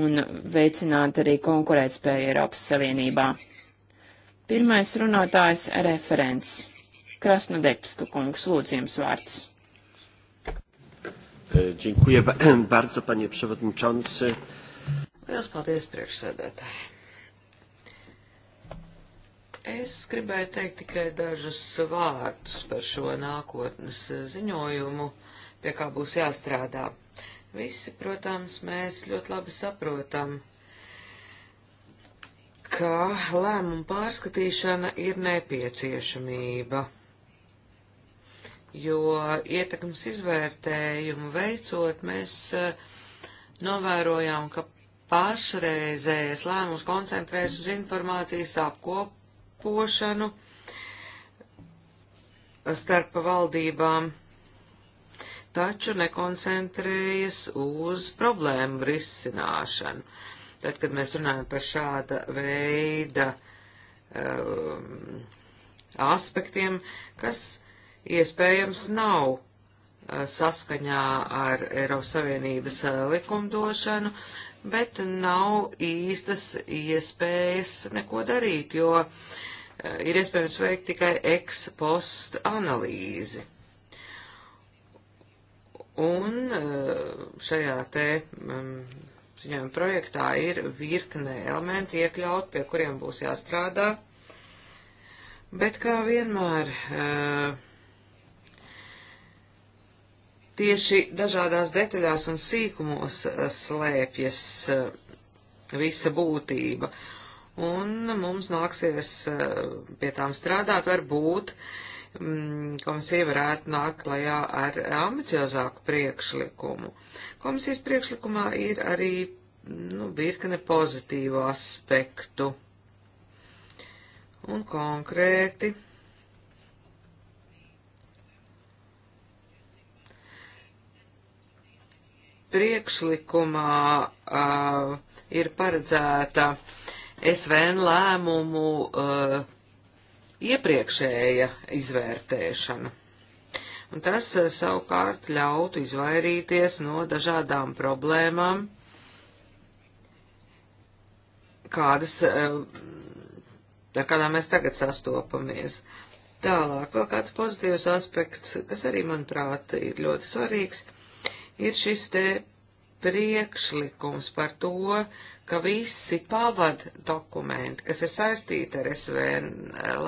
un veicināt arī konkurētspēju Eiropas Savienībā. Pirmais runātājs referents. Krasnodebska kungs, lūdzu jums vārds. E, dziękuję bardzo, panie przewodniczący. Liels paldies, priekšsēdētāji. Es gribēju teikt tikai dažus vārdus par šo nākotnes ziņojumu, pie kā būs jāstrādā. Visi, protams, mēs ļoti labi saprotam, ka lēmumu pārskatīšana ir nepieciešamība jo ietekmes izvērtējumu veicot, mēs eh, novērojām, ka pašreizējais lēmums koncentrēs uz informācijas apkopošanu starp valdībām, taču nekoncentrējas uz problēmu risināšanu. Tad, kad mēs runājam par šāda veida um, aspektiem, kas iespējams nav eh, saskaņā ar Eiropas Savienības eh, likumdošanu, bet nav īstas iespējas neko darīt, jo eh, ir iespējams veikt tikai ex post analīzi. Un šajā te mm, ziņojuma projektā ir virkne elementi iekļaut, pie kuriem būs jāstrādā. Bet kā vienmēr, uh, Tieši dažādās detaļās un sīkumos eh, slēpjas eh, visa būtība, un mums nāksies eh, pie tām strādāt, varbūt mm, komisija varētu nākt klajā ar ambiciozāku priekšlikumu. Komisijas priekšlikumā ir arī nu, virkne pozitīvu aspektu. Un konkrēti priekšlikumā uh, ir paredzēta SVN lēmumu uh, iepriekšēja izvērtēšana. Un tas uh, savukārt ļautu izvairīties no dažādām problēmām, kādas, ar kādām mēs tagad sastopamies. Tālāk, vēl kāds pozitīvs aspekts, kas arī, manuprāt, ir ļoti svarīgs ir šis te priekšlikums par to, ka visi pavad dokumenti, kas ir saistīti ar SVN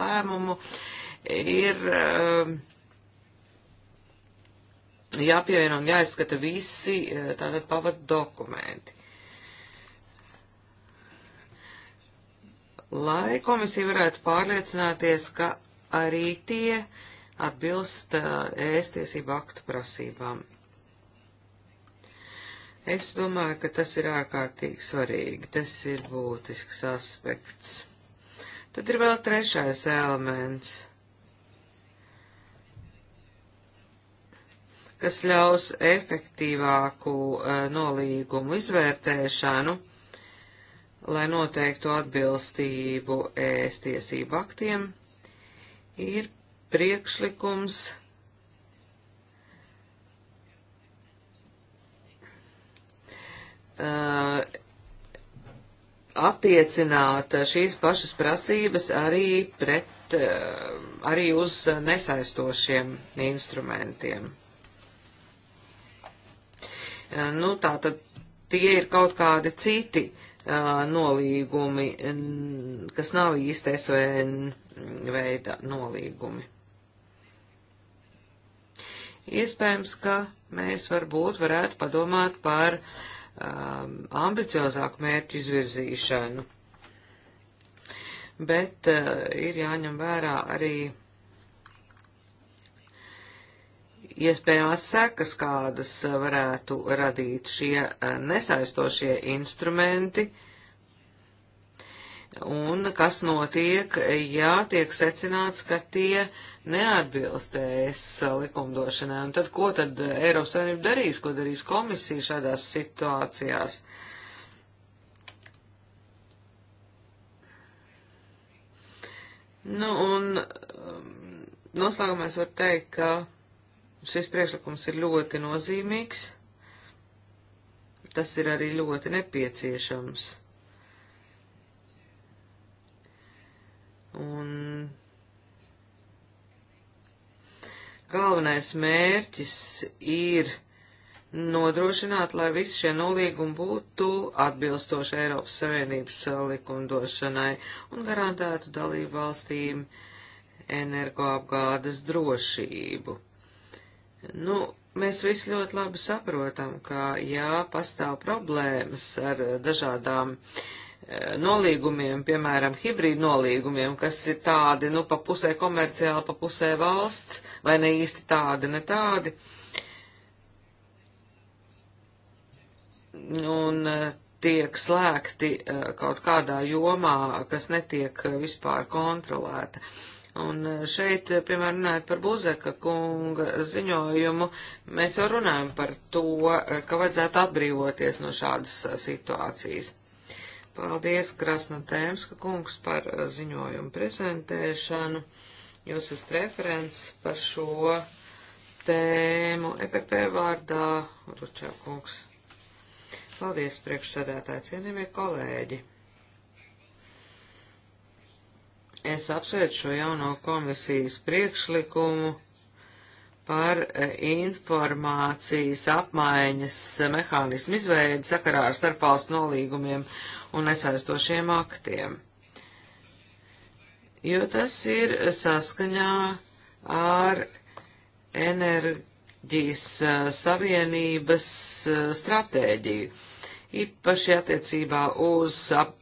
lēmumu, ir um, jāpievieno un jāizskata visi eh, tātad pavad dokumenti. Lai komisija varētu pārliecināties, ka arī tie atbilst eh, ēstiesību aktu prasībām. Es domāju, ka tas ir ārkārtīgi svarīgi, tas ir būtisks aspekts. Tad ir vēl trešais elements, kas ļaus efektīvāku uh, nolīgumu izvērtēšanu, lai noteiktu atbilstību ēstiesību aktiem, ir priekšlikums Uh, attiecināt šīs pašas prasības arī pret, uh, arī uz nesaistošiem instrumentiem. Uh, nu, tā tad tie ir kaut kādi citi nolīgumi, kas nav īsti SVN veida nolīgumi. Iespējams, ka mēs varbūt varētu padomāt par uh, um, ambiciozāku mērķu izvirzīšanu. Bet uh, ir jāņem vērā arī iespējamās sekas, kādas varētu radīt šie uh, nesaistošie instrumenti, uh, un kas notiek, ja tiek secināts, ka tie neatbilstēs e likumdošanai. Un tad, ko tad Eiropas Savienība darīs, ko darīs komisija šādās situācijās? Nu, un um, noslēgumā es varu teikt, ka šis priekšlikums ir ļoti nozīmīgs. Tas ir arī ļoti nepieciešams. Un galvenais mērķis ir nodrošināt, lai visi šie nolīgumi būtu atbilstoši Eiropas Savienības likumdošanai un garantētu dalību valstīm energoapgādes drošību. Nu, mēs visi ļoti labi saprotam, ka, jā, pastāv problēmas ar dažādām uh, nolīgumiem, piemēram, hibrīd nolīgumiem, kas ir tādi, nu, pa pusē komerciāli, pa pusē valsts, vai ne īsti tādi, ne tādi. Un eh, tiek slēgti eh, kaut kādā jomā, kas netiek eh, vispār kontrolēta. Un šeit, piemēram, runājot par Buzeka kunga ziņojumu, mēs jau runājam par to, ka vajadzētu atbrīvoties no šādas situācijas. Paldies, Krasnodēmska kungs, par eh, ziņojumu prezentēšanu. Jūs esat referents par šo tēmu EPP vārdā, Ručā kungs. Paldies, priekšsēdētāji, cienījamie kolēģi. Es apsveicu šo jauno komisijas priekšlikumu par eh, informācijas apmaiņas eh, mehānismu izveidi sakarā ar starpvalstu nolīgumiem un nesaistošiem aktiem, jo tas ir saskaņā ar enerģijas savienības stratēģiju, īpaši attiecībā uz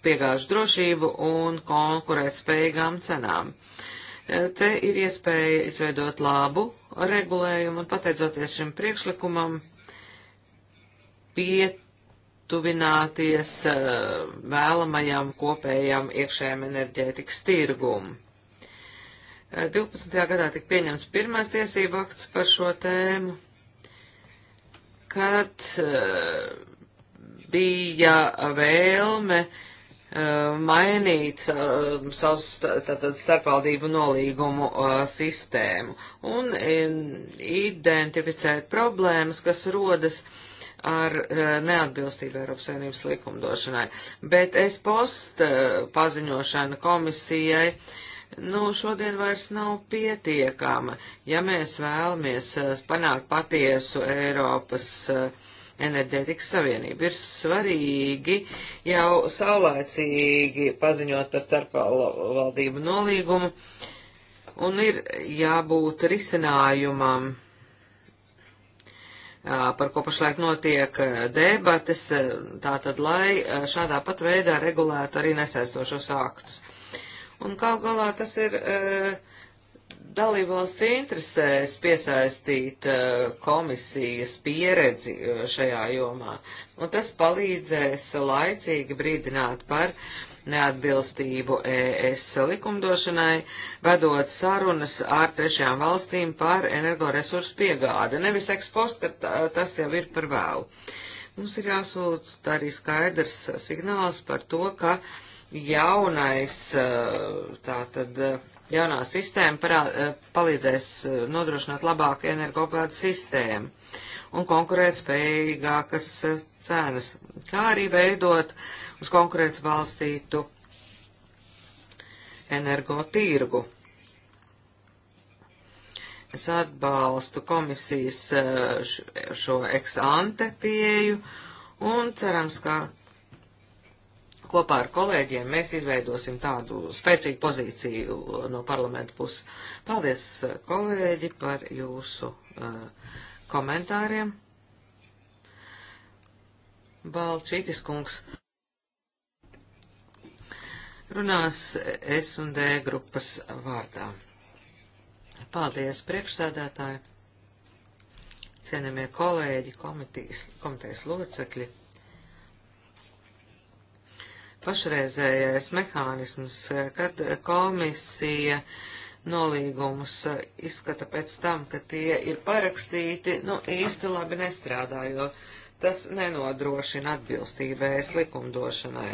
piegāžu drošību un konkurētspējīgām cenām. Te ir iespēja izveidot labu regulējumu, un pateicoties šim priekšlikumam, piet tuvināties eh, vēlamajam kopējam iekšējam enerģētikas tirgumam. Eh, 12. gadā tika pieņemts pirmais tiesība akts par šo tēmu, kad eh, bija vēlme mainīt savus starpvaldību nolīgumu sistēmu un identificēt problēmas, kas rodas uh, ar eh, neatbilstību Eiropas Savienības likumdošanai. Bet es post eh, paziņošana komisijai, nu, šodien vairs nav pietiekama, ja mēs vēlamies eh, panākt patiesu Eiropas enerģētikas savienību. Ir svarīgi jau saulēcīgi paziņot par starpvaldību nolīgumu, un ir jābūt risinājumam par ko pašlaik notiek debates, tātad, lai šādā pat veidā regulētu arī nesaistošos aktus. Un kaut galā tas ir dalībvalsts interesēs piesaistīt komisijas pieredzi šajā jomā, un tas palīdzēs laicīgi brīdināt par uh, neatbilstību ES likumdošanai, vedot sarunas ar trešajām valstīm par energoresursu piegādi. Nevis ekspost, ka tas jau ir par vēlu. Mums ir jāsūta arī skaidrs signāls par to, ka jaunais, tātad jaunā sistēma parā, palīdzēs nodrošināt labāku energoapgādes sistēmu un konkurēt spējīgākas cenas, kā arī veidot uh, uz konkurence balstītu energotīrgu. Es atbalstu komisijas eh, šo ex-ante pieju un cerams, ka kopā ar kolēģiem mēs izveidosim tādu spēcīgu pozīciju no parlamenta puses. Paldies, eh, kolēģi, par jūsu uh, komentāriem. Balčītis kungs runās S un D grupas vārdā. Paldies, priekšsēdētāji, cienamie kolēģi, komitīs, komitejas locekļi. Pašreizējais mehānisms, kad komisija nolīgumus izskata pēc tam, ka tie ir parakstīti, nu īsti labi nestrādā, jo tas nenodrošina atbilstībai e likumdošanai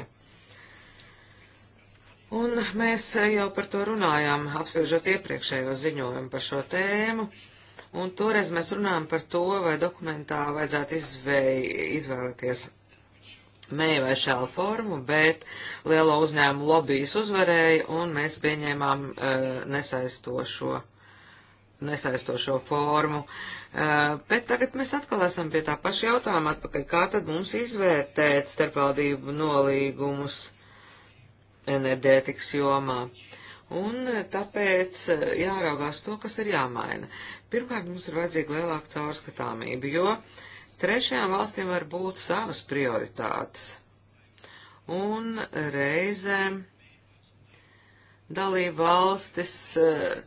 Un mēs jau par to runājām, apspriežot iepriekšējo ziņojumu par šo tēmu. Un toreiz mēs runājām par to, vai dokumentā vajadzētu izvēj, izvēlēties mēju vai šālu formu, bet lielo uzņēmumu lobbyis uzvarēja un mēs pieņēmām uh, nesaistošo, nesaistošo formu. Uh, bet tagad mēs atkal esam pie tā paša jautājuma atpakaļ, kā tad mums izvērtēt starpvaldību nolīgumus enerģētikas jomā. Un tāpēc eh, jāraugās to, kas ir jāmaina. Pirmkārt, mums ir vajadzīga lielāka caurskatāmība, jo trešajām valstīm var būt savas prioritātes. Un reizēm dalība valstis uh,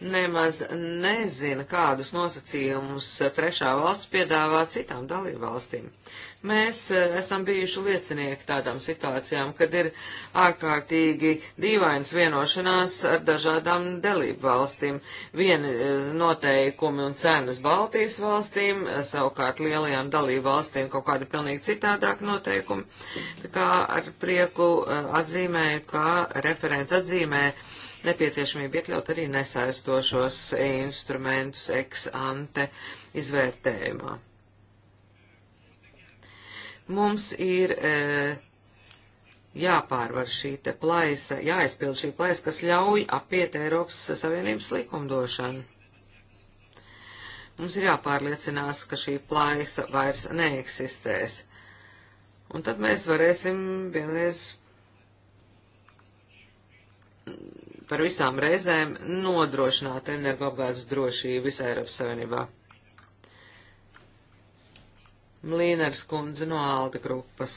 nemaz nezina, kādus nosacījumus trešā valsts piedāvā citām dalībvalstīm. Mēs eh, esam bijuši liecinieki tādām situācijām, kad ir ārkārtīgi dīvainas vienošanās ar dažādām dalībvalstīm. Vieni eh, noteikumi un cenas Baltijas valstīm, savukārt lielajām dalībvalstīm kaut kādi pilnīgi citādāk noteikumi. Tā kā ar prieku eh, atzīmēju, kā referents atzīmē, ka nepieciešamību iekļaut arī nesaistošos instrumentus ex ante izvērtējumā. Mums ir e, jāpārvar šī te plaisa, jāaizpild šī plaisa, kas ļauj apiet Eiropas Savienības likumdošanu. Mums ir jāpārliecinās, ka šī plaisa vairs neeksistēs. Un tad mēs varēsim vienreiz par visām reizēm nodrošināt energoapgādes drošību visā Eiropas Savienībā. Mlīners kundze no Alda grupas.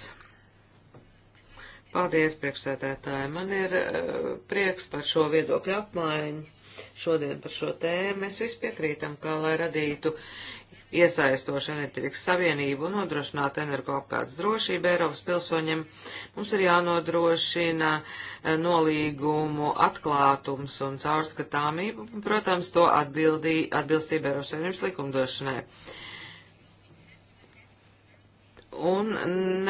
Paldies, priekšsēdētāji. Man ir uh, prieks par šo viedokļu apmaiņu šodien par šo tēmu. Mēs visi piekrītam, ka, lai radītu iesaistošu enerģetikas savienību un nodrošināt energoapkārtas drošību Eiropas pilsoņiem, mums ir jānodrošina eh, nolīgumu atklātums un caurskatāmību, un, protams, to atbildī, atbilstību Eiropas Savienības likumdošanai un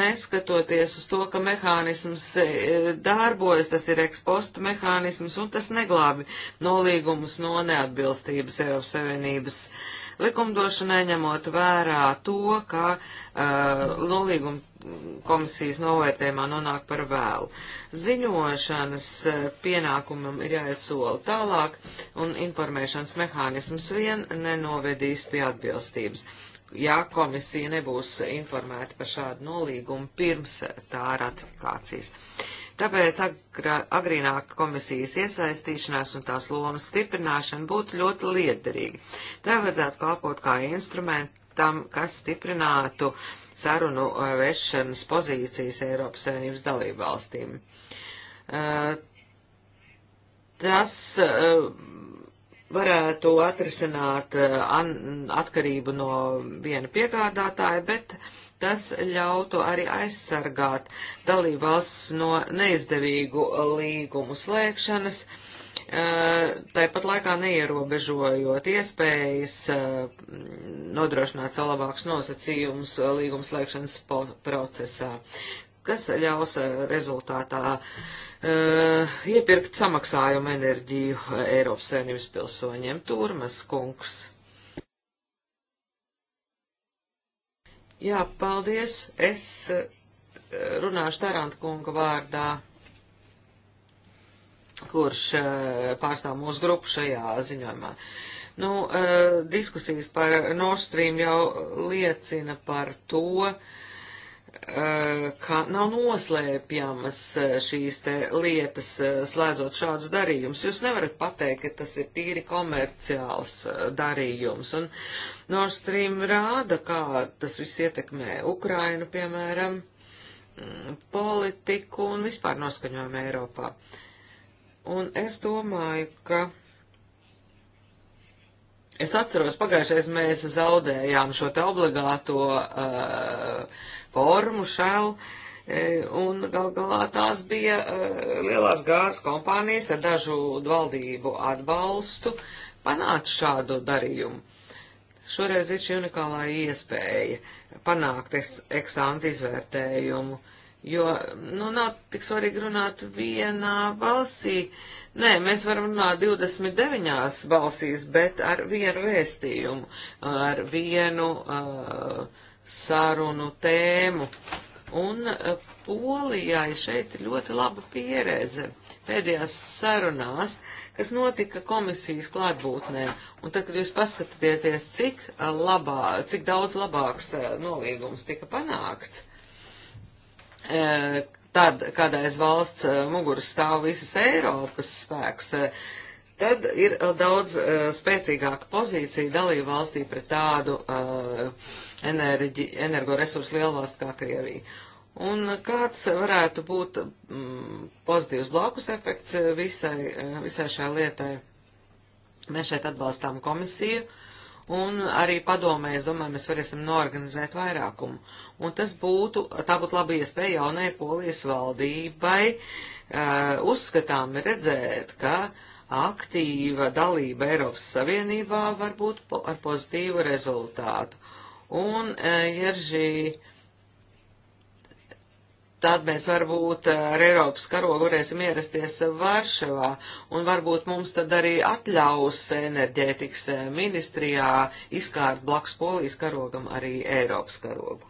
neskatoties uz to, ka mehānisms eh, darbojas, tas ir ekspostu mehānisms, un tas neglābi nolīgumus no neatbilstības Eiropas Savienības uh, likumdošanai, ņemot vērā to, ka uh, nolīguma komisijas novērtējumā nonāk par vēlu. Ziņošanas uh, pienākumam ir jāiet soli tālāk, un informēšanas mehānisms vien nenovedīs pie atbilstības ja komisija nebūs informēta par šādu nolīgumu pirms tā ratifikācijas. Uh, Tāpēc agrā, agrīnāk komisijas iesaistīšanās un tās lomas stiprināšana būtu ļoti liederīga. Tā vajadzētu kalpot kā instrumentam, kas stiprinātu sarunu vešanas pozīcijas Eiropas Savienības dalību valstīm. Uh, tas uh, varētu atrisināt uh, an, atkarību no viena piegādātāja, bet uh, Tas ļautu arī aizsargāt dalībvalsts no neizdevīgu līgumu slēgšanas, tāpat laikā neierobežojot iespējas nodrošināt savu labākus nosacījumus līgumu slēgšanas procesā, kas ļaus rezultātā Uh, iepirkt samaksājumu enerģiju Eiropas saimnības pilsoņiem. Turmas kungs. Jā, paldies. Es eh, runāšu Taranta kunga vārdā, kurš eh, pārstāv mūsu grupu šajā ziņojumā. Nu, eh, diskusijas par Nord Stream jau liecina par to, uh, Eh, ka nav noslēpjamas eh, šīs te lietas, eh, slēdzot šādus darījumus. Jūs nevarat pateikt, ka tas ir tīri komerciāls darījums. Un Nord Stream rāda, kā tas viss ietekmē Ukrainu, piemēram, mm, politiku un vispār noskaņojumu Eiropā. Un es domāju, ka. Es atceros, pagājušais mēs zaudējām šo te obligāto uh, formu šel, e, un gal galā tās bija e, lielās gāzes kompānijas ar dažu valdību atbalstu panākt šādu darījumu. Šoreiz ir šī unikālā iespēja panākt eksantu izvērtējumu, jo, nu, nav tik svarīgi runāt vienā balsī. Nē, mēs varam runāt 29 balsīs, bet ar vienu vēstījumu, ar vienu uh, sarunu tēmu. Un eh, Polijai šeit ir ļoti laba pieredze pēdējās sarunās, kas notika komisijas klātbūtnē. Un tad, kad jūs paskatieties, cik, eh, labā, cik daudz labāks eh, nolīgums tika panākts, tad, kādreiz valsts muguras stāv visas Eiropas spēks, tad ir eh, daudz uh, spēcīgāka pozīcija dalību valstī pret tādu uh, enerģi, energoresursu lielvalstu kā Krievija. Un kāds varētu būt mm, pozitīvs blakus efekts visai, visai šai lietai? Mēs šeit atbalstām komisiju, un arī padomē, es domāju, mēs varēsim norganizēt vairākumu. Un tas būtu, tā būtu laba iespēja jaunai polijas valdībai uh, uzskatām redzēt, ka uh, aktīva dalība Eiropas Savienībā var būt po ar pozitīvu rezultātu. Un, e, ja šī, tad mēs varbūt ar Eiropas karogu varēsim ierasties Varšavā, un varbūt mums tad arī atļaus enerģētikas e, ministrijā izkārt blakus Polijas karogam arī Eiropas karogu.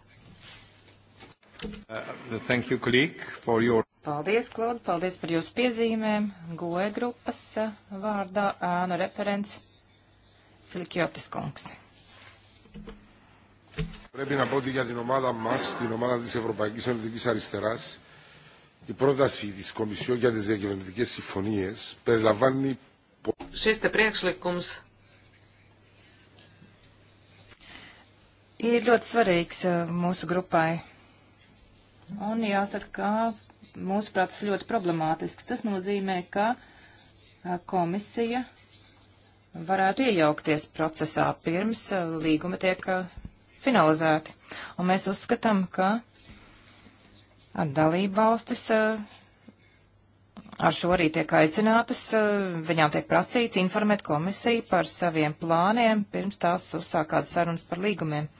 Uh, thank you, colleague, for your... Paldies, Klod, paldies par jūsu piezīmēm. Goe grupas eh, vārdā ēnu referents Silikjotis kungs. Πρέπει να πω ότι για την ομάδα μας, την ομάδα της Ευρωπαϊκής Ενωτικής Αριστεράς, η πρόταση της Κομισιόν για τις διακυβερνητικές συμφωνίες περιλαμβάνει... Šis te priekšlikums ir ļoti svarīgs eh, mūsu grupai. Un jāsaka, ka mūsuprāt, tas ļoti problemātisks. Tas nozīmē, ka komisija varētu iejaukties procesā pirms līguma tiek finalizēti. Un mēs uzskatām, ka dalība valstis ar šo arī tiek aicinātas, viņām tiek prasīts informēt komisiju par saviem plāniem, pirms tās uzsāk kādas sarunas par līgumiem.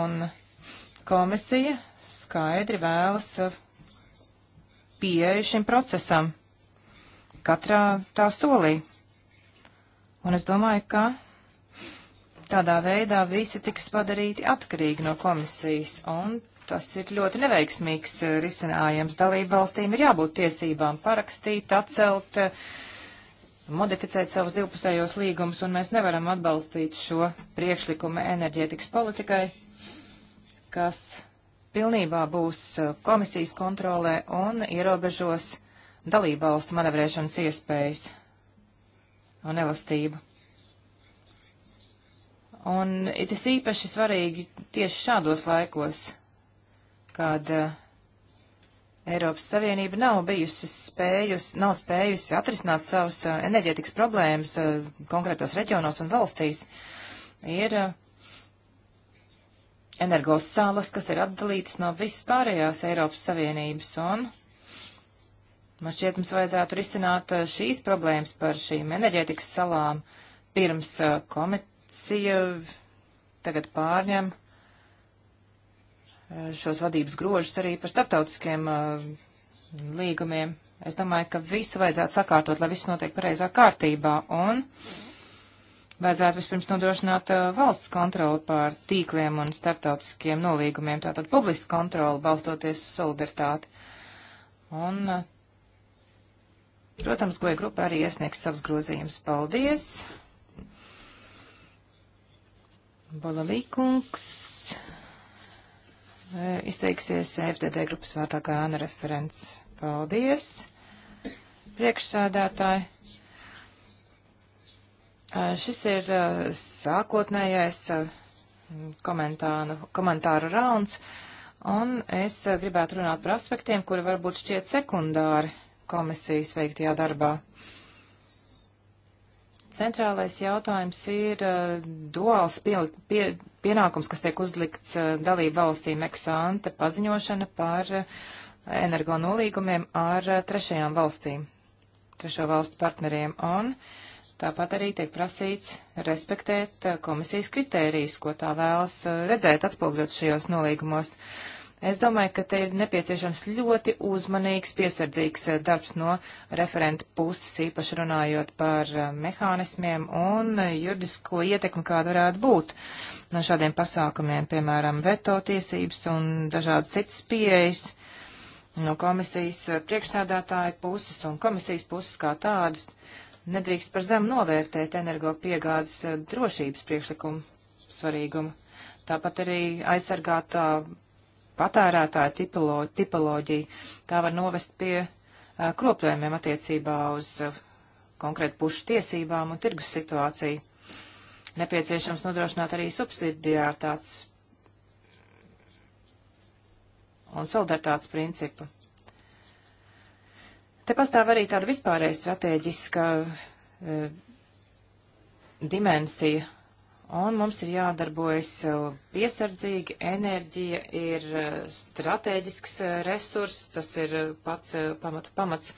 Un komisija skaidri vēlas pieeja šim procesam katrā tā solī. Un es domāju, ka tādā veidā visi tiks padarīti atkarīgi no komisijas, un tas ir ļoti neveiksmīgs eh, risinājums. Dalību valstīm ir jābūt tiesībām parakstīt, atcelt, eh, modificēt savus divpusējos līgumus, un mēs nevaram atbalstīt šo priekšlikumu enerģētikas politikai, kas pilnībā būs uh, komisijas kontrolē un ierobežos dalībvalstu manevrēšanas iespējas un elastību. Un it ir īpaši svarīgi tieši šādos laikos, kad uh, Eiropas Savienība nav bijusi spējusi, nav spējusi atrisināt savas uh, enerģētikas problēmas uh, konkrētos reģionos un valstīs, ir energos salas, kas ir atdalītas no visas pārējās Eiropas Savienības, un man šķiet, mums vajadzētu risināt eh, šīs problēmas par šīm enerģētikas salām pirms eh, komisija tagad pārņem eh, šos vadības grožus arī par starptautiskiem uh, līgumiem. Es domāju, ka visu vajadzētu sakārtot, lai viss notiek pareizā kārtībā. Un uh, vajadzētu vispirms nodrošināt uh, valsts kontroli pār tīkliem un starptautiskiem nolīgumiem, tātad publisku kontroli balstoties uz solidaritāti. Un, uh, protams, goja grupa arī iesniegs savus grozījumus. Paldies! Bolalīkungs uh, izteiksies FDD grupas vārtā kā Anna referents. Paldies! Priekšsēdētāji! Šis ir sākotnējais komentāru, komentāru rauns, un es gribētu runāt par aspektiem, kuri varbūt šķiet sekundāri komisijas veiktajā darbā. Centrālais jautājums ir uh, duāls pie, pie, pienākums, kas tiek uzlikts uh, dalību valstīm eksante paziņošana par uh, energo nolīgumiem ar trešajām valstīm, trešo valstu partneriem. Un uh, Tāpat arī tiek prasīts respektēt eh, komisijas kritērijas, ko tā vēlas eh, redzēt atspogļot šajos nolīgumos. Es domāju, ka te ir nepieciešams ļoti uzmanīgs, piesardzīgs eh, darbs no referenta puses, īpaši runājot par mehānismiem un juridisko ietekmi, kāda varētu būt no šādiem pasākumiem, piemēram, veto tiesības un dažādas citas pieejas no komisijas priekšsēdētāja puses un komisijas puses kā tādas Nedrīkst par zemu novērtēt energopiegādes eh, drošības priekšlikumu svarīgumu. Tāpat arī aizsargātā eh, patērētāja tipolo, tipoloģija. Tā var novest pie uh, kropļojumiem attiecībā uz uh, konkrētu pušu tiesībām un tirgus situāciju. Nepieciešams nodrošināt arī subsidiārtāts un solidaritātes principu. Te pastāv arī tāda vispārēja strateģiska e, dimensija, un mums ir jādarbojas e, piesardzīgi, enerģija ir e, strateģisks e, resurs, tas ir pats pamat, pamats.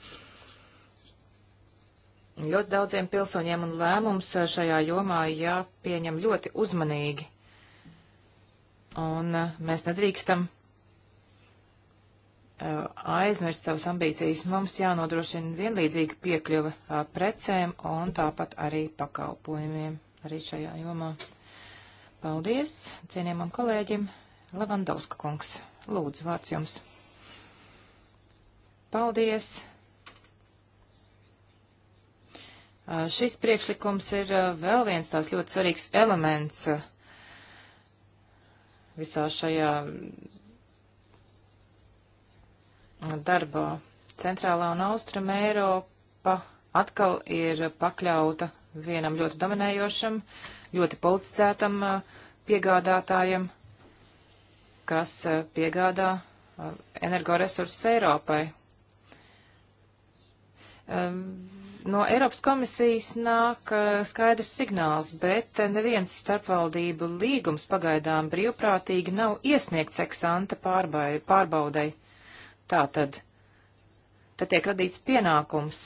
Ļoti daudziem pilsoņiem un lēmums šajā jomā jāpieņem ļoti uzmanīgi. Un mēs nedrīkstam aizmirst savas ambīcijas. Mums jānodrošina vienlīdzīga piekļuva precēm un tāpat arī pakalpojumiem arī šajā jomā. Paldies cienījamam kolēģim Lavandovska kungs. Lūdzu, vārds jums. Paldies. Šis priekšlikums ir vēl viens tās ļoti svarīgs elements visā šajā darbā. Centrālā un austrama Eiropa atkal ir pakļauta vienam ļoti dominējošam, ļoti politicētam uh, piegādātājam, kas uh, piegādā uh, energoresursus Eiropai. Um, no Eiropas komisijas nāk skaidrs signāls, bet neviens starpvaldību līgums pagaidām brīvprātīgi nav iesniegts eksanta pārbaudai. Tā tad, tad tiek radīts pienākums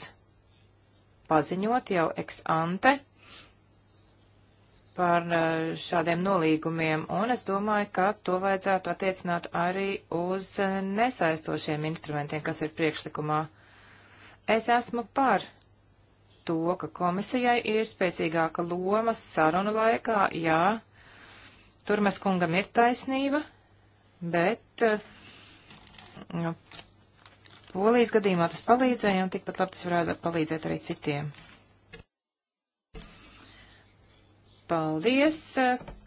paziņot jau ex ante par eh, šādiem nolīgumiem, un es domāju, ka to vajadzētu attiecināt arī uz eh, nesaistošiem instrumentiem, kas ir priekšlikumā. Es esmu par to, ka komisijai ir spēcīgāka loma sarunu laikā, jā, Turmes kungam ir taisnība, bet uh, Polijas gadījumā tas palīdzēja, un tikpat labi tas varētu palīdzēt arī citiem. Paldies,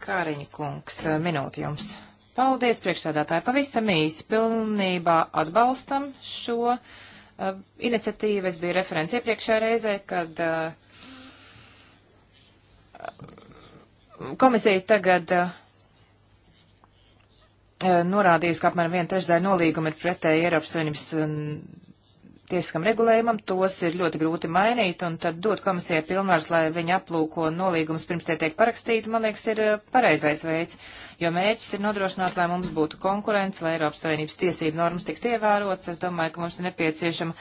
Kāriņa kungs, minūti jums. Paldies, priekšsēdētāji, pavisam īsi pilnībā atbalstam šo uh, iniciatīvu. Es biju referents iepriekšējā reizē, kad uh, komisija tagad uh, Eh, norādījusi, ka apmēram viena trešdaļa nolīguma ir pretēji Eiropas Savienības eh, tiesiskam regulējumam, tos ir ļoti grūti mainīt, un tad dot komisijai pilnvars, lai viņi aplūko nolīgumus pirms tie tiek parakstīti, man liekas, ir eh, pareizais veids, jo mērķis ir nodrošināt, lai mums būtu konkurence, lai Eiropas Savienības tiesību normas tiktu ievērotas. Es domāju, ka mums ir nepieciešama,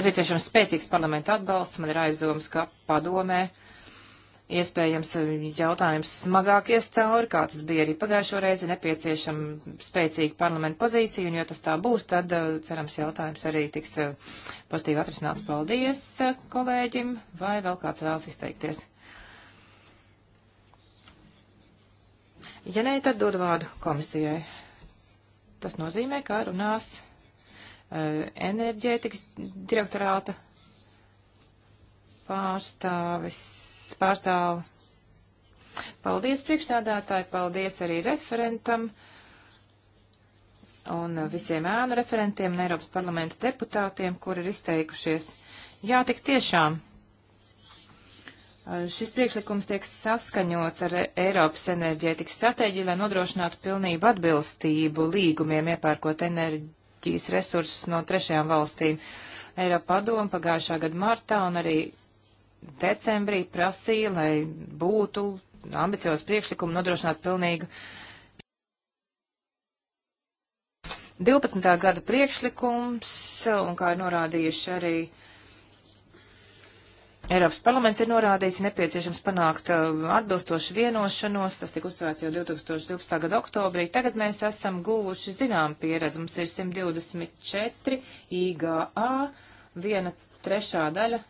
nepieciešama spēcīgs parlamenta atbalsts, man ir aizdomas, ka padomē. Uh, iespējams eh, jautājums smagākies cauri, kā tas bija arī pagājušo reizi, nepieciešama spēcīga parlamenta pozīcija, un ja tas tā būs, tad eh, cerams jautājums arī tiks eh, pozitīvi atrisināts. Paldies kolēģim, vai vēl kāds vēlas izteikties? Ja nē, tad dod vārdu komisijai. Tas nozīmē, ka runās enerģētikas direktorāta pārstāvis pārstāvu. Paldies priekšsādātāji, paldies arī referentam un visiem ēnu referentiem un Eiropas parlamenta deputātiem, kur ir izteikušies. Jā, tik tiešām. Šis priekšlikums tiek saskaņots ar Eiropas enerģētikas stratēģiju, lai nodrošinātu pilnību atbilstību līgumiem iepērkot enerģijas resursus no trešajām valstīm. Eiropa padoma pagājušā gada martā un arī decembrī prasīja, lai būtu ambiciozi priekšlikumi nodrošināt pilnīgu 12. gada priekšlikums, un kā ir norādījuši arī Eiropas parlaments, ir norādījis nepieciešams panākt uh, atbilstošu vienošanos, tas tika uzsvērts jau 2012. gada oktobrī. Tagad mēs esam guvuši zinām pieredzi, mums ir 124 IGA, viena trešā daļa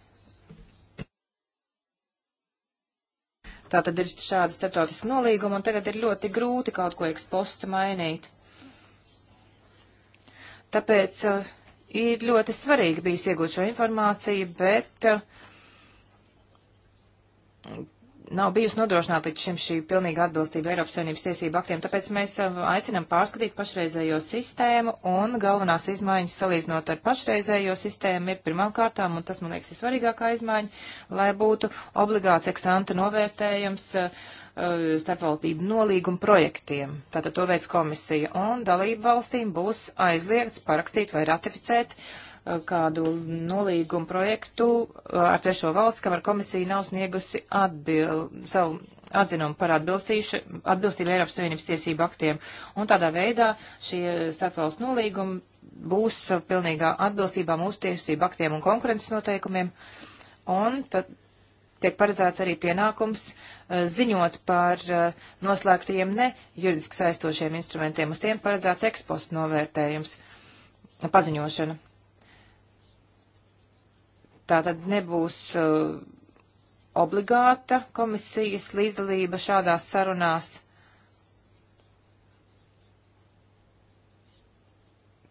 Tā tad ir šāda starptautiska nolīguma, un tagad ir ļoti grūti kaut ko ekspostu mainīt. Tāpēc uh, ir ļoti svarīgi bijis iegūt šo informāciju, bet uh, nav bijusi nodrošināta līdz šim šī pilnīga atbilstība Eiropas Savienības tiesību aktiem, tāpēc mēs uh, aicinam pārskatīt pašreizējo sistēmu un galvenās izmaiņas salīdzinot ar pašreizējo sistēmu ir pirmām kārtām, un tas, man liekas, ir svarīgākā izmaiņa, lai būtu obligāts eksanta novērtējums uh, uh starpvaldību nolīgumu projektiem. Tātad to veids komisija, un dalību valstīm būs aizliegts parakstīt vai ratificēt uh, kādu nolīgumu projektu ar trešo valstu, kamēr komisija nav sniegusi atbil, savu atzinumu par atbilstību Eiropas Savienības tiesību aktiem. Un tādā veidā šie starpvalstu nolīgumi būs pilnīgā atbilstībā mūsu tiesību aktiem un konkurences noteikumiem. Un tad tiek paredzēts arī pienākums eh, ziņot par eh, noslēgtajiem ne juridiski saistošiem instrumentiem. Uz tiem paredzēts ekspostu novērtējums, paziņošana. Tā tad nebūs uh, obligāta komisijas līdzdalība šādās sarunās.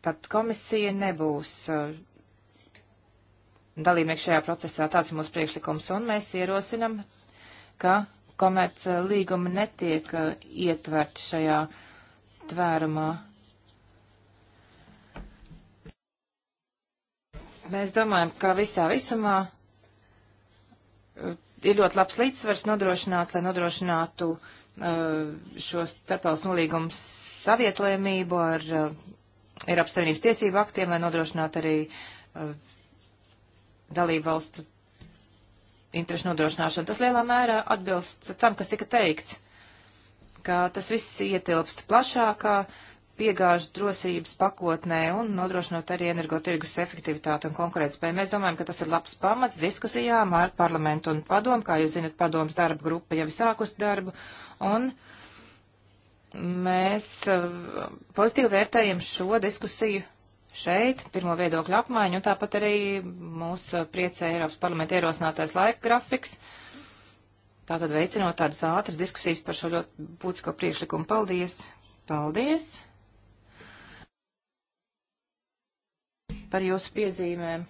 Tad komisija nebūs uh, dalībnieks šajā procesā. Tāds ir mūsu priekšlikums, un mēs ierosinam, ka komerc uh, līguma netiek uh, ietverti šajā tvērumā. Mēs domājam, ka visā visumā eh, ir ļoti labs līdzsvars nodrošināts, lai nodrošinātu eh, šo starptautiskos nolīgumus savietojamību ar eh, Eiropas Savienības tiesību aktiem, lai nodrošinātu arī dalību valstu interešu nodrošināšanu. Tas lielā mērā atbilst tam, kas tika teikts, ka tas viss ietilpst plašākā piegāžu drosības pakotnē un nodrošinot arī energotirgus efektivitāti un konkurētspēju. Mēs domājam, ka tas ir labs pamats diskusijām ar parlamentu un padomu. Kā jūs zinat, padomas darba grupa jau ir sākusi darbu. Un mēs eh, pozitīvi vērtējam šo diskusiju šeit, pirmo viedokļu apmaiņu, un tāpat arī mūs priecē Eiropas parlamenta ierosinātais laika grafiks. Tātad veicinot tādas ātras diskusijas par šo ļoti būtisko priekšlikumu. Paldies! Paldies! par jūsu piezīmēm,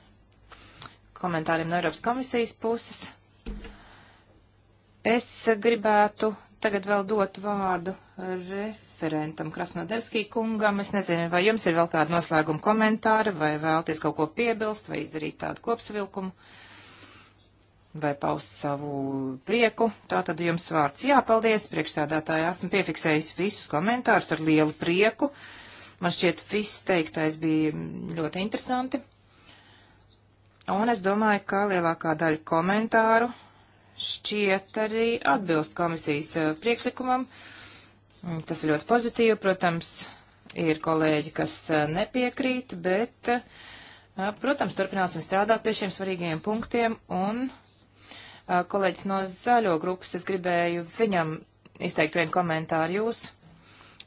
komentāriem no Eiropas komisijas puses. Es gribētu tagad vēl dot vārdu referentam Krasnodevskī kungam. Es nezinu, vai jums ir vēl kāda noslēguma komentāra, vai vēlties kaut ko piebilst, vai izdarīt tādu kopsavilkumu, vai paust savu prieku. Tā tad jums vārds jāpaldies, priekšsēdētāji. Esmu piefiksējis visus komentārus ar lielu prieku. Uh, Man šķiet, viss teiktais bija ļoti interesanti. Un es domāju, ka lielākā daļa komentāru šķiet arī atbilst komisijas eh, priekšlikumam. Mm, tas ir ļoti pozitīvi, protams, ir kolēģi, kas eh, nepiekrīt, bet, eh, protams, turpināsim strādāt pie šiem svarīgiem punktiem un kolēģis no zaļo grupas, es gribēju viņam izteikt vienu komentāru. Jūs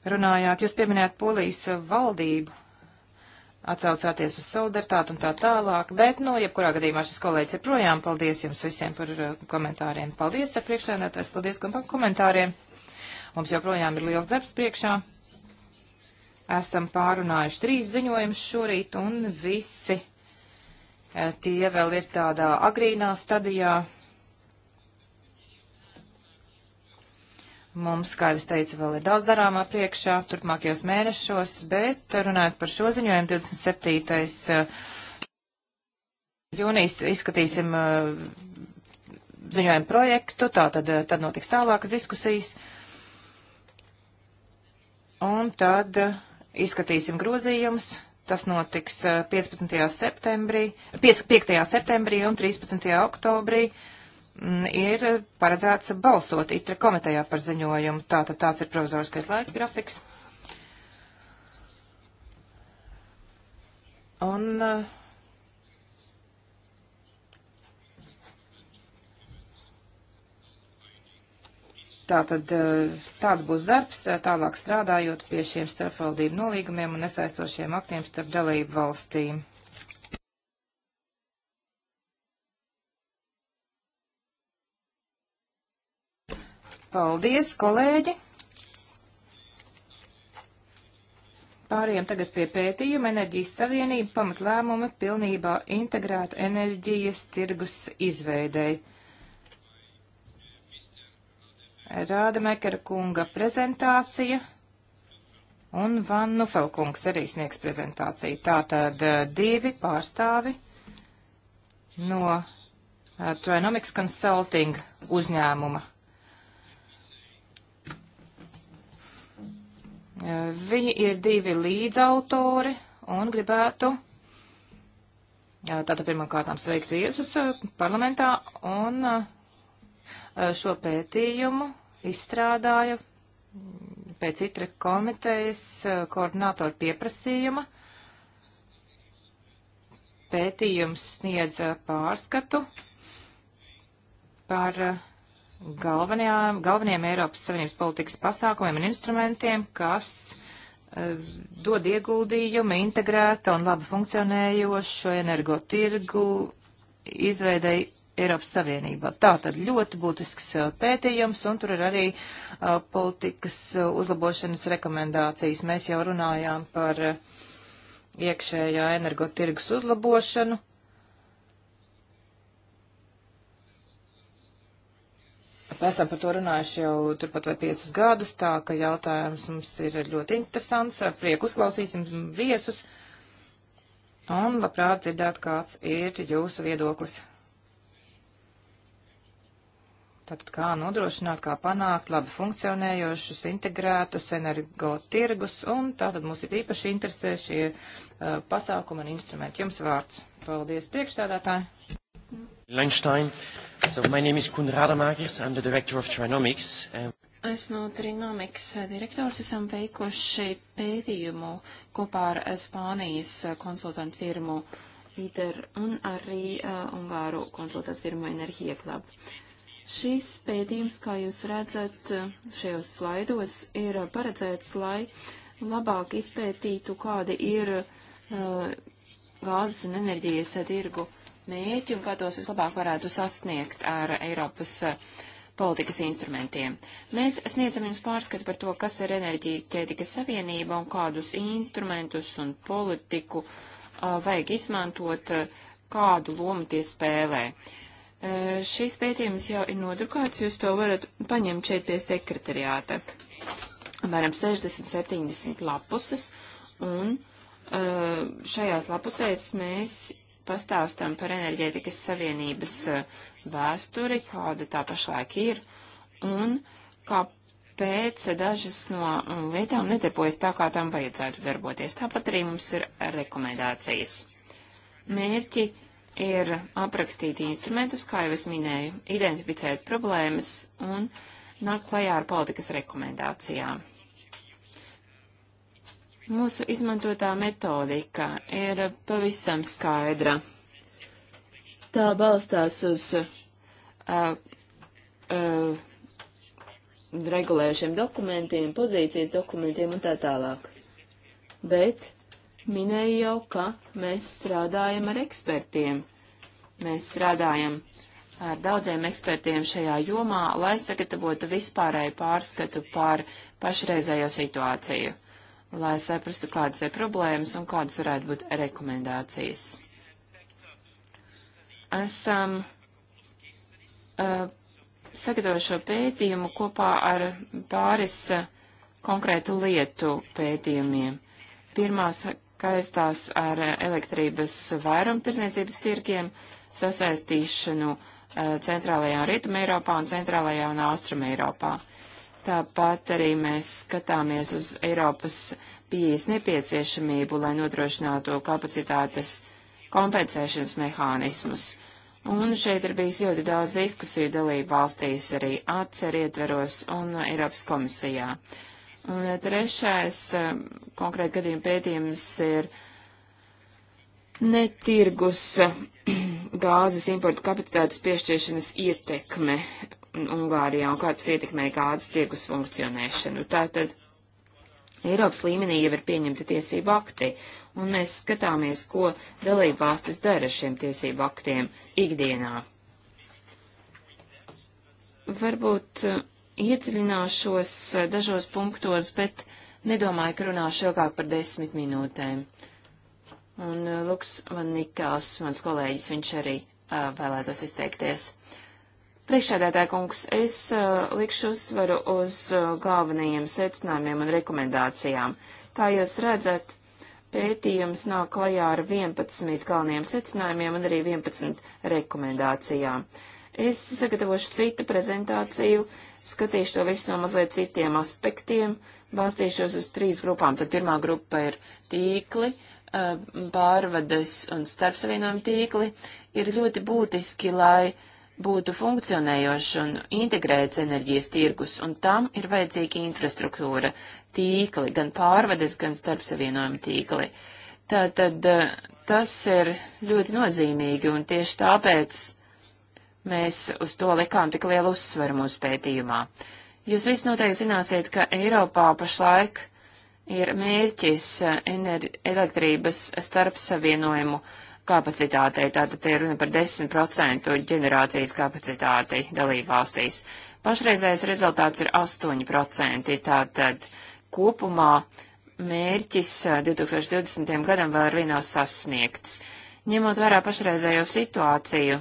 runājāt. Jūs pieminējāt polijas valdību, atcaucāties uz solidaritāti un tā tālāk, bet, nu, jebkurā gadījumā šis kolēģis ir projām. Paldies jums visiem par uh, komentāriem. Paldies, priekšsēdētājs, paldies par komentāriem. Mums joprojām ir liels darbs priekšā. Esam pārunājuši trīs ziņojumus šorīt, un visi eh, tie vēl ir tādā agrīnā stadijā. Mums, kā jau es teicu, vēl ir daudz darāmā priekšā turpmākajos mēnešos, bet runājot par šo ziņojumu, 27. Eh, jūnijas izskatīsim eh, ziņojumu projektu, tā tad, eh, tad notiks tālākas diskusijas. Un tad izskatīsim grozījumus. Tas notiks 15. septembrī, 5. septembrī un 13. oktobrī. Uh, Mm, ir paredzēts balsot itra komitejā par ziņojumu. Tātad tāds ir provizoriskais laika grafiks. Un eh, tātad eh, tāds būs darbs, eh, tālāk strādājot pie šiem starpvaldību nolīgumiem un nesaistošiem aktiem starp dalību valstīm. Paldies, kolēģi! Pāriem tagad pie pētījuma enerģijas savienība pamatlēmumi pilnībā integrēta enerģijas tirgus izveidēji. Rāda Mekera kunga prezentācija un Van Nufelkungs arī sniegs prezentāciju. Tātad eh, divi pārstāvi no eh, Trinomics Consulting uzņēmuma. Viņi ir divi līdzautori un gribētu tātad pirmkārtām sveikt viesus eh, parlamentā un eh, šo pētījumu izstrādāja pēc itra komitejas eh, koordinātoru pieprasījuma. Pētījums sniedz pārskatu par galvenajām, galvenajiem Eiropas Savienības politikas pasākumiem un instrumentiem, kas uh, dod ieguldījumu integrēta un labi funkcionējošu energotirgu izveidai Eiropas Savienībā. Tā tad ļoti būtisks e, pētījums, un tur ir arī uh, politikas uzlabošanas rekomendācijas. Mēs jau runājām par uh, iekšējā energotirgus uzlabošanu Esam par to runājuši jau turpat vai piecus gadus, tā ka jautājums mums ir ļoti interesants. Ar prieku uzklausīsim viesus. Un labprāt dzirdēt, kāds ir jūsu viedoklis. Tātad kā nodrošināt, kā panākt labi funkcionējošus, integrētus energo tirgus, un tātad mums ir īpaši interesē šie uh, pasākumi un instrumenti. Jums vārds. Paldies, priekšstādātāji. Lenštain. So my name is Koen Rademakers, I'm the director of Trinomics. And... Esmu Trinomics direktors, esam veikuši pētījumu kopā ar Spānijas konsultantu firmu Lider un arī uh, Ungāru konsultantu firmu Energie Club. Šis pētījums, kā jūs redzat uh, šajos slaidos, ir paredzēts, lai labāk izpētītu, kādi ir uh, gāzes un enerģijas tirgu uh, mērķi un kā tos vislabāk varētu sasniegt ar Eiropas eh, politikas instrumentiem. Mēs sniedzam jums pārskatu par to, kas ir enerģētikas savienība un kādus instrumentus un politiku uh, vajag izmantot, uh, kādu lomu tie spēlē. Uh, šis pētījums jau ir nodrukāts, jūs to varat paņemt šeit pie sekretariāta. Apmēram 60-70 lapuses, un šajās lapusēs mēs pastāstam par enerģētikas savienības eh, vēsturi, kāda tā pašlaik ir, un kāpēc dažas no mm, lietām nedarbojas tā, kā tam vajadzētu darboties. Tāpat arī mums ir rekomendācijas. Mērķi ir aprakstīt instrumentus, kā jau es minēju, identificēt problēmas un nāk klajā ar politikas rekomendācijām. Mūsu izmantotā metodika ir pavisam skaidra. Tā balstās uz uh, uh, regulējušiem dokumentiem, pozīcijas dokumentiem un tā tālāk. Bet minēju jau, ka mēs strādājam ar ekspertiem. Mēs strādājam ar daudziem ekspertiem šajā jomā, lai sagatavotu vispārēju pārskatu par pašreizējo situāciju lai saprastu, kādas ir problēmas un kādas varētu būt rekomendācijas. Esam uh, sagatavojuši šo pētījumu kopā ar pāris uh, konkrētu lietu pētījumiem. Pirmās kaistās ar elektrības vairumtirdzniecības tirkiem, sasaistīšanu uh, centrālajā un rietumē Eiropā un centrālajā un austrumē Eiropā. Uh, Tāpat arī mēs skatāmies uz Eiropas pieejas nepieciešamību, lai nodrošinātu kapacitātes kompensēšanas mehānismus. Un šeit ir bijis ļoti daudz diskusiju dalību valstīs, arī atcer ietveros un Eiropas komisijā. Un trešais um, konkrēti gadījuma pētījums ir netirgus gāzes importu kapacitātes piešķiršanas ietekme Ungārijā un kā tas ietekmē gāzes tirgus funkcionēšanu. Tātad Eiropas līmenī jau ir pieņemti tiesību akti, un mēs skatāmies, ko dalību valstis dara šiem tiesību aktiem ikdienā. Varbūt uh, iedziļināšos uh, dažos punktos, bet nedomāju, ka runāšu ilgāk par desmit minūtēm. Un uh, Luks Van Nikels, mans kolēģis, viņš arī uh, vēlētos izteikties. Uh, Priekšsēdētāja kungs, es uh, likšu uzsvaru uz uh, galvenajiem secinājumiem un rekomendācijām. Kā jūs redzat, pētījums nāk klajā ar 11 galvenajiem secinājumiem un arī 11 rekomendācijām. Es sagatavošu citu prezentāciju, skatīšu to visu no mazliet citiem aspektiem, balstīšos uz trīs grupām. Tad pirmā grupa ir tīkli, uh, pārvades un starpsavienojuma tīkli. Ir ļoti būtiski, lai uh, būtu funkcionējošs un integrēts enerģijas tirgus, un tam ir vajadzīga infrastruktūra, tīkli, gan pārvades, gan starpsavienojuma tīkli. Tātad eh, tas ir ļoti nozīmīgi, un tieši tāpēc mēs uz to likām tik lielu uzsveru mūsu pētījumā. Jūs visi noteikti zināsiet, ka Eiropā pašlaik ir mērķis eh, ener elektrības starpsavienojumu kapacitātei. Tātad ir runa par 10% ģenerācijas kapacitāti dalībvalstīs. Pašreizējais rezultāts ir 8%, tātad kopumā mērķis 2020. gadam vēl arī nav sasniegts. Ņemot vērā pašreizējo situāciju,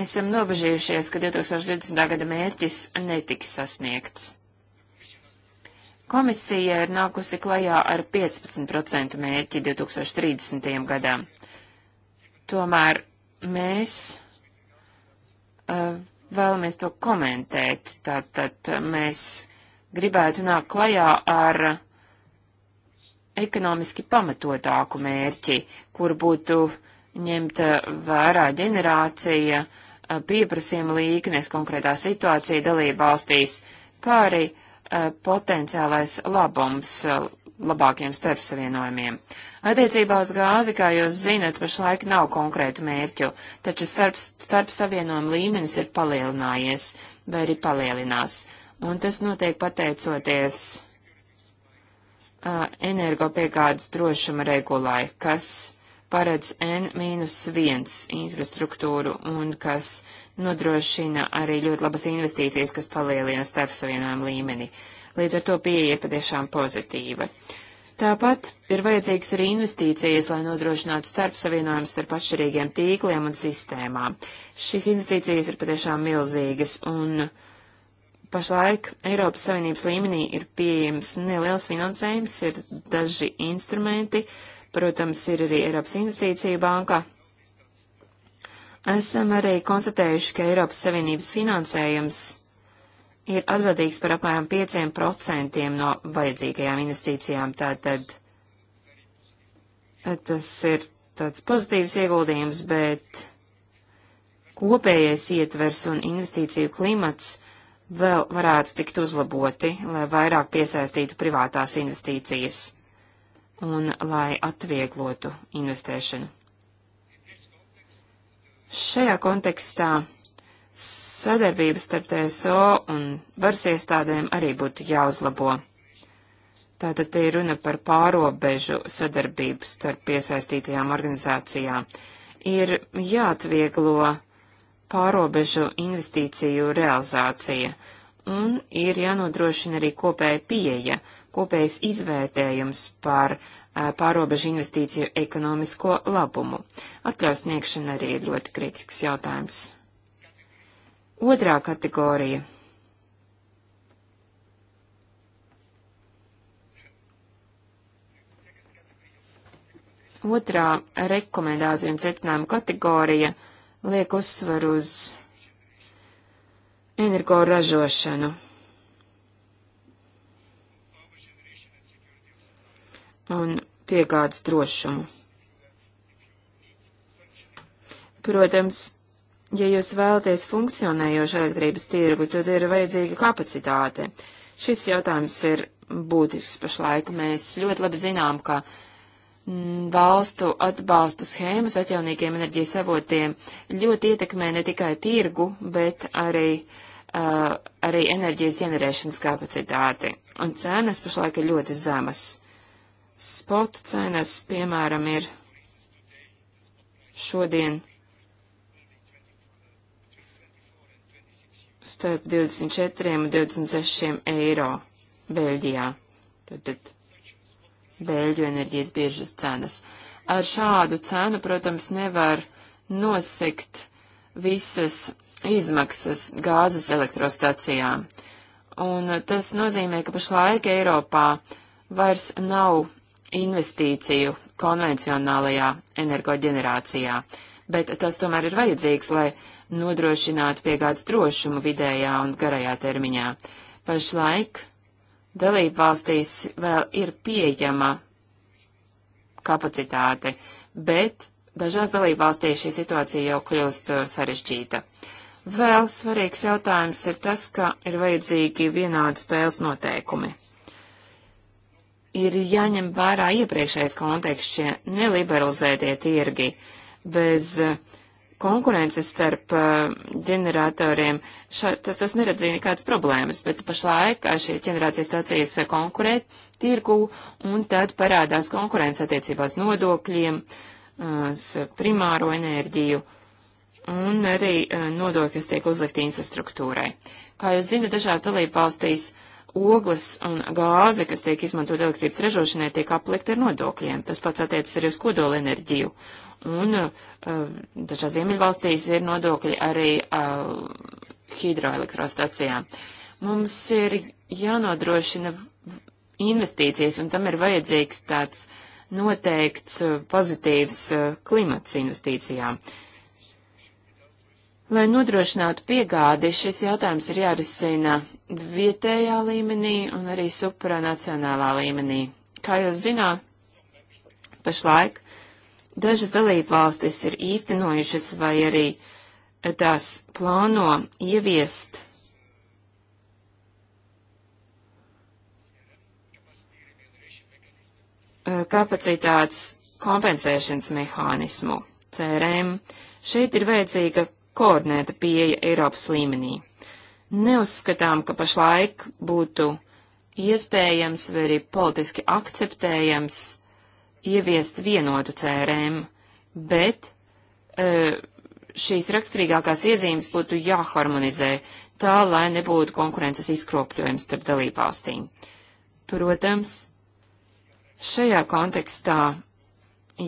esam nobežījušies, ka 2020. gada mērķis netiks sasniegts. Komisija ir nākusi klajā ar 15% mērķi 2030. gadam. Tomēr mēs uh, vēlamies to komentēt, tātad eh, mēs gribētu nākt klajā ar ekonomiski pamatotāku mērķi, kur būtu ņemta eh, vērā ģenerācija, pieprasījuma līknes konkrētā situācija dalība valstīs, kā arī uh, Eh, potenciālais labums eh, labākiem starpsavienojumiem. Attiecībā uz gāzi, kā jūs zinat, pašlaik nav konkrētu mērķu, taču starp, starp savienojumu līmenis ir palielinājies vai arī palielinās, un tas notiek pateicoties uh, energopiegādes drošuma regulai, kas paredz N-1 infrastruktūru un kas nodrošina arī ļoti labas investīcijas, kas palielina starpsavienojumu līmeni. Līdz ar to pieeja ir patiešām pozitīva. Tāpat ir vajadzīgas arī investīcijas, lai nodrošinātu starpsavienojumus starp atšķirīgiem tīkliem un sistēmām. Šīs investīcijas ir patiešām milzīgas, un pašlaik Eiropas Savienības līmenī ir pieejams neliels finansējums, ir daži instrumenti, protams, ir arī Eiropas investīcija banka, Esam arī konstatējuši, ka Eiropas Savienības finansējums ir atbildīgs par apmēram 5% no vajadzīgajām investīcijām. Tātad eh, tas ir tāds pozitīvs ieguldījums, bet kopējais ietvers un investīciju klimats vēl varētu tikt uzlaboti, lai vairāk piesaistītu privātās investīcijas un lai atvieglotu investēšanu. Šajā kontekstā sadarbības starp TSO un varas iestādēm arī būtu jāuzlabo. Tātad te ir runa par pārobežu sadarbību starp piesaistītajām organizācijām. Ir jāatvieglo pārobežu investīciju realizācija, un ir jānodrošina arī kopēja pieeja, kopējs izvērtējums par pārobežu investīciju ekonomisko labumu. Atļaus sniegšana arī ir ļoti kritisks jautājums. Otrā kategorija. Otrā rekomendācija un secinājuma kategorija liek uzsvaru uz energo ražošanu. un piegādes drošumu. Protams, ja jūs vēlaties funkcionējošu elektrības tirgu, tad ir vajadzīga kapacitāte. Šis jautājums ir būtisks pašlaik. Mēs ļoti labi zinām, ka mm, valstu atbalsta schēmas atjaunīgiem enerģijas avotiem ļoti ietekmē ne tikai tirgu, bet arī, uh, arī enerģijas ģenerēšanas kapacitāti. Un cenas pašlaik ir ļoti zemas. Spotu cenas, piemēram, ir šodien starp 24 un 26 eiro Beļģijā. Tad Beļģu enerģijas biežas cenas. Ar šādu cenu, protams, nevar nosekt visas izmaksas gāzes elektrostacijām. Un tas nozīmē, ka pašlaik Eiropā vairs nav investīciju konvencionālajā energoģenerācijā, bet tas tomēr ir vajadzīgs, lai nodrošinātu piegādes drošumu vidējā un garajā termiņā. Pašlaik dalību valstīs vēl ir pieejama kapacitāte, bet dažās dalību valstīs šī situācija jau kļūst uh, sarežģīta. Vēl svarīgs jautājums ir tas, ka ir vajadzīgi vienādi spēles noteikumi ir jāņem vērā iepriekšējais konteksts, šie neliberalizētie tirgi. Bez eh, konkurences starp eh, ģeneratoriem ša, tas, tas neradīja nekādas problēmas, bet pašlaik eh, šie ģenerācijas stācijas konkurē tirgu un tad parādās konkurence attiecībās nodokļiem, primāro enerģiju un arī nodokļi, kas tiek uzlikti infrastruktūrai. Kā jūs zinat, dažās dalību valstīs uh, ogles un gāze, kas tiek izmantot elektrības ražošanai, tiek aplikta ar nodokļiem. Tas pats attiecas arī uz kodolenerģiju. Un tačā uh, Ziemeļvalstīs ir nodokļi arī uh, hidroelektrostacijām. Mums ir jānodrošina investīcijas, un tam ir vajadzīgs tāds noteikts uh, pozitīvs uh, klimats investīcijām. Uh, Lai nodrošinātu piegādi, šis jautājums ir jārisina vietējā līmenī un arī supranacionālā līmenī. Kā jūs zināt, pašlaik dažas dalību valstis ir īstenojušas vai arī tās plāno ieviest kapacitātes kompensēšanas mehānismu, CRM. Šeit ir vajadzīga koordinēta pieeja Eiropas līmenī. Neuzskatām, ka pašlaik būtu iespējams vai arī politiski akceptējams ieviest vienotu CRM, bet e, šīs raksturīgākās iezīmes būtu jāharmonizē tā, lai nebūtu konkurences izkropļojums starp dalībvalstīm. Protams, šajā kontekstā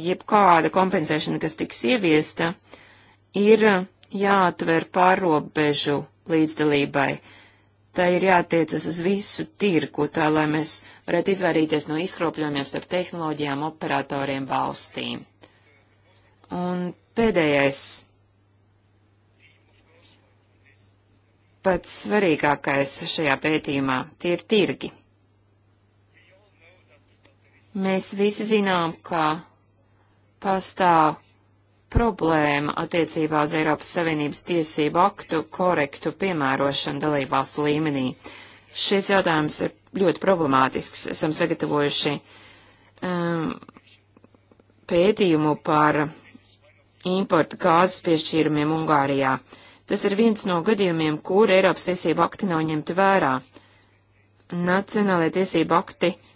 jebkāda kompensēšana, kas tiks ieviesta, ir jāatver pārobežu līdzdalībai. Tā ir jātiecas uz visu tirku, tā lai mēs varētu izvairīties no izkropļojumiem starp tehnoloģijām, operatoriem, valstīm. Un pēdējais, pats svarīgākais šajā pētījumā, tie ir tirgi. Mēs visi zinām, ka pastāv problēma attiecībā uz Eiropas Savienības tiesību aktu korektu piemērošanu dalībvalstu līmenī. Šis jautājums ir ļoti problemātisks. Esam sagatavojuši um, pētījumu par importu gāzes piešķīrumiem Ungārijā. Tas ir viens no gadījumiem, kur Eiropas tiesību akti nav ņemti vērā. Nacionālajie tiesību akti uh,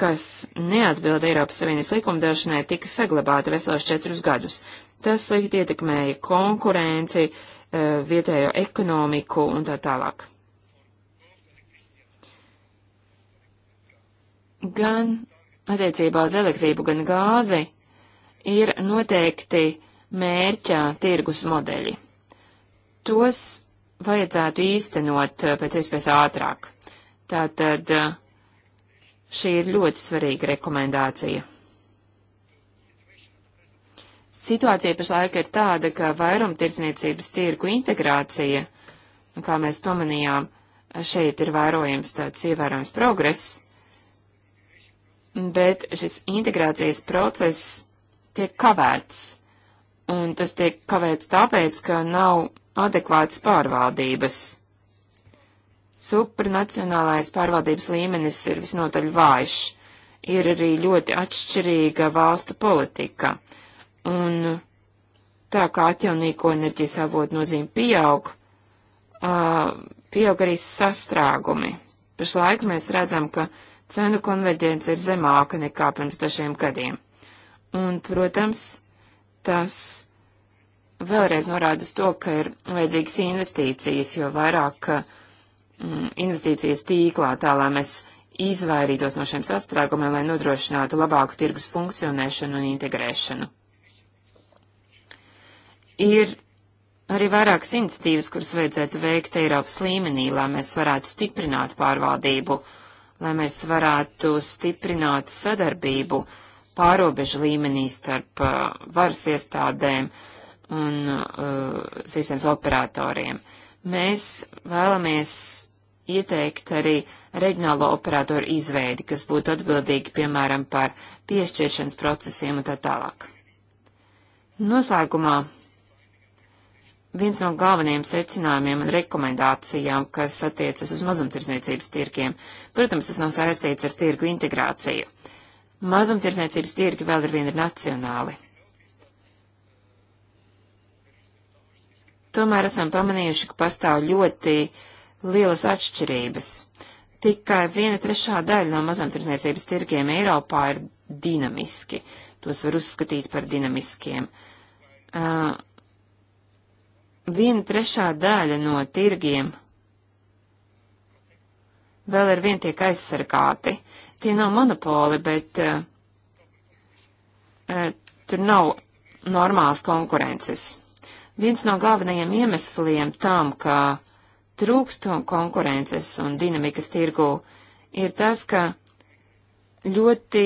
kas neatbilda Eiropas Savienības likumdošanai, tika saglabāta veselos četrus gadus. Tas slikti ietekmēja konkurenci, eh, vietējo ekonomiku un tā tālāk. Gan attiecībā uz elektrību, gan gāzi ir noteikti mērķa tirgus modeļi. Tos vajadzētu īstenot eh, pēc iespējas ātrāk. Tātad uh, Šī ir ļoti svarīga rekomendācija. Situācija pašlaik ir tāda, ka vairumtirdzniecības tirgu integrācija, nu, kā mēs pamanījām, šeit ir vērojams tāds ievērojams progress, bet šis integrācijas process tiek kavēts, un tas tiek kavēts tāpēc, ka nav adekvātas pārvaldības. Supranacionālais pārvaldības līmenis ir visnotaļ vājš. Ir arī ļoti atšķirīga valstu politika. Un tā kā atjaunīgo enerģijas avotu nozīme pieaug, uh, pieaug arī sastrāgumi. Pašlaik mēs redzam, ka cenu konverģence ir zemāka nekā pirms dažiem gadiem. Un, protams, tas vēlreiz norāda uz to, ka ir vajadzīgas investīcijas, jo vairāk uh, Mm, investīcijas tīklā, tā lai mēs izvairītos no šiem sastrēgumiem, lai nodrošinātu labāku tirgus funkcionēšanu un integrēšanu. Ir arī vairākas iniciatīvas, kuras vajadzētu veikt Eiropas līmenī, lai mēs varētu stiprināt pārvaldību, lai mēs varētu stiprināt sadarbību pārobežu līmenī starp uh, varas iestādēm un uh, sistēmas operatoriem. Mēs vēlamies ieteikt arī reģionālo operatoru izveidi, kas būtu atbildīgi, piemēram, par piešķiršanas procesiem un tā tālāk. Noslēgumā viens no galvenajiem secinājumiem un rekomendācijām, kas attiecas uz mazumtirdzniecības tirkiem, protams, tas nav saistīts ar tirgu integrāciju. Mazumtirdzniecības tirgi vēl ir viena nacionāli. Tomēr esam pamanījuši, ka pastāv ļoti uh, lielas atšķirības. Tikai viena trešā daļa no mazumtirdzniecības tirgiem Eiropā ir dinamiski. Tos var uzskatīt par dinamiskiem. Uh, viena trešā daļa no tirgiem vēl ar vien tiek aizsargāti. Tie nav monopoli, bet uh, uh, tur nav normālas konkurences. Viens no galvenajiem iemesliem tam, ka trūkst konkurences un dinamikas tirgū, ir tas, ka ļoti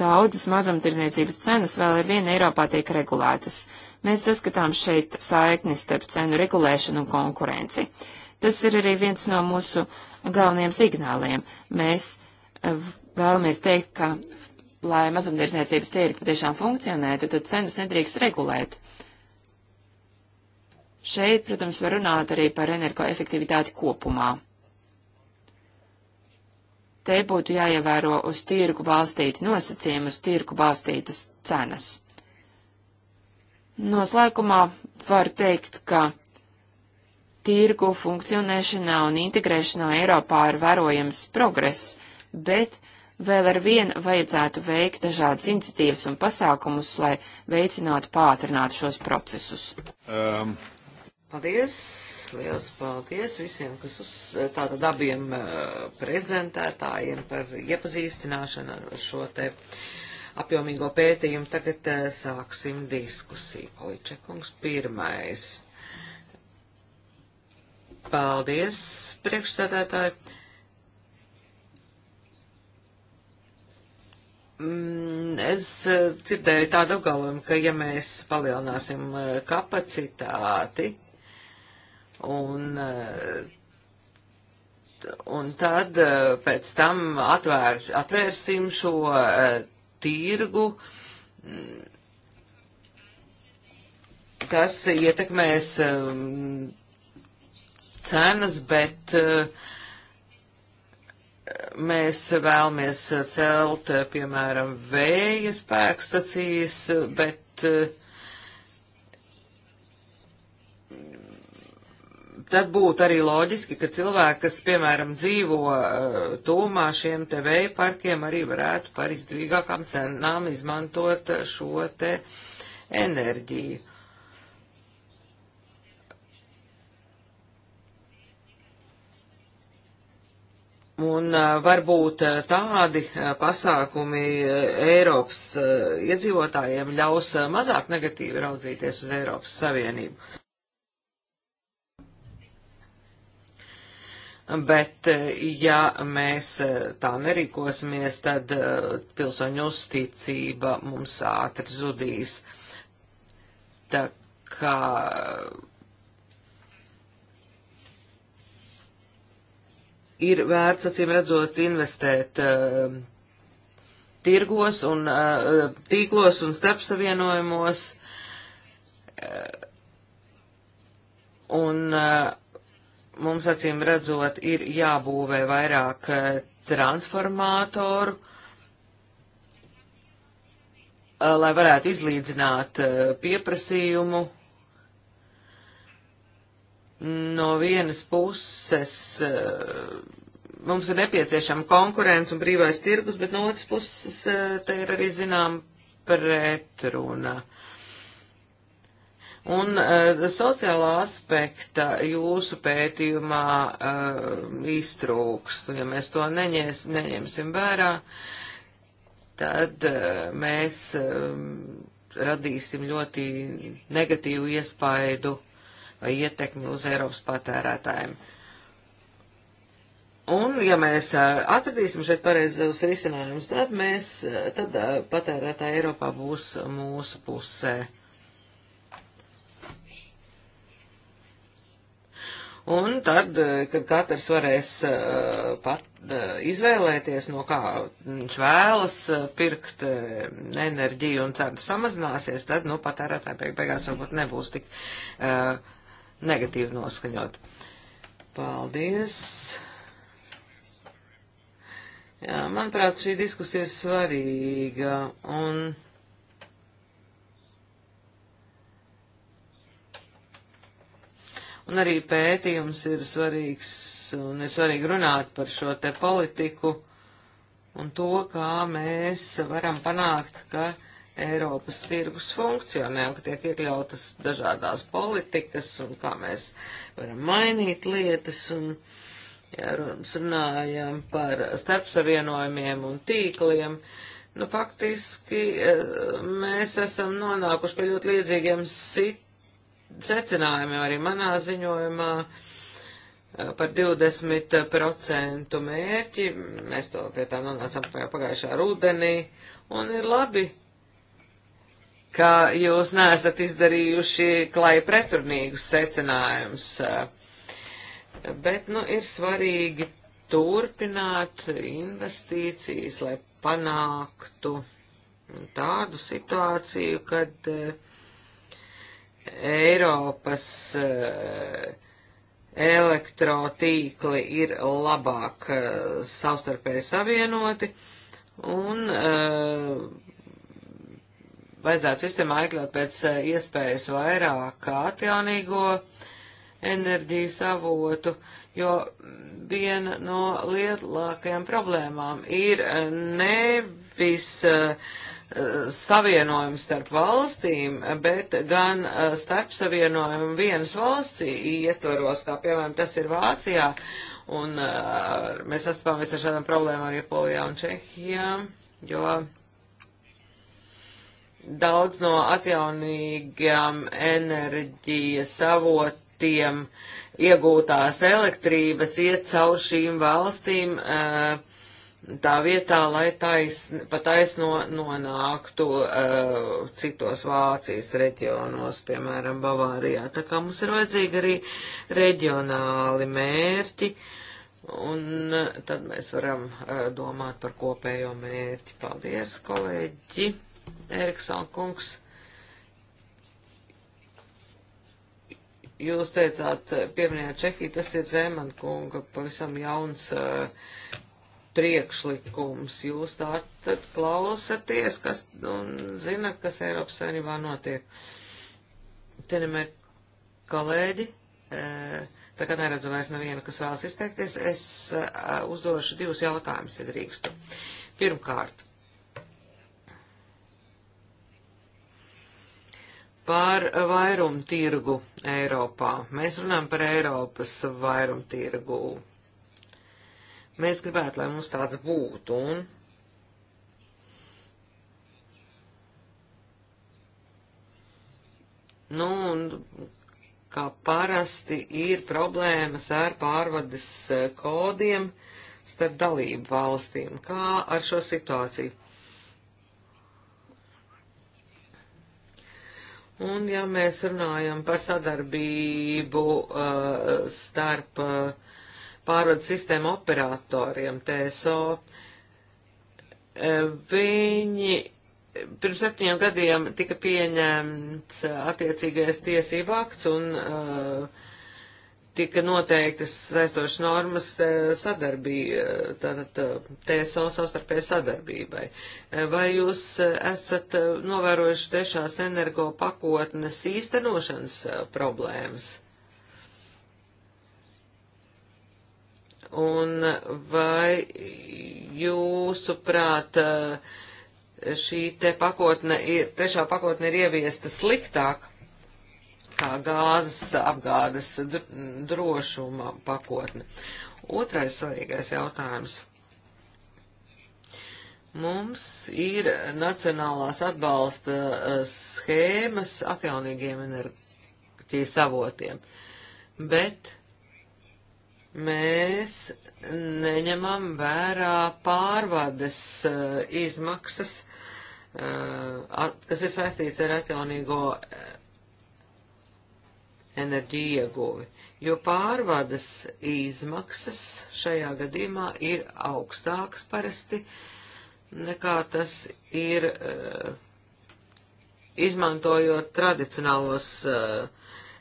daudzas mazumtirdzniecības cenas vēl ar vienu Eiropā tiek regulētas. Mēs saskatām šeit saikni starp cenu regulēšanu un konkurenci. Tas ir arī viens no mūsu galvenajiem signāliem. Mēs eh, vēlamies teikt, ka, lai mazumtirdzniecības tirgi patiešām funkcionētu, tad cenas nedrīkst regulēt. Šeit, protams, var runāt arī par energoefektivitāti kopumā. Te būtu jāievēro uz tirgu balstīti nosacījumi, uz tirgu balstītas cenas. Noslēgumā var teikt, ka tirgu funkcionēšanā un integrēšanā Eiropā ir vērojams progress, bet vēl ar vienu vajadzētu veikt dažādas iniciatīvas un pasākumus, lai veicinātu pātrinātu šos procesus. Um. Paldies, liels paldies visiem, kas uz tātad abiem uh, prezentētājiem par iepazīstināšanu ar šo te apjomīgo pētījumu. Tagad uh, sāksim diskusiju. Poličekungs pirmais. Paldies, priekšstādētāji. Mm, es eh, dzirdēju tādu apgalvojumu, ka ja mēs palielināsim kapacitāti, Un, eh, un tad eh, pēc tam atvērs, atvērsim šo eh, tirgu mm, kas ietekmēs um, cenas, bet uh, mēs vēlamies celt, piemēram, vēja spēkstacijas, bet uh, tad būtu arī loģiski, ka cilvēki, kas, piemēram, dzīvo uh, tūmā šiem te vēja parkiem, arī varētu par izdevīgākām cenām izmantot eh, šo te enerģiju. Un uh, varbūt tādi uh, pasākumi Eiropas iedzīvotājiem ļaus mazāk negatīvi raudzīties uz Eiropas Savienību. bet ja mēs eh, tā nerīkosimies, tad eh, pilsoņu uzticība mums ātri zudīs. Tā kā ir vērts, acīm redzot, investēt uh, tirgos un uh, tīklos un starpsavienojumos. Uh, un uh, mums acīm redzot ir jābūvē vairāk eh, transformātoru, eh, lai varētu izlīdzināt eh, pieprasījumu. No vienas puses mums ir nepieciešama konkurence un brīvais tirgus, bet no otras puses te ir arī zinām pretruna. Uh, Un uh, sociālā aspekta jūsu pētījumā uh, iztrūks, ja mēs to neņēs, neņemsim vērā, tad uh, mēs uh, radīsim ļoti negatīvu iespaidu vai ietekmi uz Eiropas patērētājiem. Un, ja mēs atradīsim šeit pareizos risinājumus, tad mēs, tad patērētāji Eiropā būs mūsu pusē. Un tad, eh, kad katrs varēs eh, pat eh, izvēlēties, no kā viņš vēlas pirkt enerģiju un cenu samazināsies, tad, nu, patērētāji beig beigās varbūt nebūs tik uh, negatīvi noskaņot. Paldies! Jā, manuprāt, šī diskusija ir svarīga un. Un arī pētījums ir svarīgs, un ir svarīgi runāt par šo te politiku un to, kā mēs varam panākt, ka Eiropas tirgus funkcionē un ka tiek iekļautas dažādās politikas un kā mēs varam mainīt lietas. Un, ja runājam par starpsavienojumiem un tīkliem, nu faktiski eh, mēs esam nonākuši pie ļoti līdzīgiem situācijām secinājumi arī manā ziņojumā eh, par 20% mērķi. Mēs to pie tā nonācām pagājušā rudenī, un ir labi, ka jūs neesat izdarījuši klai pretrunīgus secinājumus. Eh, bet, nu, ir svarīgi turpināt investīcijas, lai panāktu tādu situāciju, kad uh, Eiropas eh, elektrotīkli ir labāk eh, savstarpēji savienoti un eh, vajadzētu sistēmā iekļaut pēc iespējas vairāk atjaunīgo enerģijas avotu, jo viena no lielākajām problēmām ir nevis uh, Eh, savienojumu starp valstīm, bet gan eh, starp savienojumu vienas valsts ietvaros, kā piemēram tas ir Vācijā, un eh, mēs sastapāmies ar šādām problēmām arī Polijā un Čehijā, jo daudz no atjaunīgām enerģijas avotiem iegūtās elektrības iet caur šīm valstīm. Uh, tā vietā, lai taisn, pataisno nonāktu uh, citos Vācijas reģionos, piemēram, Bavārijā. Tā kā mums ir vajadzīgi arī reģionāli mērķi, un uh, tad mēs varam uh, domāt par kopējo mērķi. Paldies, kolēģi! Erikson kungs, jūs teicāt, pieminējāt Čehiju, tas ir Zēman kunga pavisam jauns uh, priekšlikums. Jūs tā tad klausaties kas, un zinat, kas Eiropas Savienībā notiek. Cienījamie kolēģi, e, tā kā neredzu vairs nevienu, kas vēlas izteikties, es e, uzdošu divus jautājumus, ja drīkstu. Pirmkārt, par vairumtirgu Eiropā. Mēs runājam par Eiropas vairumtirgu Mēs gribētu, lai mums tāds būtu, un Nu, un kā parasti ir problēmas ar pārvades eh, kodiem starp dalību valstīm. Kā ar šo situāciju? Un ja mēs runājam par sadarbību uh, starp uh, pārvades sistēmu operatoriem, TSO. Eh, viņi pirms septiņiem gadiem tika pieņemts eh, attiecīgais tiesību akts un uh, tika noteiktas saistošas normas sadarbība, tātad TSO savstarpēji sadarbībai. Vai jūs esat novērojuši trešās energo pakotnes īstenošanas problēmas? Un vai jūsuprāt eh, šī te pakotne, ir, trešā pakotne ir ieviesta sliktāk kā gāzes apgādes drošuma pakotne? Otrais svarīgais jautājums. Mums ir nacionālās atbalsta eh, schēmas atjaunīgiem enerģijas avotiem, bet mēs neņemam vērā pārvades uh, izmaksas, uh, at, kas ir saistīts ar atjaunīgo uh, enerģiju ieguvi, jo pārvades izmaksas šajā gadījumā ir augstākas parasti nekā tas ir izmantojot tradicionālos uh,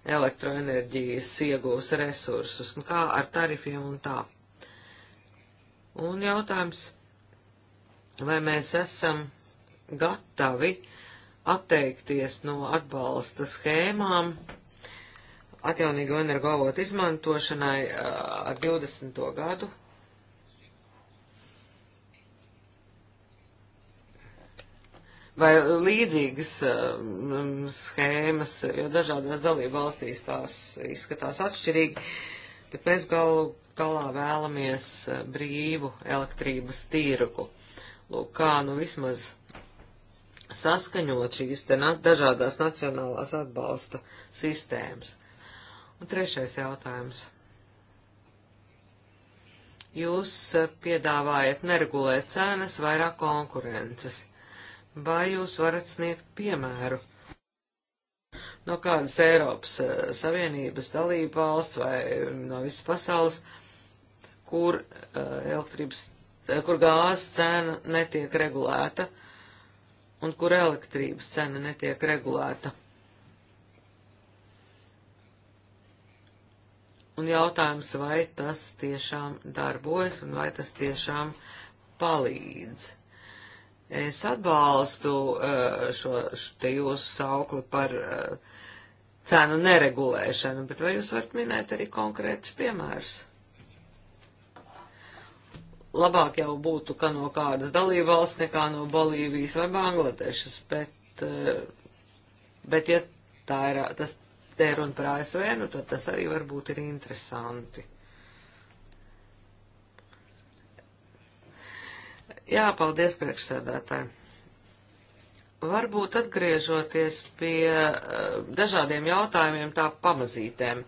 elektroenerģijas iegūs resursus, nu, kā ar tarifiem un tā. Un jautājums, vai mēs esam gatavi atteikties no atbalsta schēmām atjaunīgo energoavotu izmantošanai ar 20. gadu vai līdzīgas um, schēmas, jo dažādās dalība valstīs tās izskatās atšķirīgi, bet mēs galu galā vēlamies uh, brīvu elektrības tirgu. Lūk, kā nu vismaz saskaņot šīs te na dažādās nacionālās atbalsta sistēmas. Un trešais jautājums. Jūs uh, piedāvājat neregulēt cenas, vairāk konkurences. Vai jūs varat sniegt piemēru? No kādas Eiropas eh, Savienības dalība valsts vai no visas pasaules, kur eh, elektrības, eh, kur gāzes cena netiek regulēta un kur elektrības cena netiek regulēta. Un jautājums, vai tas tiešām darbojas un vai tas tiešām palīdz. Es atbalstu eh, šo, šo jūsu saukli par eh, cenu neregulēšanu, bet vai jūs varat minēt arī konkrētus piemērus? Labāk jau būtu, ka no kādas dalībvalsts nekā no Bolīvijas vai Bangladešas, bet, eh, bet ja tā ir, tas te runa par ASV, nu tad tas arī varbūt ir interesanti. Jā, paldies priekšsēdētāji. Varbūt atgriežoties pie uh, dažādiem jautājumiem, tā pamazītēm.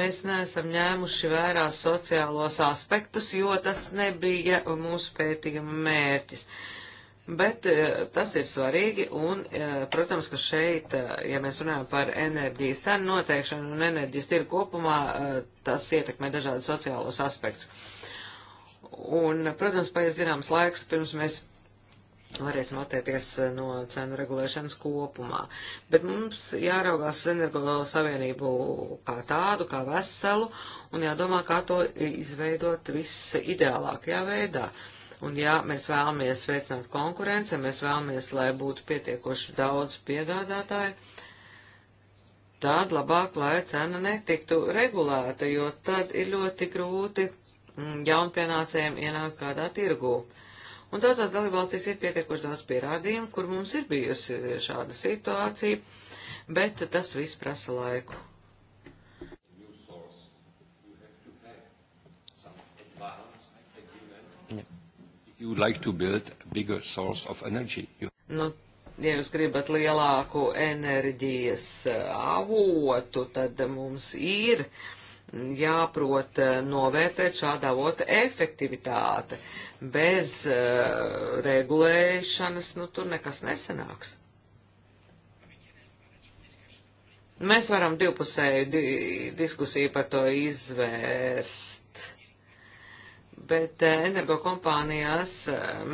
Mēs neesam ņēmuši vērā sociālos aspektus, jo tas nebija mūsu pētījuma mērķis. Bet uh, tas ir svarīgi un, uh, protams, ka šeit, ja mēs runājam par enerģijas cenu noteikšanu un enerģijas tirgu kopumā, tas ietekmē dažādus sociālos aspektus. Un, protams, paies zināms laiks, pirms mēs varēsim attēties eh, no cenu regulēšanas kopumā. Bet mums jāraugās uz energo savienību kā tādu, kā veselu, un jādomā, kā to izveidot visideālākajā veidā. Un ja mēs vēlamies veicināt konkurenci, ja mēs vēlamies, lai būtu pietiekoši daudz piegādātāju, tad labāk, lai cena netiktu regulēta, jo tad ir ļoti grūti Mm, jaunpienācējiem ienāk kādā tirgū. Un daudzās dalībvalstīs ir pietiekuši daudz pierādījumu, kur mums ir bijusi šāda situācija, bet tas viss prasa laiku. You like to build bigger source of energy. You... Nu, ja jūs gribat lielāku enerģijas avotu, tad mums ir uh, jāprot eh, novērtēt šādā avota efektivitāte. Bez uh, regulēšanas, nu, tur nekas nesanāks. Mēs varam divpusēju di diskusiju par to izvērst, bet eh, energokompānijās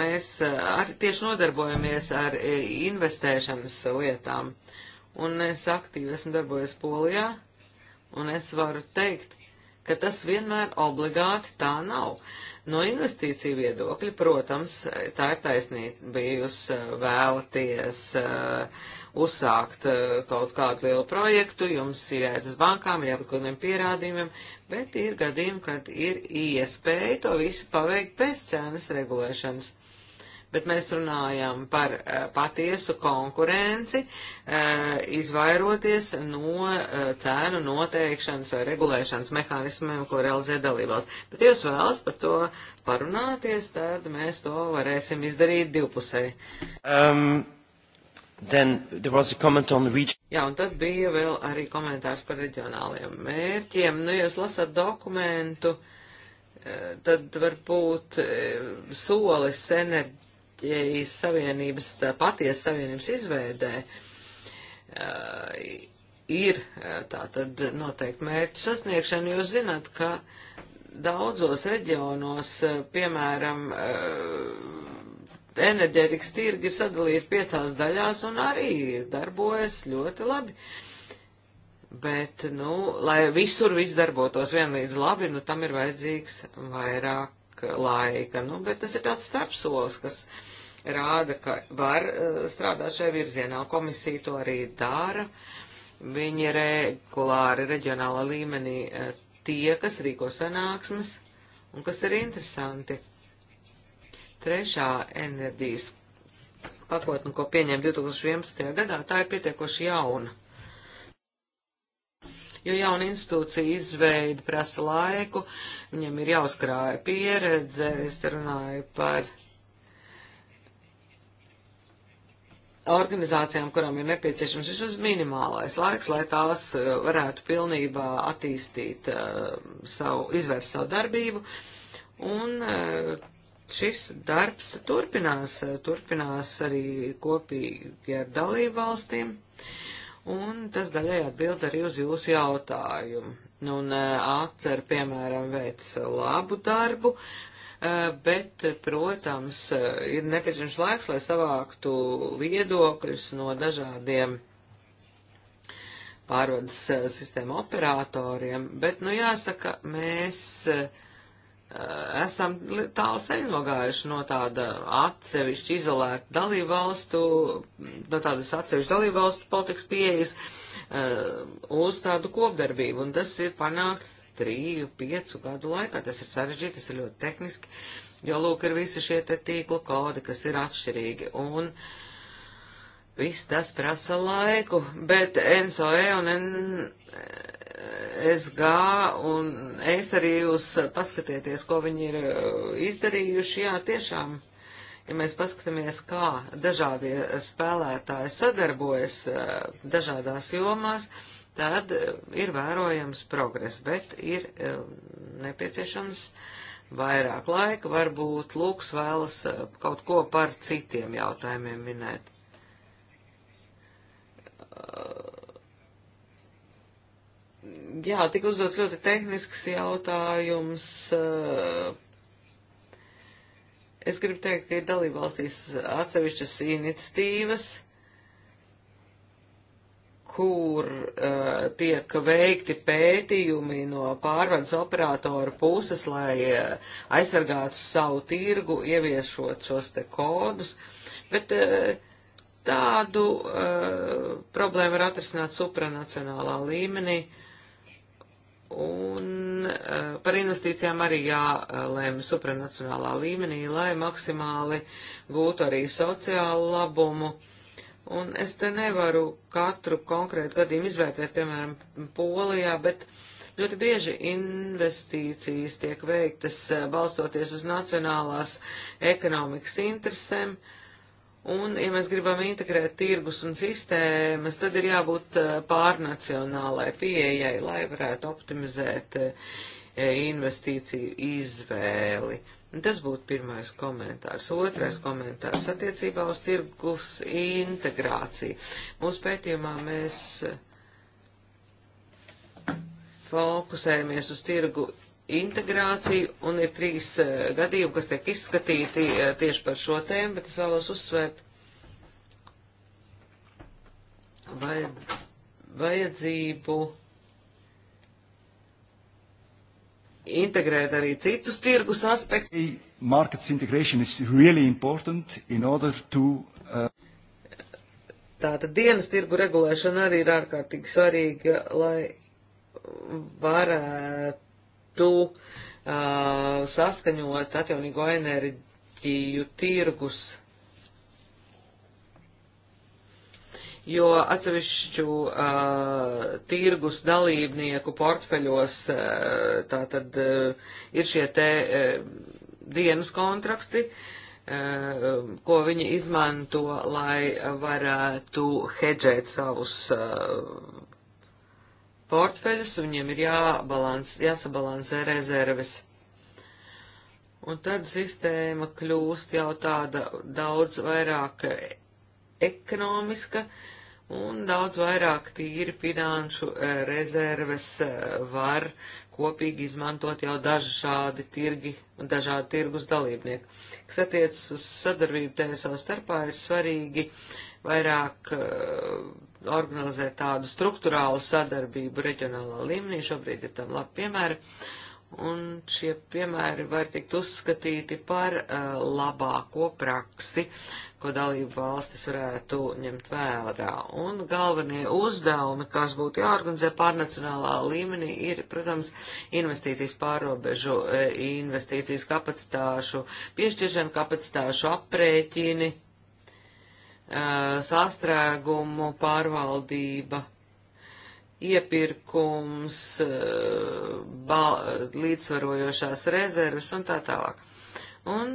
mēs ar, tieši nodarbojamies ar investēšanas lietām, un es aktīvi esmu darbojies Polijā Un es varu teikt, ka tas vienmēr obligāti tā nav. No investīciju viedokļa, protams, tā ir taisnība, ja jūs eh, vēlaties uh, uzsākt uh, kaut kādu lielu projektu, jums ir jāiet uz bankām, jābūt kaut kādiem pierādījumiem, bet ir gadījumi, kad ir iespēja to visu paveikt bez cenas regulēšanas bet mēs runājam par eh, patiesu konkurenci, eh, izvairoties no eh, cēnu noteikšanas vai regulēšanas mehānismiem, ko realizē dalībās. Bet, ja jūs vēlas par to parunāties, tad mēs to varēsim izdarīt divpusēji. Um. Then there was a comment on region. Jā, un tad bija vēl arī komentārs par reģionāliem mērķiem. Nu, jūs lasat dokumentu, tad varbūt solis enerģi enerģijas savienības, tā patiesa savienības izveidē ir tā tad noteikti mērķu sasniegšana. Jūs zināt, ka daudzos reģionos, piemēram, enerģētikas tirgi ir sadalīti piecās daļās un arī darbojas ļoti labi. Bet, nu, lai visur viss darbotos vienlīdz labi, nu, tam ir vajadzīgs vairāk laika, nu, bet tas ir tāds starpsolis, kas rāda, ka var eh, strādāt šajā virzienā. Komisija to arī dara. Viņi regulāri reģionāla līmenī eh, tie, kas rīko sanāksmes, un kas ir interesanti. Trešā enerģijas pakotne, ko pieņem 2011. gadā, tā ir pietiekoši jauna jo jauna institūcija izveida prasa laiku, viņam ir jāuzkrāja pieredze, es runāju par organizācijām, kurām ir nepieciešams vismaz minimālais laiks, lai tās eh, varētu pilnībā attīstīt eh, savu, izvērst savu darbību. Un eh, šis darbs turpinās, turpinās arī kopīgi ar dalību valstīm. Uh, un tas daļai atbild arī uz jūsu jautājumu. Nu, un eh, atcer, piemēram, veic labu darbu, eh, bet, protams, eh, ir nepieciešams laiks, lai savāktu viedokļus no dažādiem pārvades sistēmu operatoriem, bet, nu, jāsaka, mēs uh, esam tālu ceļu nogājuši no tāda atsevišķa izolēta dalību valstu, no tādas atsevišķa dalību valstu politikas pieejas uh, uz tādu kopdarbību, un tas ir panākts triju, piecu gadu laikā. Tas ir sarežģīti, tas ir ļoti tehniski, jo, lūk, ir visi šie te tīkla kodi, kas ir atšķirīgi, un viss tas prasa laiku, bet NSOE un N SG un es arī jūs paskatieties, ko viņi ir eh, izdarījuši. Jā, tiešām, ja mēs paskatāmies, kā dažādie spēlētāji sadarbojas eh, dažādās jomās, tad eh, ir vērojams progress, bet ir nepieciešams vairāk laika, varbūt Lūks vēlas kaut ko par citiem jautājumiem minēt Jā, tik uzdots ļoti tehnisks jautājums. Eh, es gribu teikt, ka ir dalībvalstīs atsevišķas iniciatīvas, kur uh, tiek veikti pētījumi no pārvades operatora puses, lai uh, aizsargātu savu tirgu, ieviešot šos te kodus. Bet uh, tādu uh, problēmu var atrisināt supranacionālā līmenī. Uh, Un uh, par investīcijām arī jālēma supranacionālā līmenī, lai maksimāli gūtu arī sociālu labumu. Un es te nevaru katru konkrētu gadījumu izvērtēt, piemēram, Polijā, bet ļoti bieži investīcijas tiek veiktas eh, balstoties uz nacionālās ekonomikas interesēm. Uh, Un, ja mēs gribam integrēt tirgus un sistēmas, tad ir jābūt eh, pārnacionālai pieejai, lai varētu optimizēt eh, investīciju izvēli. Tas būtu pirmais komentārs. Otrais komentārs attiecībā uz tirgus integrāciju. Mūsu pētījumā mēs eh, fokusējamies uz tirgu integrāciju, un ir trīs eh, gadījumi, kas tiek izskatīti eh, tieši par šo tēmu, bet es vēlos uzsvērt, vai vajadzību integrēt arī citus tirgus aspektus. Markets integration is really important in order to. Uh... Tātad dienas tirgu regulēšana arī ir ārkārtīgi svarīga, lai varētu uh, saskaņot atjaunīgo enerģiju tirgus. Jo atsevišķu uh, tirgus dalībnieku portfeļos uh, tātad uh, ir šie te uh, dienas kontraksti, uh, ko viņi izmanto, lai varētu hedžēt savus uh, portfeļus, un viņiem ir jābalans, jāsabalansē rezerves. Un tad sistēma kļūst jau tāda daudz vairāk ekonomiska un daudz vairāk tīri finanšu rezerves eh, var kopīgi izmantot jau dažādi tirgi un dažādi tirgus dalībnieki. Kas attiecas uz sadarbību TSO starpā, ir svarīgi vairāk uh, organizēt tādu struktūrālu sadarbību reģionālā līmenī. Šobrīd ir tam labi piemēri. Un šie piemēri var tikt uzskatīti par uh, labāko praksi, ko dalību valstis varētu ņemt vērā. Un galvenie uzdevumi, kas būtu jāorganizē pārnacionālā līmenī, ir, protams, investīcijas pārobežu, eh, investīcijas kapacitāšu, piešķiršana kapacitāšu aprēķini Uh, sastrēgumu pārvaldība, iepirkums, uh, līdzsvarojošās rezervas un tā tālāk. Un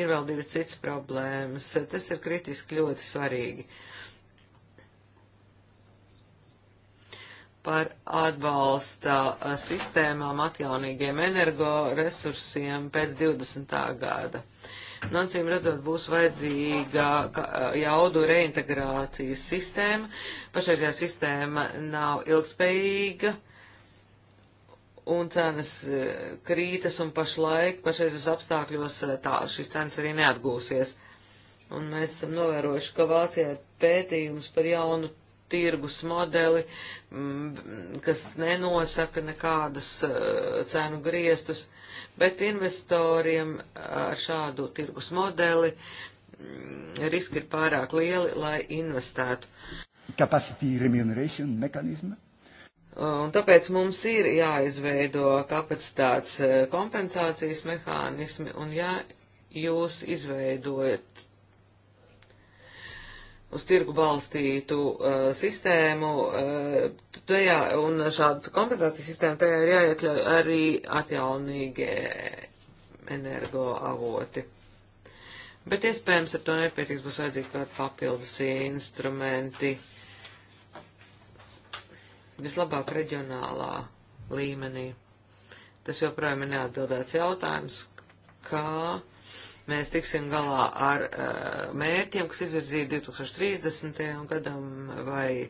ir vēl divi cits problēmas. Tas ir kritiski ļoti svarīgi. Par atbalsta uh, sistēmām atjaunīgiem energoresursiem pēc 20. gada. Nu, acīm redzot, būs vajadzīga eh, jaudu reintegrācijas sistēma. Pašreizajā sistēma nav ilgspējīga un cenas eh, krītas, un pašlaik, pašreizajos apstākļos, eh, tā šīs cenas arī neatgūsies. Un mēs esam novērojuši, ka Vācijā ir pētījums par jaunu tirgus modeli, mm, kas nenosaka nekādas cenu griestus. Uh, bet investoriem ar šādu tirgus modeli mm, riski ir pārāk lieli, lai investētu. Capacity remuneration mechanism. Un tāpēc mums ir jāizveido kapacitātes kompensācijas mehānismi, un ja jūs izveidojat uz tirgu balstītu uh, sistēmu, uh, tajā un šādu kompensācijas sistēmu tajā ir jāiekļauj arī atjaunīgie energoavoti. Bet iespējams ar to nepietiks, būs vajadzīgi kādi papildus instrumenti. Vislabāk reģionālā līmenī. Tas joprojām ir neatbildēts jautājums, kā uh, mēs tiksim galā ar eh, mērķiem, kas izvirzīti 2030. gadam, vai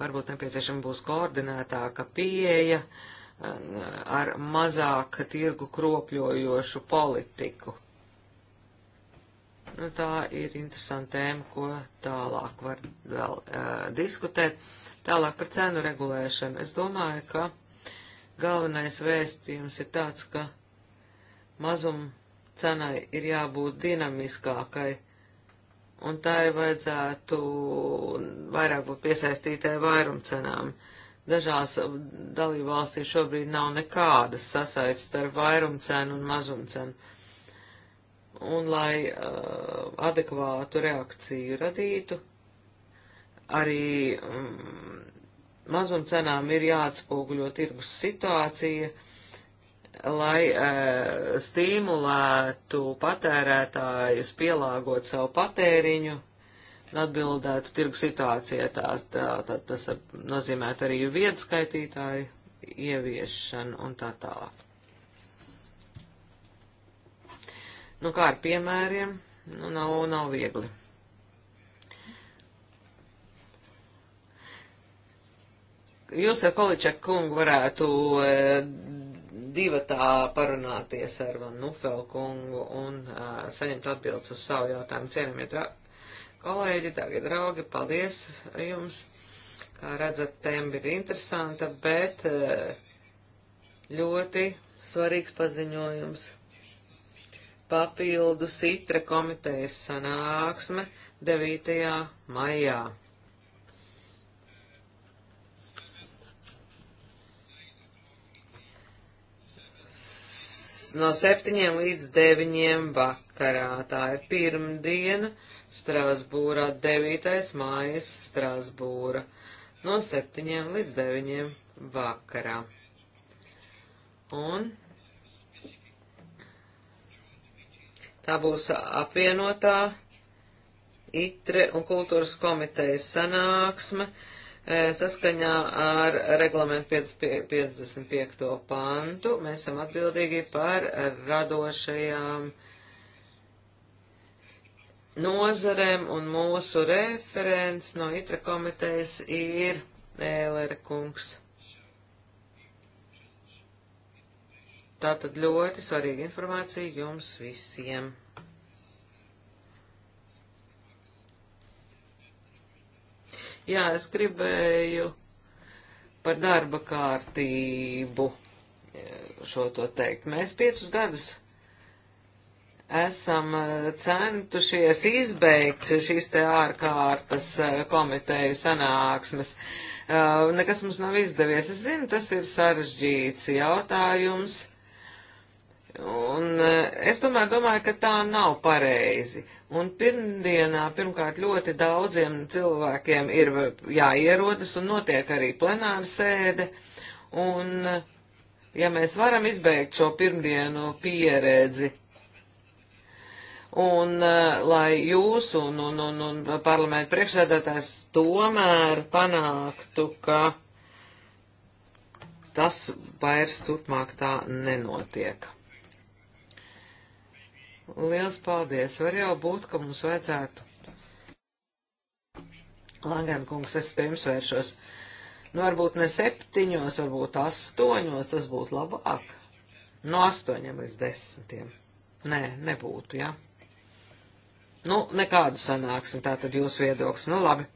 varbūt nepieciešama būs koordinētāka pieeja eh, ar mazāk tirgu kropļojošu politiku. Nu, tā ir interesanta tēma, ko tālāk var vēl uh, diskutēt. Tālāk par cenu regulēšanu. Es domāju, ka galvenais vēstījums ir tāds, ka mazuma cenai ir jābūt dinamiskākai, un tai vajadzētu vairāk būt piesaistītai vairumcenām. Dažās dalībvalstīs šobrīd nav nekādas sasaistes ar vairumcenu un mazumcenu. Un, lai uh, adekvātu reakciju radītu, arī um, mazumcenām ir jāatspoguļo tirgus situācija, uh, lai e, stimulētu patērētājus pielāgot savu patēriņu un atbildētu tirgu situācijai. Tā, tā, tā, tas nozīmētu arī viedskaitītāju ieviešanu un tā tālāk. Nu, kā ar piemēriem, nu, nav, nav viegli. Jūs ar Količaku kungu varētu e, divatā parunāties ar Van Nufel kungu un uh, saņemt atbildes uz savu jautājumu. Cienījamie kolēģi, dārgie draugi, paldies jums. Kā redzat, tēma ir interesanta, bet ļoti svarīgs paziņojums. Papildu sitra komitejas sanāksme 9. maijā. no septiņiem līdz deviņiem vakarā. Tā ir pirmdiena Strasbūrā, 9. mājas Strasbūra, no septiņiem līdz deviņiem vakarā. Un Tā būs apvienotā ITRE un kultūras komitejas sanāksme E, saskaņā ar reglamentu 55. pantu mēs esam atbildīgi par radošajām nozarēm, un mūsu referents no itra komitejas ir Ēlera kungs. Tātad ļoti svarīga informācija jums visiem. Jā, es gribēju par darba kārtību eh, šo to teikt. Mēs piecus gadus esam eh, centušies izbeigt šīs te ārkārtas eh, komiteju sanāksmes. Nekas mums nav izdevies. Es zinu, tas ir sarežģīts jautājums Un eh, es tomēr domāju, ka tā nav pareizi. Un pirmdienā pirmkārt ļoti daudziem cilvēkiem ir jāierodas un notiek arī plenāra sēde. Un ja mēs varam izbeigt šo pirmdienu pieredzi, un eh, lai jūs un, un, un, un parlamentu priekšsēdētājs tomēr panāktu, ka tas vairs turpmāk tā nenotiek. Liels paldies! Var jau būt, ka mums vajadzētu. Langan kungs, es pie jums vēršos. Nu, varbūt ne septiņos, varbūt astoņos, tas būtu labāk. No astoņiem līdz desmitiem. Nē, nebūtu, jā. Ja? Nu, nekādu sanāksim, tā tad jūs viedoklis. Nu, labi.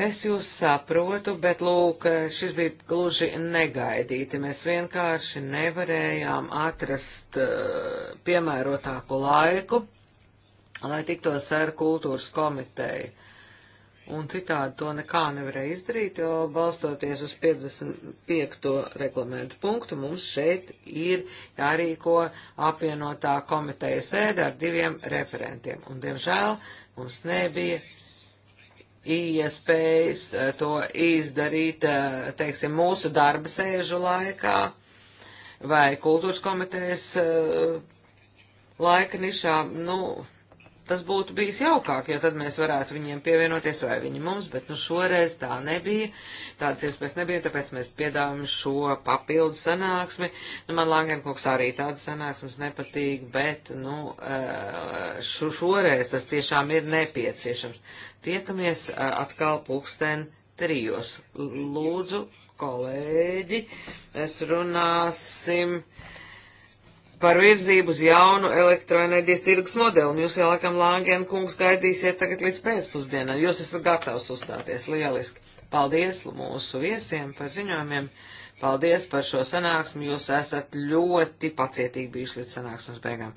Es jūs saprotu, bet lūk, šis bija gluži negaidīti. Mēs vienkārši nevarējām atrast uh, piemērotāku laiku, lai tiktos ar kultūras komiteju. Un citādi to nekā nevarēja izdarīt, jo balstoties uz 55. reglamentu punktu, mums šeit ir jārīko apvienotā komiteja sēde ar diviem referentiem. Un, diemžēl, mums nebija iespējas eh, to izdarīt, eh, teiksim, mūsu darba sēžu laikā vai kultūras komitejas eh, laika nišā, nu, Tas būtu bijis jaukāk, jo tad mēs varētu viņiem pievienoties vai viņi mums, bet nu šoreiz tā nebija, tādas iespējas nebija, tāpēc mēs piedāvājam šo papildu sanāksmi. Nu, man Langenkoks arī tādas sanāksmes nepatīk, bet nu eh, šo, šoreiz tas tiešām ir nepieciešams. Tiekamies eh, atkal pulksten trijos. Lūdzu, kolēģi, mēs runāsim par virzību uz jaunu elektroenerģijas tirgus modeli. Un jūs jau laikam Lāngēna kungs gaidīsiet tagad līdz pēcpusdienai. Jūs esat gatavs uzstāties. Lieliski. Paldies mūsu viesiem par ziņojumiem. Paldies par šo sanāksmi. Jūs esat ļoti pacietīgi bijuši līdz sanāksmes beigām.